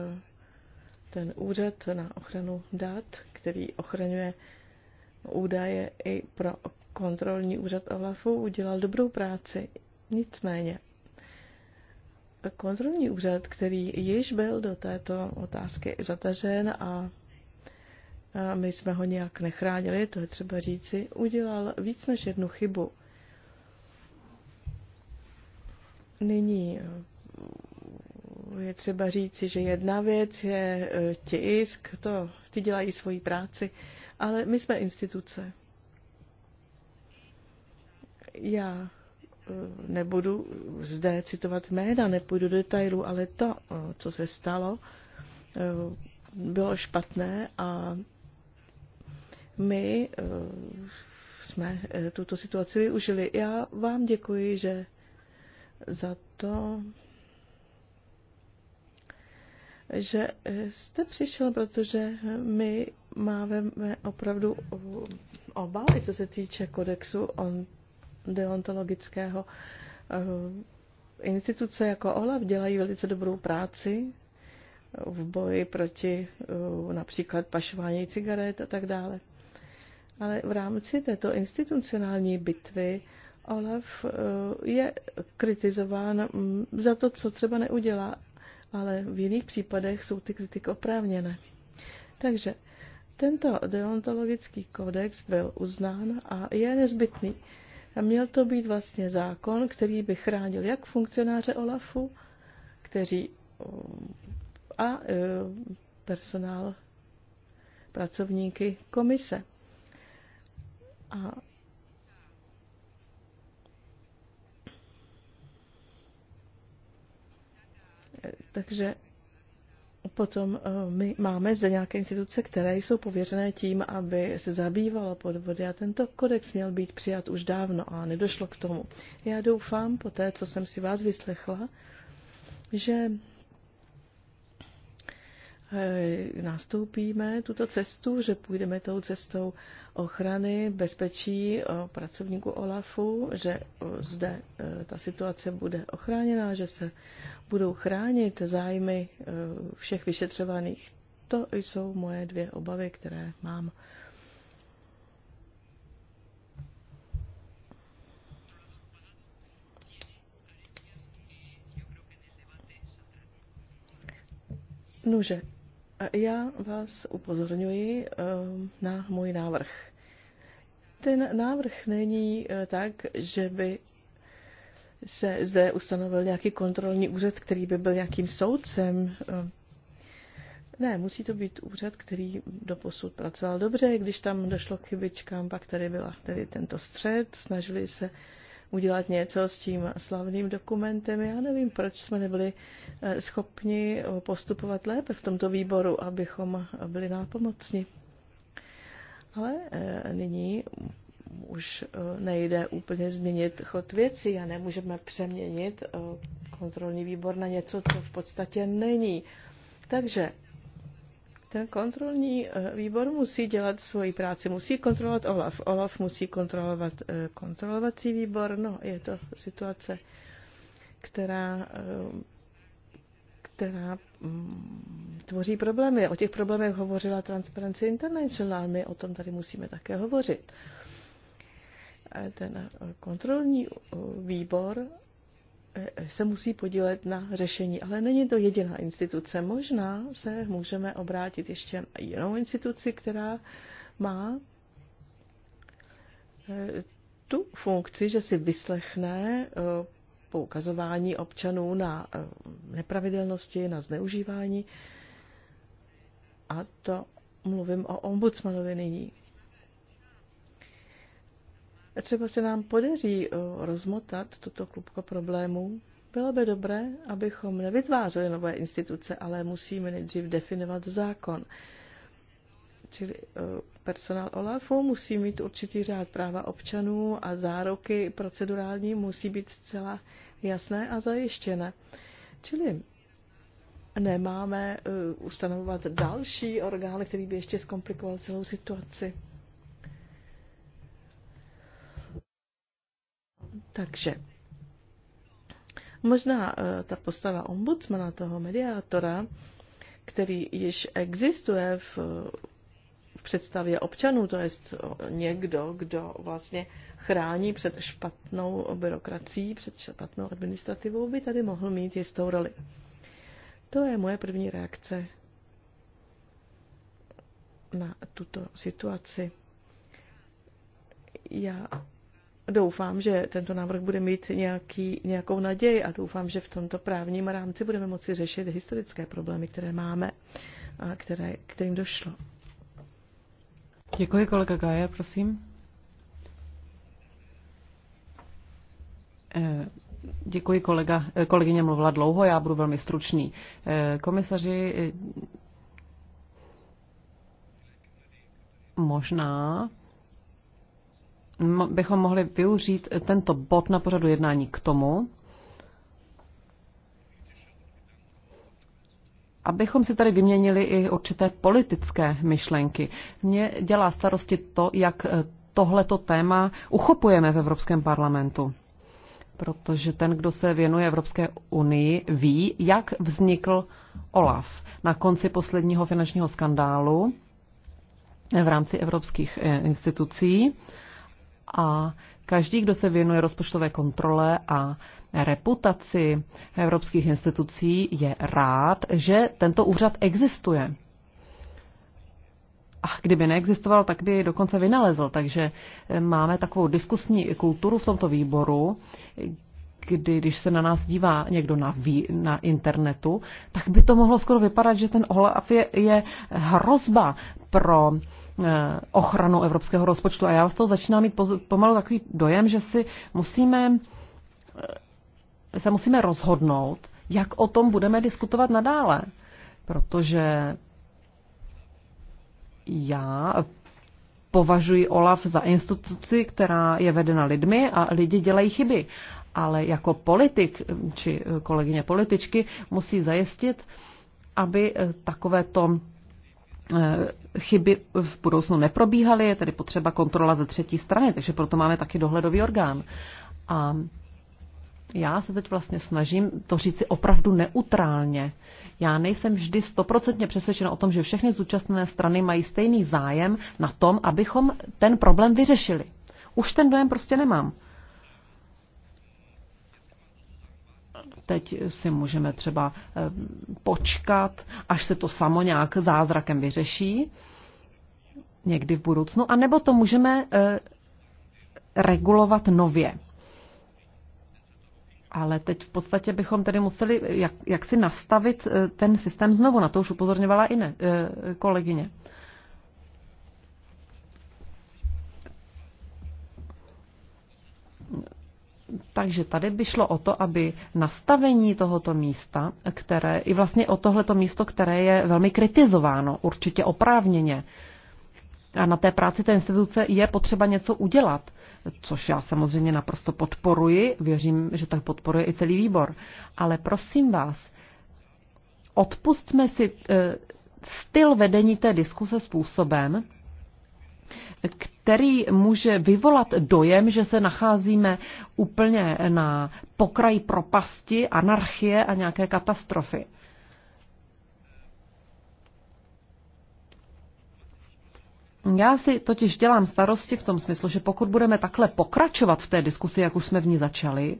ten úřad na ochranu dat, který ochraňuje údaje i pro kontrolní úřad OLAFu, udělal dobrou práci. Nicméně, kontrolní úřad, který již byl do této otázky zatažen a a my jsme ho nějak nechránili, to je třeba říci, udělal víc než jednu chybu. Nyní eh, je třeba říci, že jedna věc je eh, tisk, to ti dělají svoji práci, ale my jsme instituce. Já eh, nebudu zde citovat jména, nepůjdu do detailu, ale to, co se stalo, bylo špatné a my eh, jsme eh, tuto situaci využili. Já vám děkuji, že za to, že eh, jste přišel, protože my máme opravdu obavy, co se týče kodexu on, deontologického. Instituce jako OLAF dělají velice dobrou práci v boji proti například pašování cigaret a tak dále ale v rámci této institucionální bitvy Olaf eh, je kritizován mm, za to, co třeba neudělá, ale v jiných případech jsou ty kritiky oprávněné. Takže tento deontologický kodex byl uznán a je nezbytný. A měl to být vlastně zákon, který by chránil jak funkcionáře OLAFu, kteří eh, a eh, personál pracovníky komise. A takže potom eh, my máme zde nějaké instituce, které jsou pověřené tím, aby se zabývalo podvody a tento kodex měl být přijat už dávno a nedošlo k tomu. Já doufám, po té, co jsem si vás vyslechla, že Eh, nastoupíme tuto cestu, že půjdeme tou cestou ochrany, bezpečí pracovníku OLAFu, že zde eh, ta situace bude ochráněná, že se budou chránit zájmy eh, všech vyšetřovaných. To jsou moje dvě obavy, které mám. Nože, já vás upozorňuji eh, na můj návrh. Ten návrh není eh, tak, že by se zde ustanovil nějaký kontrolní úřad, který by byl nějakým soudcem. Eh, ne, musí to být úřad, který doposud pracoval dobře. Když tam došlo k chybičkám, pak tady byla tady tento střed, snažili se udělat něco s tím slavným dokumentem. Já nevím, proč jsme nebyli eh, schopni eh, postupovat lépe v tomto výboru, abychom eh, byli nápomocni. Ale nyní už nejde úplně změnit chod věcí a nemůžeme přeměnit kontrolní výbor na něco, co v podstatě není. Takže ten kontrolní eh, výbor musí dělat svoji práci, musí kontrolovat OLAF. OLAF musí kontrolovat eh, kontrolovací výbor. No, je to situace, která, eh, která mm, tvoří problémy. O těch problémech hovořila Transparency International, my o tom tady musíme také hovořit. Ten kontrolní výbor se musí podílet na řešení, ale není to jediná instituce. Možná se můžeme obrátit ještě na jinou instituci, která má eh, tu funkci, že si vyslechne eh, poukazování občanů na eh, nepravidelnosti, na zneužívání. A to mluvím o ombudsmanovi nyní třeba se nám podaří eh, rozmotat toto klubko problémů, bylo by dobré, abychom nevytvářeli nové instituce, ale musíme nejdřív definovat zákon. Čili eh, personál OLAFu musí mít určitý řád práva občanů a zároky procedurální musí být zcela jasné a zajištěné. Čili nemáme eh, ustanovovat další orgány, který by ještě zkomplikoval celou situaci. Takže možná eh, ta postava ombudsmana, toho mediátora, který již existuje v, v představě občanů, to je eh, někdo, kdo vlastně chrání před špatnou byrokracií, před špatnou administrativou, by tady mohl mít jistou roli. To je moje první reakce na tuto situaci. Já doufám, že tento návrh bude mít nějaký, nějakou naději a doufám, že v tomto právním rámci budeme moci řešit historické problémy, které máme a které, kterým došlo. Děkuji, kolega Gaja, prosím. Eh, děkuji, kolega, eh, kolegyně mluvila dlouho, já budu velmi stručný. Eh, komisaři, možná bychom mohli využít tento bod na pořadu jednání k tomu, abychom si tady vyměnili i určité politické myšlenky. Mně dělá starosti to, jak eh, tohleto téma uchopujeme v Evropském parlamentu. Protože ten, kdo se věnuje Evropské unii, ví, jak vznikl OLAF na konci posledního finančního skandálu v rámci evropských eh, institucí a každý, kdo se věnuje rozpočtové kontrole a reputaci evropských institucí, je rád, že tento úřad existuje. A kdyby neexistoval, tak by dokonce vynalezl. Takže eh, máme takovou diskusní kulturu v tomto výboru, kdy když se na nás dívá někdo na, vý, na internetu, tak by to mohlo skoro vypadat, že ten OLAF je, je hrozba pro Eh, ochranu evropského rozpočtu. A já z toho začínám mít pomalu takový dojem, že si musíme, eh, se musíme rozhodnout, jak o tom budeme diskutovat nadále. Protože já považuji OLAF za instituci, která je vedena lidmi a lidi dělají chyby. Ale jako politik eh, či kolegyně političky musí zajistit, aby takovéto chyby v budoucnu neprobíhaly, je tedy potřeba kontrola ze třetí strany, takže proto máme taky dohledový orgán. A já se teď vlastně snažím to říci opravdu neutrálně. Já nejsem vždy stoprocentně přesvědčena o tom, že všechny zúčastněné strany mají stejný zájem na tom, abychom ten problém vyřešili. Už ten dojem prostě nemám. Teď si můžeme třeba eh, počkat, až se to samo nějak zázrakem vyřeší někdy v budoucnu, anebo to můžeme eh, regulovat nově. Ale teď v podstatě bychom tedy museli jak, jak si nastavit eh, ten systém znovu. Na to už upozorňovala i ne, kolegyně. Takže tady by šlo o to, aby nastavení tohoto místa, které, i vlastně o tohleto místo, které je velmi kritizováno, určitě oprávněně, a na té práci té instituce je potřeba něco udělat, což já samozřejmě naprosto podporuji, věřím, že tak podporuje i celý výbor. Ale prosím vás, odpustme si eh, styl vedení té diskuse způsobem, který může vyvolat dojem, že se nacházíme úplně na pokraji propasti, anarchie a nějaké katastrofy. Já si totiž dělám starosti v tom smyslu, že pokud budeme takhle pokračovat v té diskusi, jak už jsme v ní začali,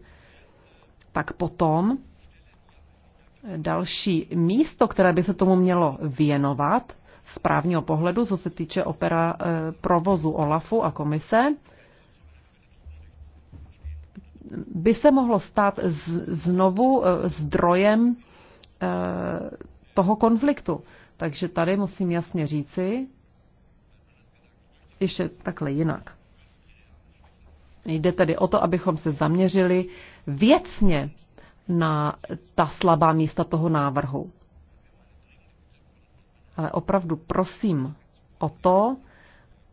tak potom další místo, které by se tomu mělo věnovat, z právního pohledu, co se týče opera eh, provozu OLAFu a komise, by se mohlo stát znovu eh, zdrojem eh, toho konfliktu. Takže tady musím jasně říci, ještě takhle jinak. Jde tedy o to, abychom se zaměřili věcně na ta slabá místa toho návrhu. Ale opravdu prosím o to,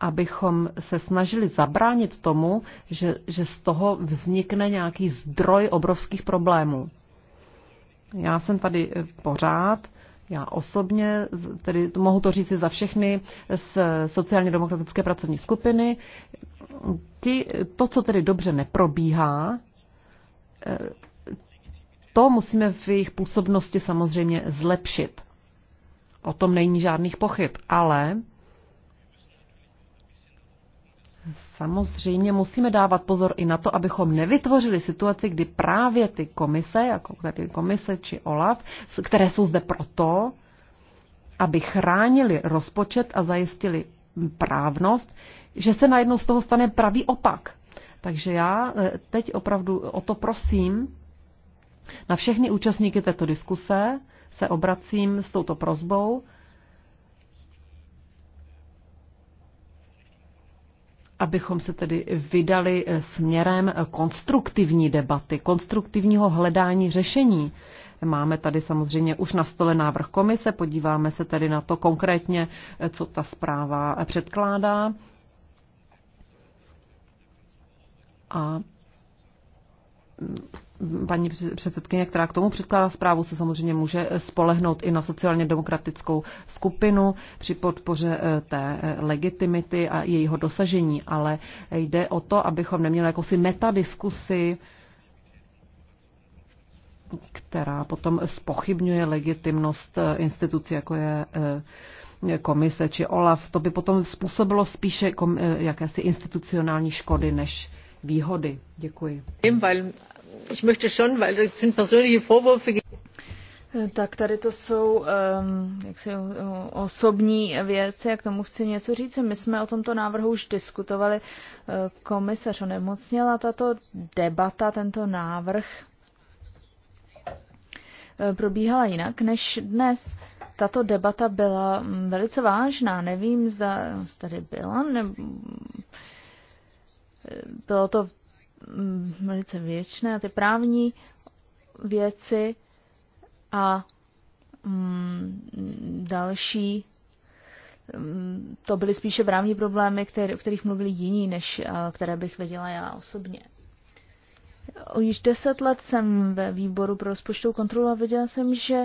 abychom se snažili zabránit tomu, že, že z toho vznikne nějaký zdroj obrovských problémů. Já jsem tady eh, pořád, já osobně, tedy mohu to říct i za všechny z sociálně demokratické pracovní skupiny, ti, to, co tedy dobře neprobíhá, eh, to musíme v jejich působnosti samozřejmě zlepšit. O tom není žádných pochyb, ale samozřejmě musíme dávat pozor i na to, abychom nevytvořili situaci, kdy právě ty komise, jako tady komise či OLAF, které jsou zde proto, aby chránili rozpočet a zajistili právnost, že se najednou z toho stane pravý opak. Takže já eh, teď opravdu o to prosím na všechny účastníky této diskuse, se obracím s touto prozbou, abychom se tedy vydali směrem konstruktivní debaty, konstruktivního hledání řešení. Máme tady samozřejmě už na stole návrh komise, podíváme se tedy na to konkrétně, co ta zpráva předkládá. A paní předsedkyně, která k tomu předkládá zprávu, se samozřejmě může spolehnout i na sociálně demokratickou skupinu při podpoře eh, té eh, legitimity a jejího dosažení, ale jde o to, abychom neměli jakousi metadiskusy, která potom spochybňuje legitimnost eh, institucí, jako je komise či OLAF. To by potom způsobilo spíše jakési institucionální škody než výhody. Děkuji ich möchte schon, weil das sind persönliche Vorwürfe. Tak tady to jsou um, ehm, jaksi, osobní věci, jak tomu chci něco říct. My jsme o tomto návrhu už diskutovali. Eh, komisař onemocněla tato debata, tento návrh eh, probíhala jinak než dnes. Tato debata byla mm, velice vážná. Nevím, zda tady byla, nebo eh, bylo to Mm, velice věčné, ty právní věci a mm, další, mm, to byly spíše právní problémy, který, o kterých mluvili jiní, než které bych věděla já osobně. Již deset let jsem ve výboru pro rozpočtovou kontrolu a viděla jsem, že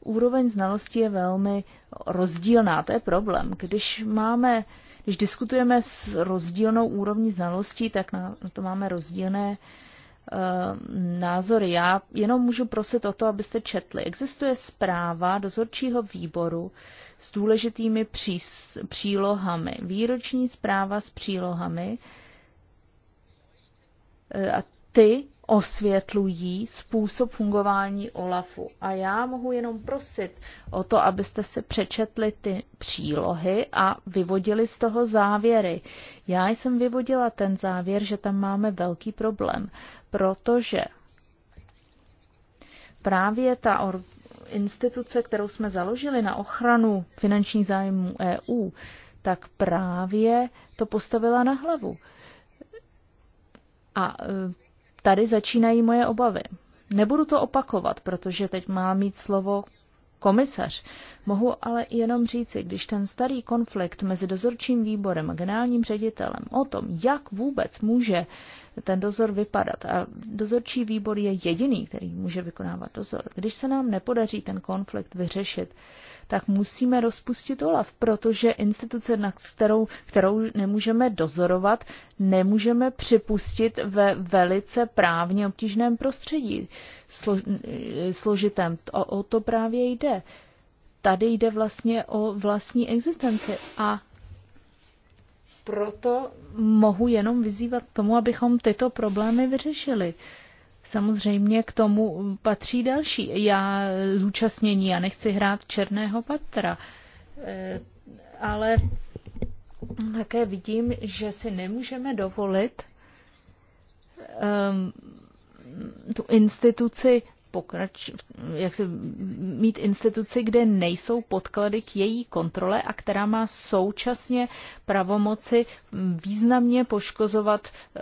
úroveň znalostí je velmi rozdílná. To je problém. Když máme když diskutujeme s rozdílnou úrovní znalostí, tak na, na to máme rozdílné eh, názory. Já jenom můžu prosit o to, abyste četli. Existuje zpráva dozorčího výboru s důležitými přís, přílohami. Výroční zpráva s přílohami eh, a ty osvětlují způsob fungování OLAFu. A já mohu jenom prosit o to, abyste si přečetli ty přílohy a vyvodili z toho závěry. Já jsem vyvodila ten závěr, že tam máme velký problém, protože právě ta instituce, kterou jsme založili na ochranu finančních zájmů EU, tak právě to postavila na hlavu. A e, tady začínají moje obavy. Nebudu to opakovat, protože teď má mít slovo komisař. Mohu ale jenom říci, když ten starý konflikt mezi dozorčím výborem a generálním ředitelem o tom, jak vůbec může ten dozor vypadat, a dozorčí výbor je jediný, který může vykonávat dozor, když se nám nepodaří ten konflikt vyřešit, tak musíme rozpustit OLAF, protože instituce, na kterou, kterou nemůžeme dozorovat, nemůžeme připustit ve velice právně obtížném prostředí slo, složitém. O, o to právě jde. Tady jde vlastně o vlastní existenci a proto mohu jenom vyzývat k tomu, abychom tyto problémy vyřešili. Uh, Samozřejmě k tomu patří další. Já zúčastnění, já nechci hrát černého patra, eh, ale také vidím, že si nemůžeme dovolit ehm, tu instituci pokrač, jak se, mít instituci, kde nejsou podklady k její kontrole a která má současně pravomoci významně poškozovat eh,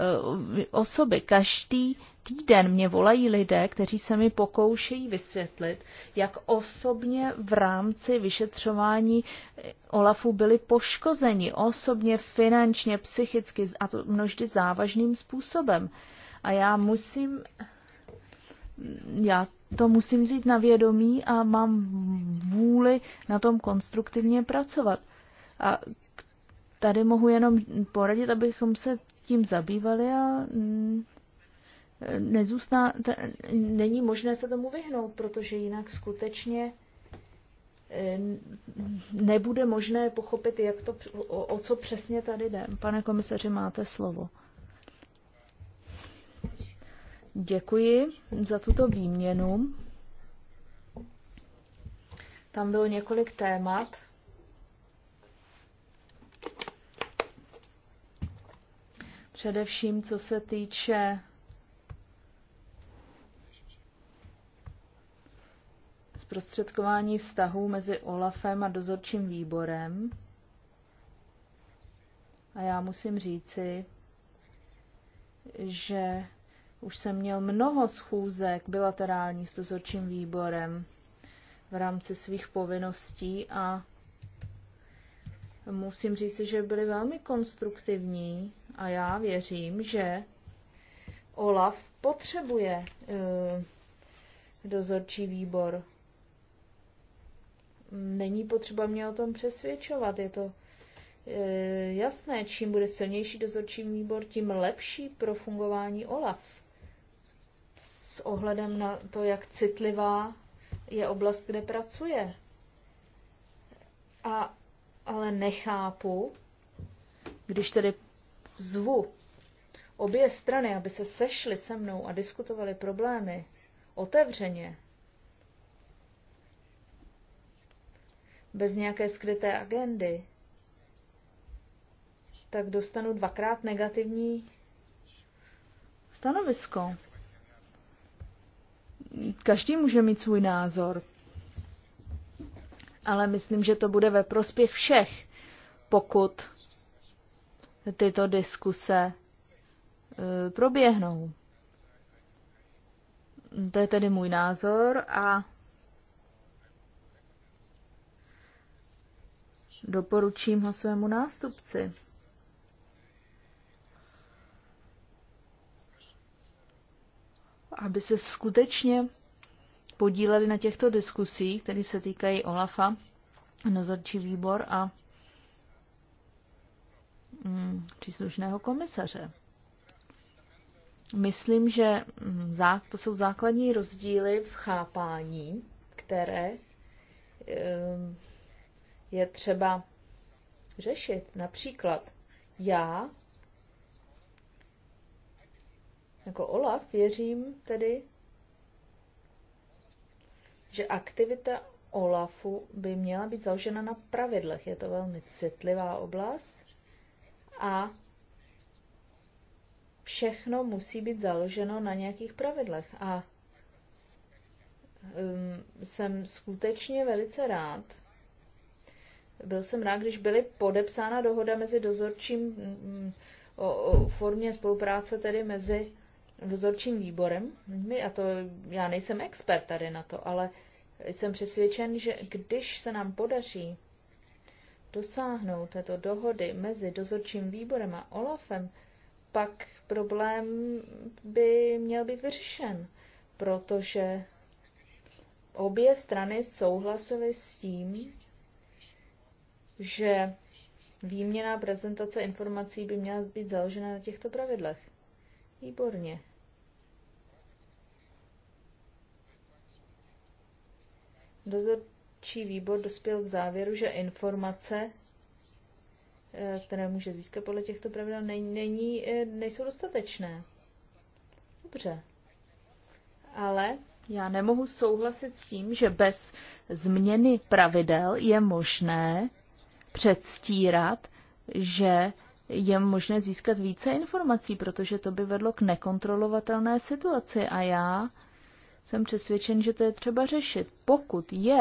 osoby. Každý týden mě volají lidé, kteří se mi pokoušejí vysvětlit, jak osobně v rámci vyšetřování eh, Olafu byli poškozeni, osobně, finančně, psychicky a to množdy závažným způsobem. A já musím, já to musím vzít na vědomí a mám vůli na tom konstruktivně pracovat. A tady mohu jenom poradit, abychom se tím zabývali a mm, nezůstá, t, není možné se tomu vyhnout, protože jinak skutečně eh, nebude možné pochopit, jak to, o, o co přesně tady jde. Pane komisaři, máte slovo. Děkuji za tuto výměnu. Tam bylo několik témat. Především, co se týče zprostředkování vztahů mezi OLAFem a dozorčím výborem. A já musím říci, že už jsem měl mnoho schůzek bilaterální s dozorčím výborem v rámci svých povinností a musím říci, že byly velmi konstruktivní a já věřím, že OLAF potřebuje eh, dozorčí výbor není potřeba mě o tom přesvědčovat. Je to e, jasné, čím bude silnější dozorčí výbor, tím lepší pro fungování OLAF. S ohledem na to, jak citlivá je oblast, kde pracuje. A, ale nechápu, když tedy zvu obě strany, aby se sešly se mnou a diskutovali problémy otevřeně, bez nějaké skryté agendy, tak dostanu dvakrát negativní stanovisko. Každý může mít svůj názor, ale myslím, že to bude ve prospěch všech, pokud tyto diskuse eh, proběhnou. To je tedy můj názor a Doporučím ho svému nástupci. Aby se skutečně podíleli na těchto diskusích, které se týkají OLAFa, nazorčí výbor a mm, příslušného komisaře. Myslím, že mm, to jsou základní rozdíly v chápání, které eh, je třeba řešit. Například já jako Olaf věřím tedy, že aktivita Olafu by měla být založena na pravidlech. Je to velmi citlivá oblast a všechno musí být založeno na nějakých pravidlech. A um, jsem skutečně velice rád, byl jsem rád, když byly podepsána dohoda mezi dozorčím mm, o, o formě spolupráce tedy mezi dozorčím výborem. My, a to já nejsem expert tady na to, ale jsem přesvědčen, že když se nám podaří dosáhnout této dohody mezi dozorčím výborem a OLAFem, pak problém by měl být vyřešen, protože obě strany souhlasily s tím, že výměna prezentace informací by měla být založena na těchto pravidlech. Výborně. Dozorčí výbor dospěl k závěru, že informace, eh, které může získat podle těchto pravidel, není, eh, nejsou dostatečné. Dobře. Ale já nemohu souhlasit s tím, že bez změny pravidel je možné předstírat, že je možné získat více informací, protože to by vedlo k nekontrolovatelné situaci a já jsem přesvědčen, že to je třeba řešit. Pokud je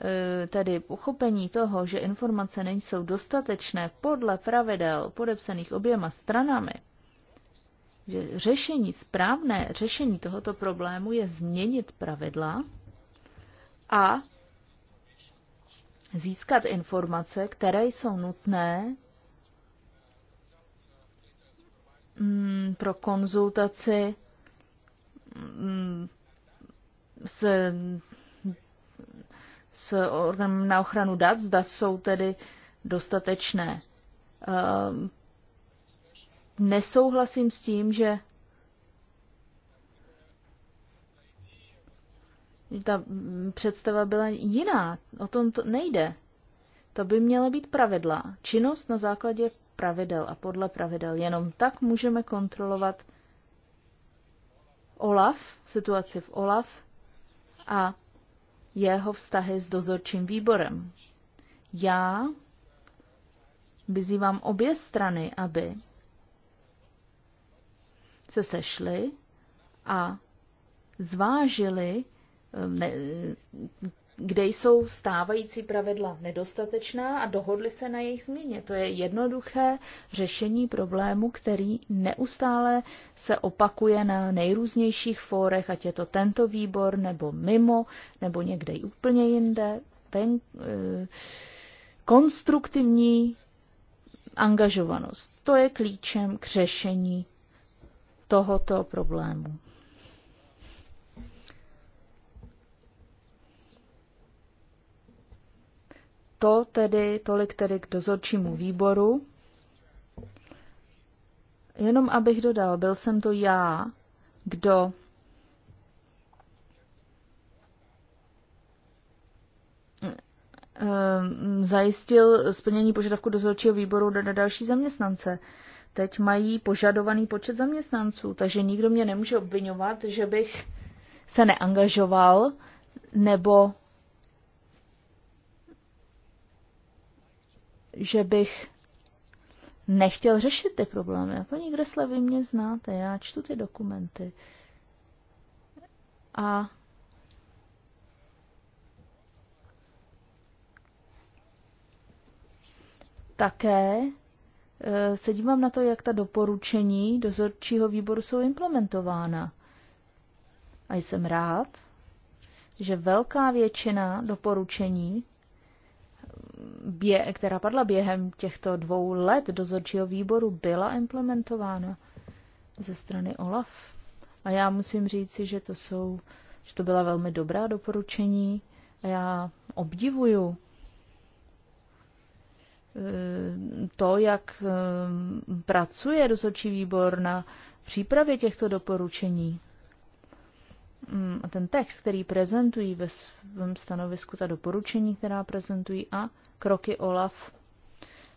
e, tedy pochopení toho, že informace nejsou dostatečné podle pravidel podepsaných oběma stranami, že řešení, správné řešení tohoto problému je změnit pravidla a získat informace, které jsou nutné mm, pro konzultaci mm, s, s organem na ochranu dat, zda jsou tedy dostatečné. Ehm, nesouhlasím s tím, že ta představa byla jiná. O tom to nejde. To by měla být pravidla. Činnost na základě pravidel a podle pravidel. Jenom tak můžeme kontrolovat OLAF, situaci v OLAF a jeho vztahy s dozorčím výborem. Já vyzývám obě strany, aby se sešly a zvážili, Ehm, ne, kde jsou stávající pravidla nedostatečná a dohodli se na jejich změně. To je jednoduché řešení problému, který neustále se opakuje na nejrůznějších fórech, ať je to tento výbor, nebo mimo, nebo někde úplně jinde. Ten, e, konstruktivní angažovanost. To je klíčem k řešení tohoto problému. To tedy tolik tedy k dozorčímu výboru. Jenom abych dodal, byl jsem to já, kdo eh, zajistil splnění požadavku dozorčího výboru na další zaměstnance. Teď mají požadovaný počet zaměstnanců, takže nikdo mě nemůže obvinovat, že bych se neangažoval nebo že bych nechtěl řešit ty problémy. A paní Gresle, vy mě znáte, já čtu ty dokumenty. A také eh, se dívám na to, jak ta doporučení dozorčího výboru jsou implementována. A jsem rád, že velká většina doporučení bě, která padla během těchto dvou let dozorčího výboru, byla implementována ze strany OLAF. A já musím říci, že to jsou, že to byla velmi dobrá doporučení. A já obdivuju eh, to, jak eh, pracuje dozorčí výbor na přípravě těchto doporučení. Mm, ten text, který prezentují ve svém stanovisku, ta doporučení, která prezentují a kroky OLAF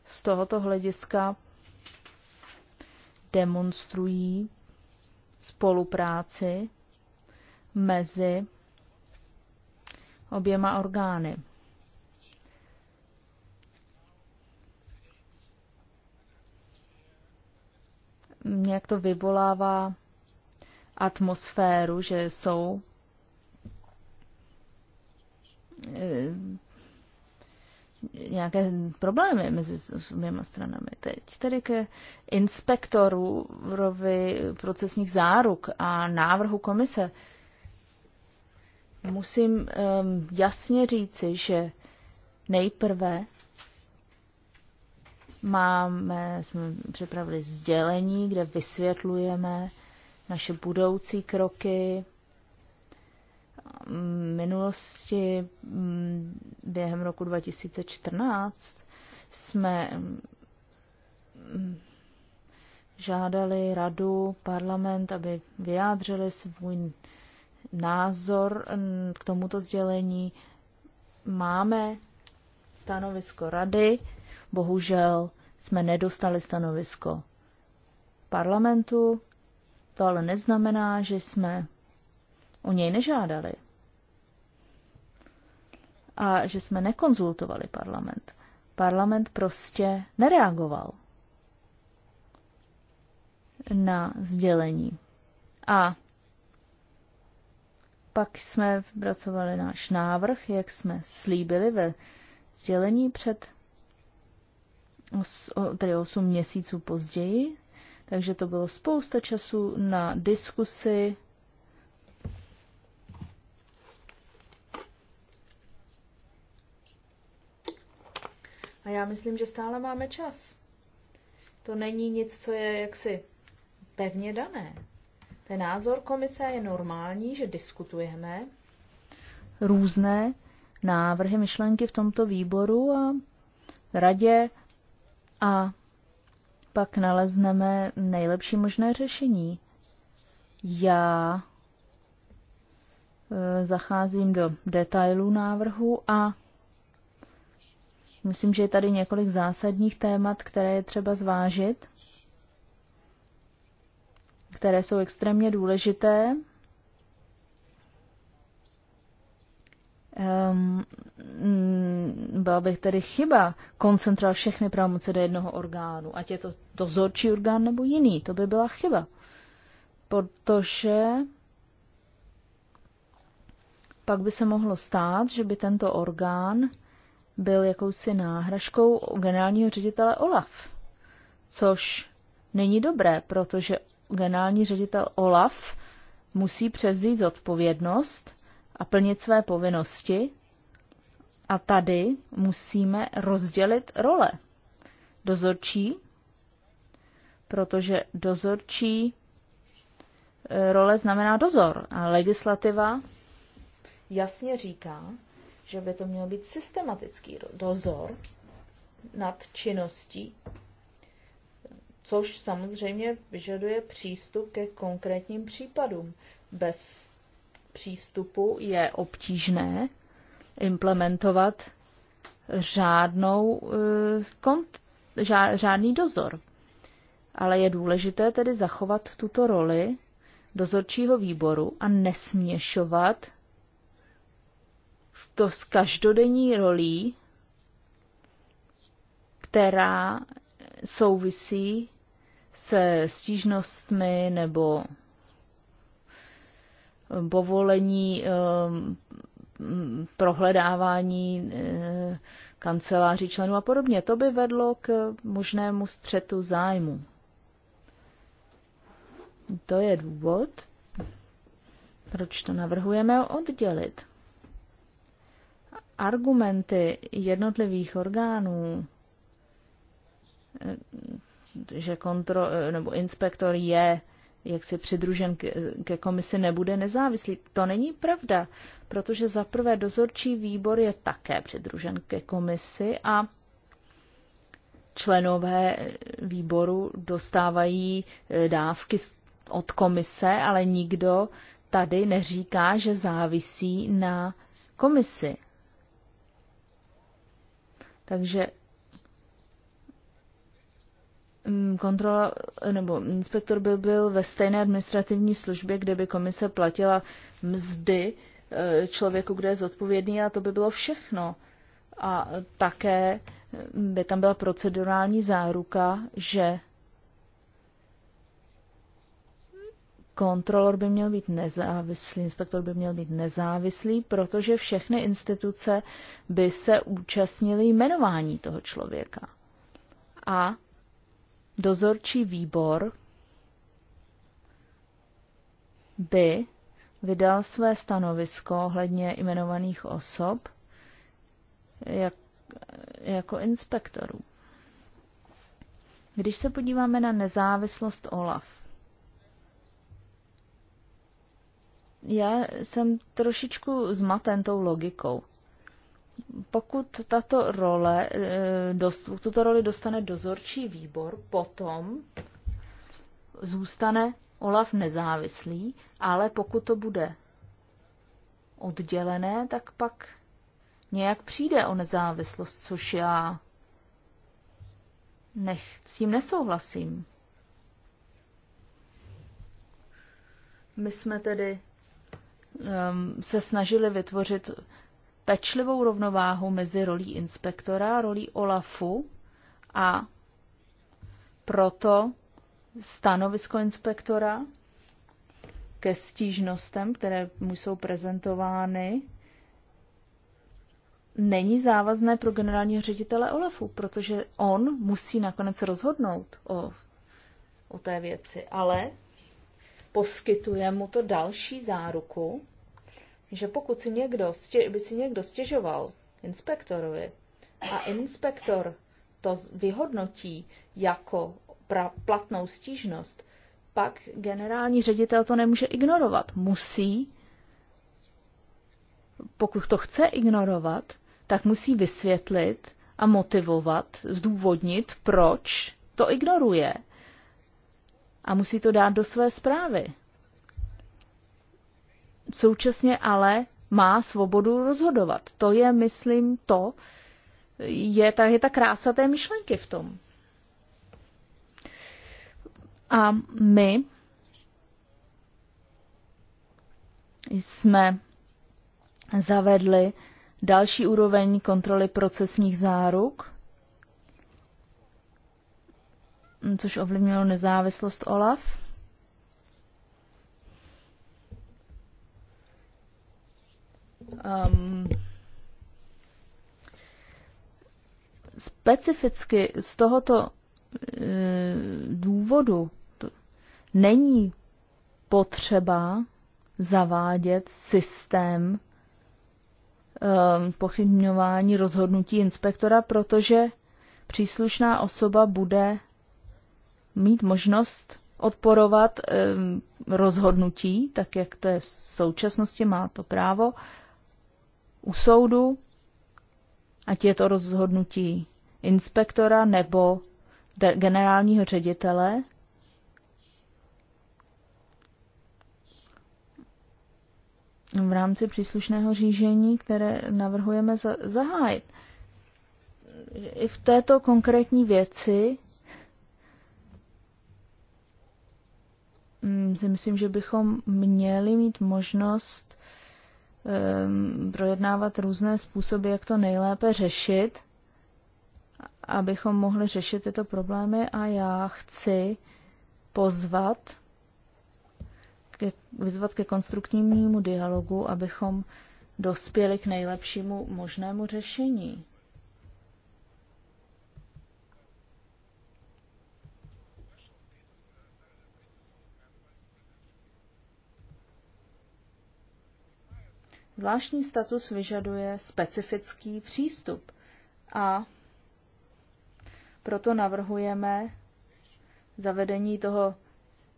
z tohoto hlediska demonstrují spolupráci mezi oběma orgány. Nějak to vyvolává atmosféru, že jsou eh, nějaké problémy mezi oběma stranami. Teď tedy ke inspektoru procesních záruk a návrhu komise. Musím um, jasně říci, že nejprve máme, jsme připravili sdělení, kde vysvětlujeme naše budoucí kroky, mm, minulosti mm, během roku 2014 jsme mm, žádali radu, parlament, aby vyjádřili svůj názor k tomuto sdělení. Máme stanovisko rady, bohužel jsme nedostali stanovisko parlamentu, to ale neznamená, že jsme o něj nežádali a že jsme nekonzultovali parlament. Parlament prostě nereagoval na sdělení. A pak jsme vypracovali náš návrh, jak jsme slíbili ve sdělení před tedy 8 měsíců později. Takže to bylo spousta času na diskusy. A já myslím, že stále máme čas. To není nic, co je jaksi pevně dané. Ten názor komise je normální, že diskutujeme různé návrhy, myšlenky v tomto výboru a radě a pak nalezneme nejlepší možné řešení. Já e, zacházím do detailů návrhu a myslím, že je tady několik zásadních témat, které je třeba zvážit, které jsou extrémně důležité um, byla by tedy chyba koncentrovat všechny pravomoce do jednoho orgánu, ať je to dozorčí orgán nebo jiný, to by byla chyba. Protože pak by se mohlo stát, že by tento orgán byl jakousi náhražkou generálního ředitele OLAF, což není dobré, protože generální ředitel OLAF musí převzít odpovědnost a plnit své povinnosti. A tady musíme rozdělit role. Dozorčí, protože dozorčí e, role znamená dozor a legislativa jasně říká, že by to měl být systematický dozor nad činností, což samozřejmě vyžaduje přístup ke konkrétním případům bez přístupu je obtížné implementovat řádnou, eh, kont, řádný dozor. Ale je důležité tedy zachovat tuto roli dozorčího výboru a nesměšovat to s každodenní rolí, která souvisí se stížnostmi nebo povolení ehm, prohledávání eh, kanceláří členů a podobně. To by vedlo k možnému střetu zájmu. To je důvod, proč to navrhujeme oddělit. Argumenty jednotlivých orgánů, eh, že kontro, eh, nebo inspektor je jak si přidružen ke komisi, nebude nezávislý. To není pravda, protože za prvé dozorčí výbor je také přidružen ke komisi a členové výboru dostávají e, dávky od komise, ale nikdo tady neříká, že závisí na komisi. Takže Mm, kontrola nebo inspektor by byl ve stejné administrativní službě, kde by komise platila mzdy e, člověku, kde je zodpovědný a to by bylo všechno. A také mm, by tam byla procedurální záruka, že kontrolor by měl být nezávislý, inspektor by měl být nezávislý, protože všechny instituce by se účastnily jmenování toho člověka. A Dozorčí výbor by vydal své stanovisko ohledně jmenovaných osob jak, jako inspektorů. Když se podíváme na nezávislost OLAF, já jsem trošičku zmaten tou logikou pokud tato role, eh, dost, tuto roli dostane dozorčí výbor, potom zůstane Olaf nezávislý, ale pokud to bude oddělené, tak pak nějak přijde o nezávislost, což já nech, s tím nesouhlasím. My jsme tedy um, se snažili vytvořit pečlivou rovnováhu mezi rolí inspektora, rolí OLAFu a proto stanovisko inspektora ke stížnostem, které mu jsou prezentovány, není závazné pro generálního ředitele OLAFu, protože on musí nakonec rozhodnout o, o té věci, ale poskytuje mu to další záruku, že pokud si někdo, by si někdo stěžoval inspektorovi a inspektor to vyhodnotí jako pra, platnou stížnost, pak generální ředitel to nemůže ignorovat. Musí, pokud to chce ignorovat, tak musí vysvětlit a motivovat, zdůvodnit, proč to ignoruje. A musí to dát do své zprávy současně ale má svobodu rozhodovat. To je, myslím, to, je ta, je ta krása té myšlenky v tom. A my jsme zavedli další úroveň kontroly procesních záruk, což ovlivnilo nezávislost OLAF. um, specificky z tohoto uh, důvodu to není potřeba zavádět systém um, pochybňování rozhodnutí inspektora, protože příslušná osoba bude mít možnost odporovat um, rozhodnutí, tak jak to je v současnosti, má to právo, u soudu, ať je to rozhodnutí inspektora nebo generálního ředitele, v rámci příslušného řízení, které navrhujeme zahájit. I v této konkrétní věci mm, si myslím, že bychom měli mít možnost Um, projednávat různé způsoby, jak to nejlépe řešit, abychom mohli řešit tyto problémy a já chci pozvat, ke, vyzvat ke konstruktivnímu dialogu, abychom dospěli k nejlepšímu možnému řešení. Zvláštní status vyžaduje specifický přístup a proto navrhujeme zavedení toho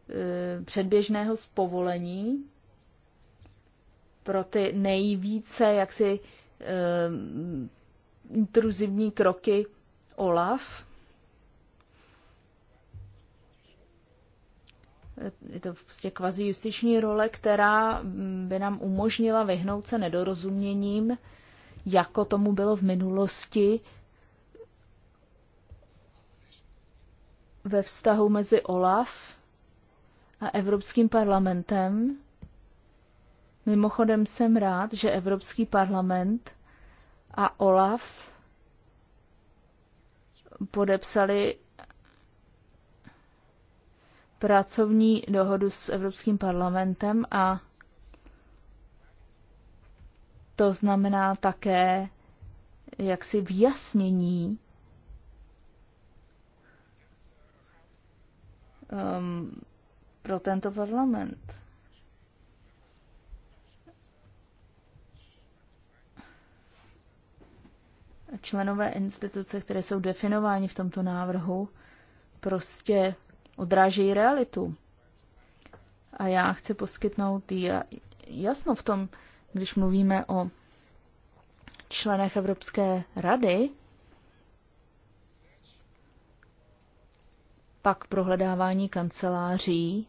e, předběžného povolení pro ty nejvíce jaksi e, intruzivní kroky OLAF, je to prostě kvazi justiční role, která by nám umožnila vyhnout se nedorozuměním, jako tomu bylo v minulosti ve vztahu mezi OLAF a Evropským parlamentem. Mimochodem jsem rád, že Evropský parlament a OLAF podepsali pracovní dohodu s Evropským parlamentem a to znamená také jaksi vyjasnění um, pro tento parlament. Členové instituce, které jsou definováni v tomto návrhu, prostě odrážejí realitu. A já chci poskytnout jasno v tom, když mluvíme o členech Evropské rady, pak prohledávání kanceláří,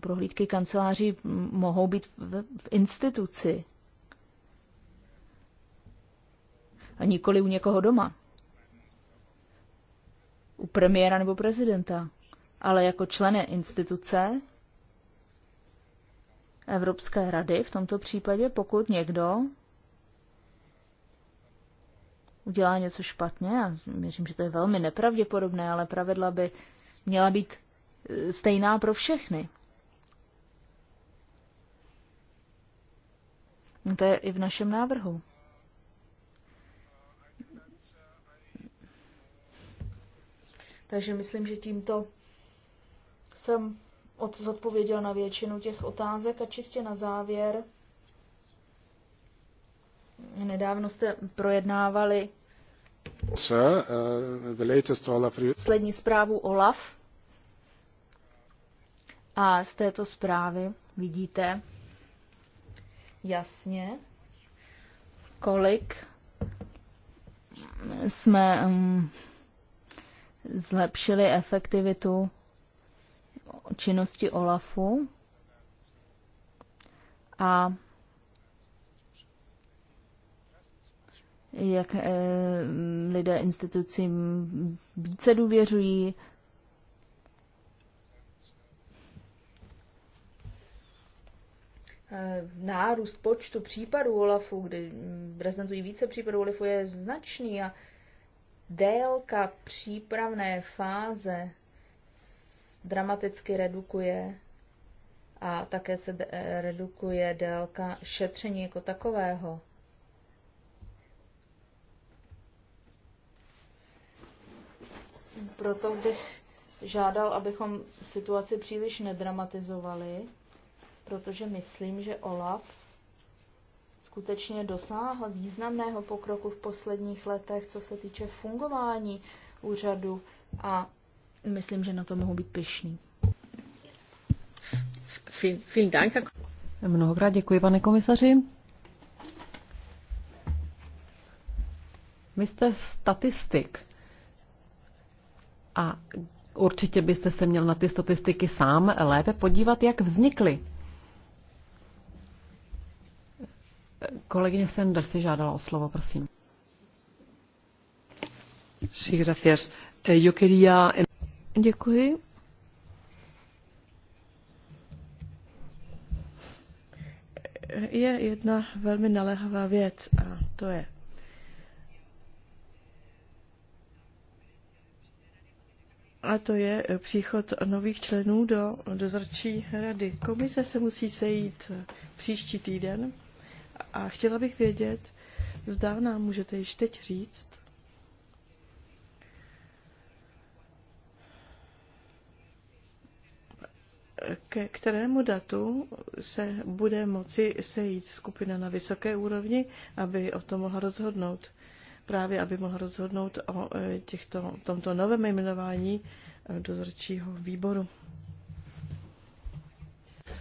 prohlídky kanceláří mohou být v, v instituci a nikoli u někoho doma u premiéra nebo prezidenta, ale jako členy instituce Evropské rady v tomto případě, pokud někdo udělá něco špatně, a věřím, že to je velmi nepravděpodobné, ale pravidla by měla být e, stejná pro všechny. To je i v našem návrhu. Takže myslím, že tímto jsem odpověděl na většinu těch otázek a čistě na závěr. Nedávno jste projednávali uh, poslední zprávu OLAF. A z této zprávy vidíte jasně, kolik jsme um, zlepšili efektivitu činnosti OLAFu a jak e, lidé institucím více důvěřují. Eh, nárůst počtu případů OLAFu, kdy mm, prezentují více případů OLAFu, je značný a délka přípravné fáze dramaticky redukuje a také se eh, redukuje délka šetření jako takového. Proto bych žádal, abychom situaci příliš nedramatizovali, protože myslím, že Olaf skutečně dosáhl významného pokroku v posledních letech, co se týče fungování úřadu a myslím, že na to mohu být pišný. Mnohokrát děkuji, pane komisaři. Vy jste statistik a určitě byste se měl na ty statistiky sám lépe podívat, jak vznikly. Kolegyně Sender si žádala o slovo, prosím. Sí, gracias. Eh, yo quería... Děkuji. Je jedna velmi naléhavá věc a to je a to je příchod nových členů do dozorčí rady. Komise se musí sejít příští týden a chtěla bych vědět, zda nám můžete již teď říct, ke kterému datu se bude moci sejít skupina na vysoké úrovni, aby o tom mohla rozhodnout. Právě aby mohla rozhodnout o e, těchto, tomto novém jmenování e, dozorčího výboru.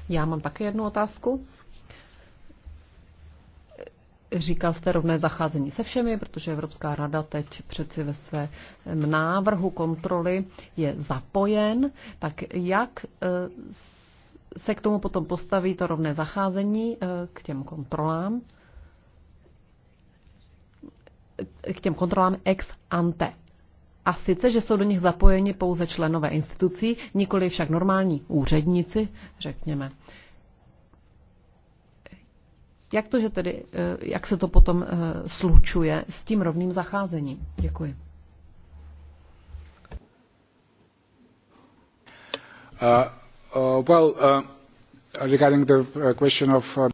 Já mám také jednu otázku. Říkal jste rovné zacházení se všemi, protože Evropská rada teď přeci ve svém návrhu kontroly je zapojen. Tak jak e, se k tomu potom postaví to rovné zacházení e, k těm kontrolám? K těm kontrolám ex ante. A sice, že jsou do nich zapojeni pouze členové institucí, nikoli však normální úředníci, řekněme jak to, že tedy, eh, jak se to potom eh, slučuje s tím rovným zacházením? Děkuji. Uh, uh, well, uh, regarding the uh, question of... Uh...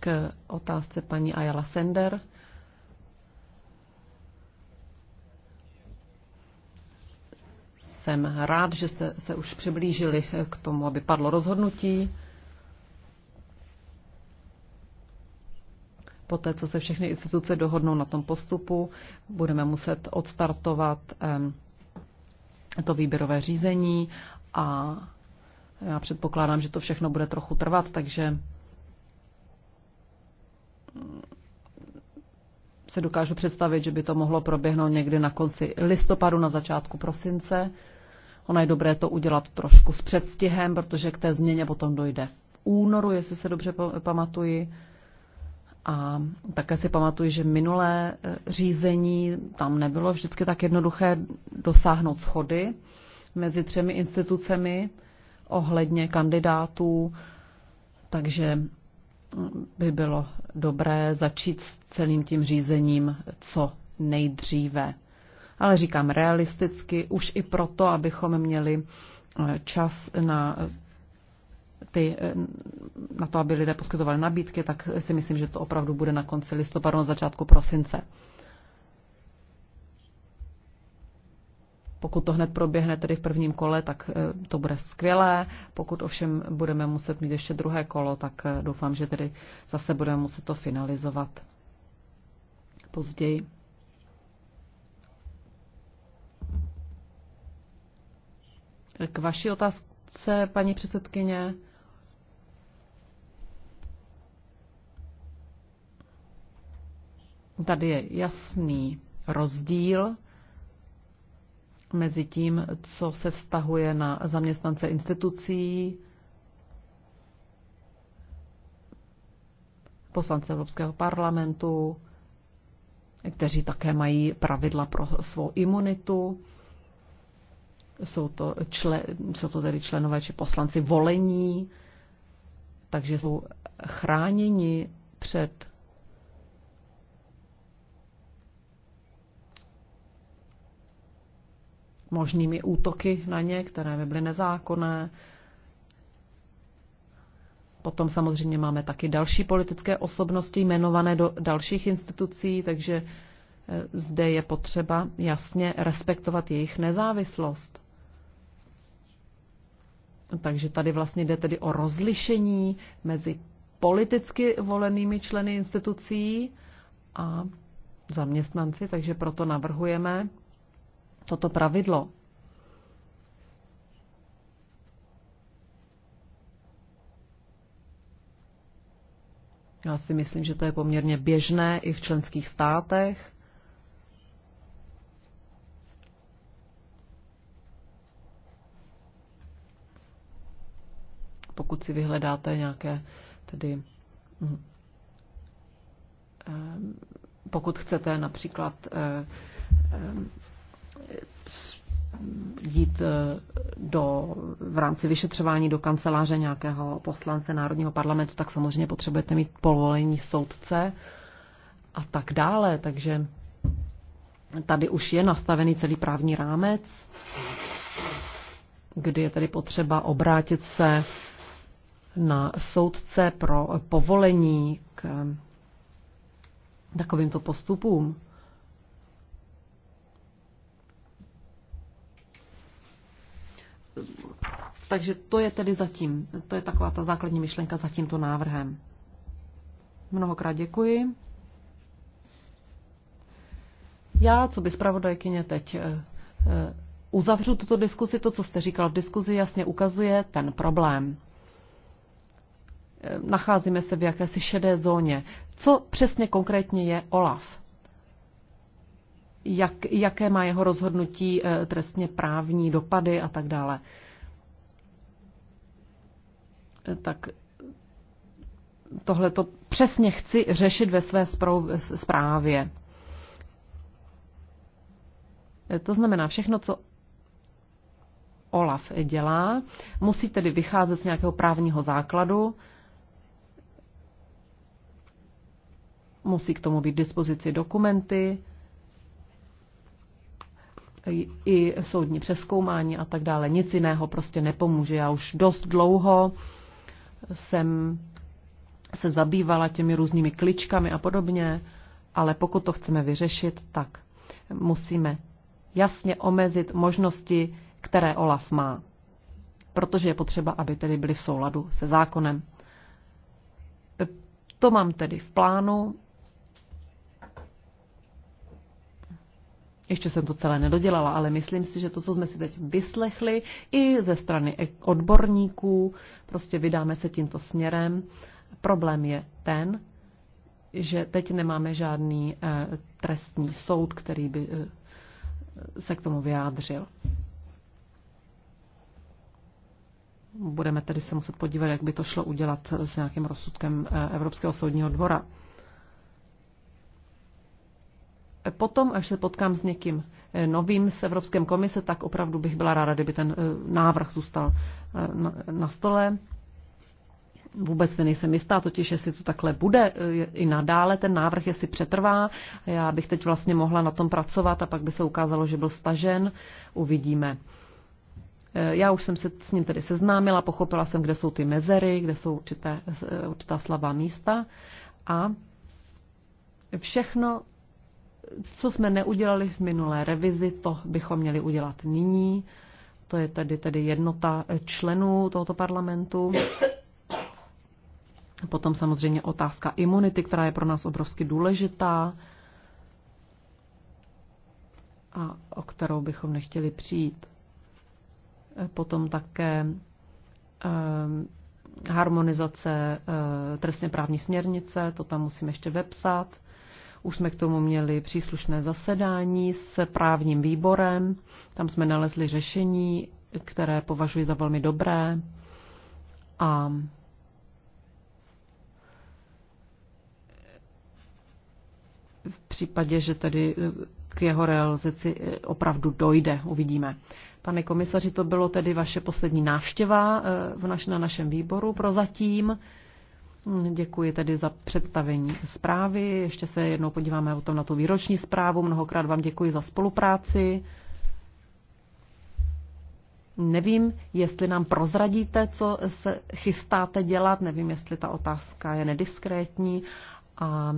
K otázce paní Ayala Sender. Jsem rád, že jste se už přiblížili eh, k tomu, aby padlo rozhodnutí. Poté, co se všechny instituce dohodnou na tom postupu, budeme muset odstartovat to výběrové řízení a já předpokládám, že to všechno bude trochu trvat, takže mm, se dokážu představit, že by to mohlo proběhnout někdy na konci listopadu, na začátku prosince. Ono je dobré to udělat trošku s předstihem, protože k té změně potom dojde v únoru, jestli se dobře pamatuji. A také si pamatuju, že minulé eh, řízení tam nebylo vždycky tak jednoduché dosáhnout schody mezi třemi institucemi ohledně kandidátů, takže hm, by bylo dobré začít s celým tím řízením co nejdříve. Ale říkám realisticky, už i proto, abychom měli eh, čas na eh, ty, eh, na to, aby lidé poskytovali nabídky, tak si myslím, že to opravdu bude na konci listopadu, na začátku prosince. Pokud to hned proběhne tedy v prvním kole, tak eh, to bude skvělé. Pokud ovšem budeme muset mít ještě druhé kolo, tak eh, doufám, že tedy zase budeme muset to finalizovat později. K vaší otázce, paní předsedkyně, Tady je jasný rozdíl mezi tím, co se vztahuje na zaměstnance institucí, poslance Evropského parlamentu, kteří také mají pravidla pro svou imunitu. Jsou to, čle, jsou to tedy členové či poslanci volení, takže jsou chráněni před možnými útoky na ně, které by byly nezákonné. Potom samozřejmě máme taky další politické osobnosti jmenované do dalších institucí, takže e, zde je potřeba jasně respektovat jejich nezávislost. Takže tady vlastně jde tedy o rozlišení mezi politicky volenými členy institucí a zaměstnanci, takže proto navrhujeme toto pravidlo. Já si myslím, že to je poměrně běžné i v členských státech. Pokud si vyhledáte nějaké tedy hm, eh, pokud chcete například eh, eh, jít eh, do, v rámci vyšetřování do kanceláře nějakého poslance Národního parlamentu, tak samozřejmě potřebujete mít povolení soudce a tak dále. Takže tady už je nastavený celý právní rámec, kdy je tedy potřeba obrátit se na soudce pro povolení k takovýmto postupům. Takže to je tedy zatím, to je taková ta základní myšlenka za tímto návrhem. Mnohokrát děkuji. Já, co by zpravodajkyně teď eh, eh, uzavřu tuto diskusi, to, co jste říkal v diskuzi, jasně ukazuje ten problém. Eh, nacházíme se v jakési šedé zóně. Co přesně konkrétně je OLAF? Jak, jaké má jeho rozhodnutí trestně právní dopady a tak dále? Eh, tak tohle to přesně chci řešit ve své zprávě. Eh, to znamená, všechno, co Olaf dělá, musí tedy vycházet z nějakého právního základu, musí k tomu být dispozici dokumenty, i soudní přeskoumání a tak dále. Nic jiného prostě nepomůže. Já už dost dlouho jsem se zabývala těmi různými kličkami a podobně, ale pokud to chceme vyřešit, tak musíme jasně omezit možnosti, které OLAF má, protože je potřeba, aby tedy byly v souladu se zákonem. To mám tedy v plánu Ještě jsem to celé nedodělala, ale myslím si, že to, co jsme si teď vyslechli, i ze strany odborníků, prostě vydáme se tímto směrem. Problém je ten, že teď nemáme žádný eh, trestní soud, který by eh, se k tomu vyjádřil. Budeme tedy se muset podívat, jak by to šlo udělat s nějakým rozsudkem eh, Evropského soudního dvora potom, až se potkám s někým eh, novým z Evropské komise, tak opravdu bych byla ráda, kdyby ten eh, návrh zůstal eh, na stole. Vůbec se nejsem jistá, totiž jestli to takhle bude i nadále, ten návrh, jestli přetrvá. Já bych teď vlastně mohla na tom pracovat a pak by se ukázalo, že byl stažen. Uvidíme. Já už jsem se s ním tedy seznámila, pochopila jsem, kde jsou ty mezery, kde jsou určité, určitá slabá místa a všechno co jsme neudělali v minulé revizi, to bychom měli udělat nyní. To je tedy, tedy jednota eh, členů tohoto parlamentu. Potom samozřejmě otázka imunity, která je pro nás obrovsky důležitá a o kterou bychom nechtěli přijít. Eh, potom také eh, harmonizace trestně právní směrnice, to tam musím ještě vepsat. Už jsme k tomu měli příslušné zasedání s právním výborem. Tam jsme nalezli řešení, které považuji za velmi dobré. A v případě, že tedy eh, k jeho realizaci eh, opravdu dojde, uvidíme. Pane komisaři, to bylo tedy vaše poslední návštěva eh, na našem výboru prozatím. Děkuji tedy za představení zprávy. Ještě se jednou podíváme o tom na tu výroční zprávu. Mnohokrát vám děkuji za spolupráci. Nevím, jestli nám prozradíte, co se chystáte dělat, nevím, jestli ta otázka je nediskrétní a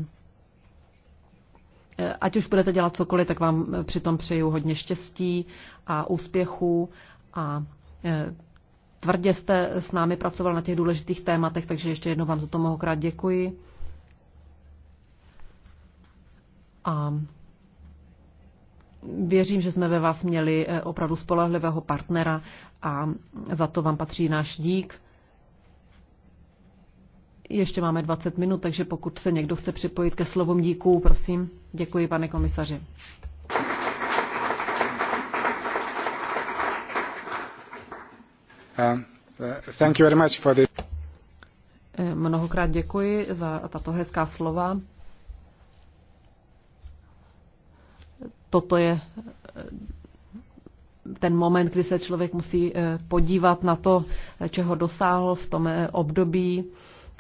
eh, ať už budete dělat cokoliv, tak vám přitom přeju hodně štěstí a úspěchů a eh, tvrdě jste s námi pracoval na těch důležitých tématech, takže ještě jednou vám za to mnohokrát děkuji. A věřím, že jsme ve vás měli eh, opravdu spolehlivého partnera a za to vám patří náš dík. Ještě máme 20 minut, takže pokud se někdo chce připojit ke slovům díků, prosím. Děkuji, pane komisaři. Um, uh, thank you very much for eh, Mnohokrát děkuji za tato hezká slova. Toto je eh, ten moment, kdy se člověk musí eh, podívat na to, čeho dosáhl v tom období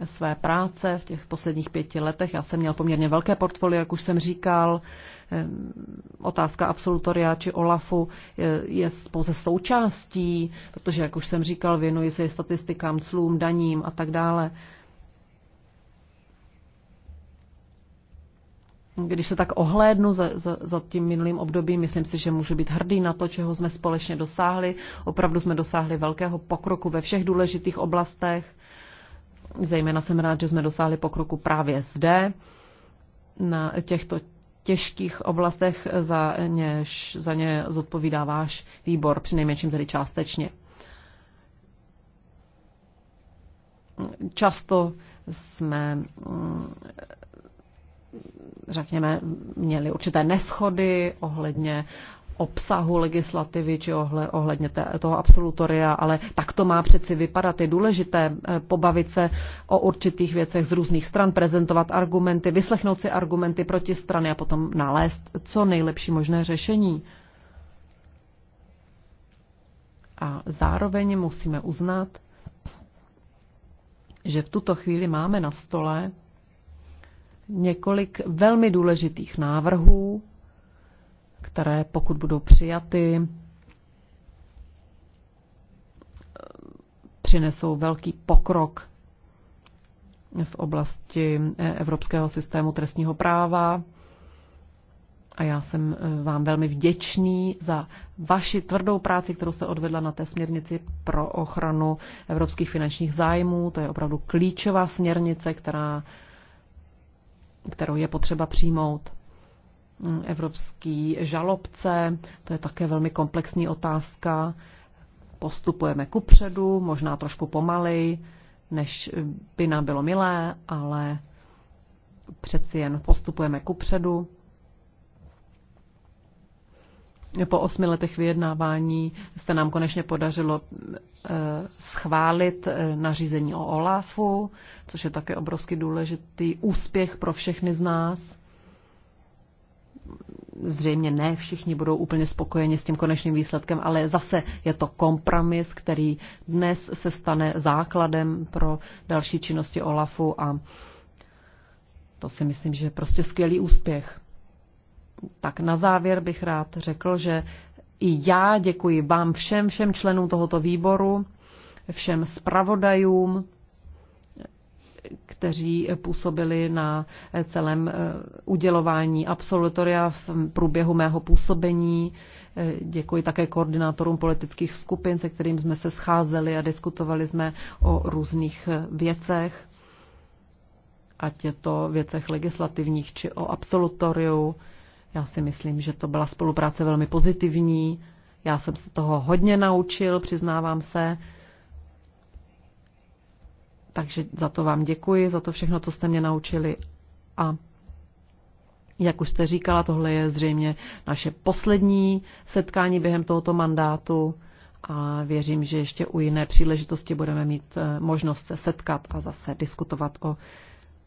své práce v těch posledních pěti letech. Já jsem měl poměrně velké portfolio, jak už jsem říkal. Ehm, otázka absolutoria či OLAFu eh, je pouze součástí, protože, jak už jsem říkal, věnuji se statistikám, clům, daním a tak dále. Když se tak ohlédnu za, za, za tím minulým obdobím, myslím si, že můžu být hrdý na to, čeho jsme společně dosáhli. Opravdu jsme dosáhli velkého pokroku ve všech důležitých oblastech. Zejména jsem rád, že jsme dosáhli pokroku právě zde, na těchto těžkých oblastech, za, něž, za ně zodpovídá váš výbor, přinejmenším tedy částečně. Často jsme, mm, řekněme, měli určité neschody ohledně obsahu legislativy či ohledně toho absolutoria, ale tak to má přeci vypadat. Je důležité eh, pobavit se o určitých věcech z různých stran, prezentovat argumenty, vyslechnout si argumenty proti strany a potom nalézt co nejlepší možné řešení. A zároveň musíme uznat, že v tuto chvíli máme na stole několik velmi důležitých návrhů, které, pokud budou přijaty, přinesou velký pokrok v oblasti eh, evropského systému trestního práva. A já jsem eh, vám velmi vděčný za vaši tvrdou práci, kterou jste odvedla na té směrnici pro ochranu evropských finančních zájmů. To je opravdu klíčová směrnice, která, kterou je potřeba přijmout. Mm, evropský žalobce, to je také velmi komplexní otázka. Postupujeme ku předu, možná trošku pomalej, než by nám bylo milé, ale přeci jen postupujeme ku předu. Po osmi letech vyjednávání se nám konečně podařilo eh, schválit eh, nařízení o OLAFu, což je také obrovsky důležitý úspěch pro všechny z nás zřejmě ne všichni budou úplně spokojeni s tím konečným výsledkem, ale zase je to kompromis, který dnes se stane základem pro další činnosti OLAFu a to si myslím, že je prostě skvělý úspěch. Tak na závěr bych rád řekl, že i já děkuji vám všem, všem členům tohoto výboru, všem zpravodajům, kteří působili na celém eh, udělování absolutoria v průběhu mého působení. Eh, děkuji také koordinátorům politických skupin, se kterým jsme se scházeli a diskutovali jsme o různých eh, věcech, ať je to věcech legislativních či o absolutoriu. Já si myslím, že to byla spolupráce velmi pozitivní. Já jsem se toho hodně naučil, přiznávám se. Takže za to vám děkuji, za to všechno, co jste mě naučili. A jak už jste říkala, tohle je zřejmě naše poslední setkání během tohoto mandátu a věřím, že ještě u jiné příležitosti budeme mít eh, možnost se setkat a zase diskutovat o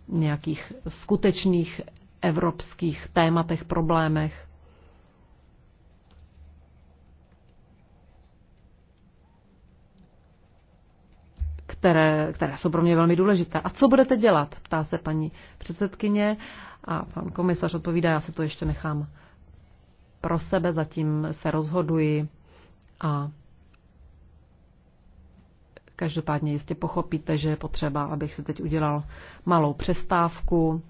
nějakých skutečných evropských tématech, problémech. které, které jsou pro mě velmi důležité. A co budete dělat? Ptá se paní předsedkyně a pan komisař odpovídá, já se to ještě nechám pro sebe, zatím se rozhoduji a každopádně jistě pochopíte, že je potřeba, abych se teď udělal malou přestávku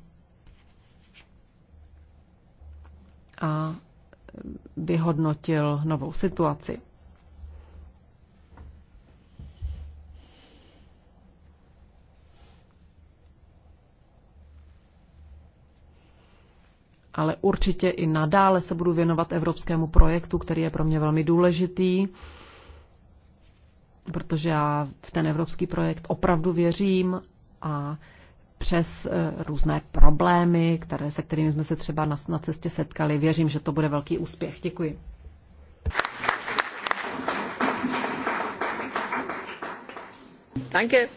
a vyhodnotil novou situaci. ale určitě i nadále se budu věnovat evropskému projektu, který je pro mě velmi důležitý, protože já v ten evropský projekt opravdu věřím a přes eh, různé problémy, které, se kterými jsme se třeba na, na cestě setkali, věřím, že to bude velký úspěch. Děkuji. Danke.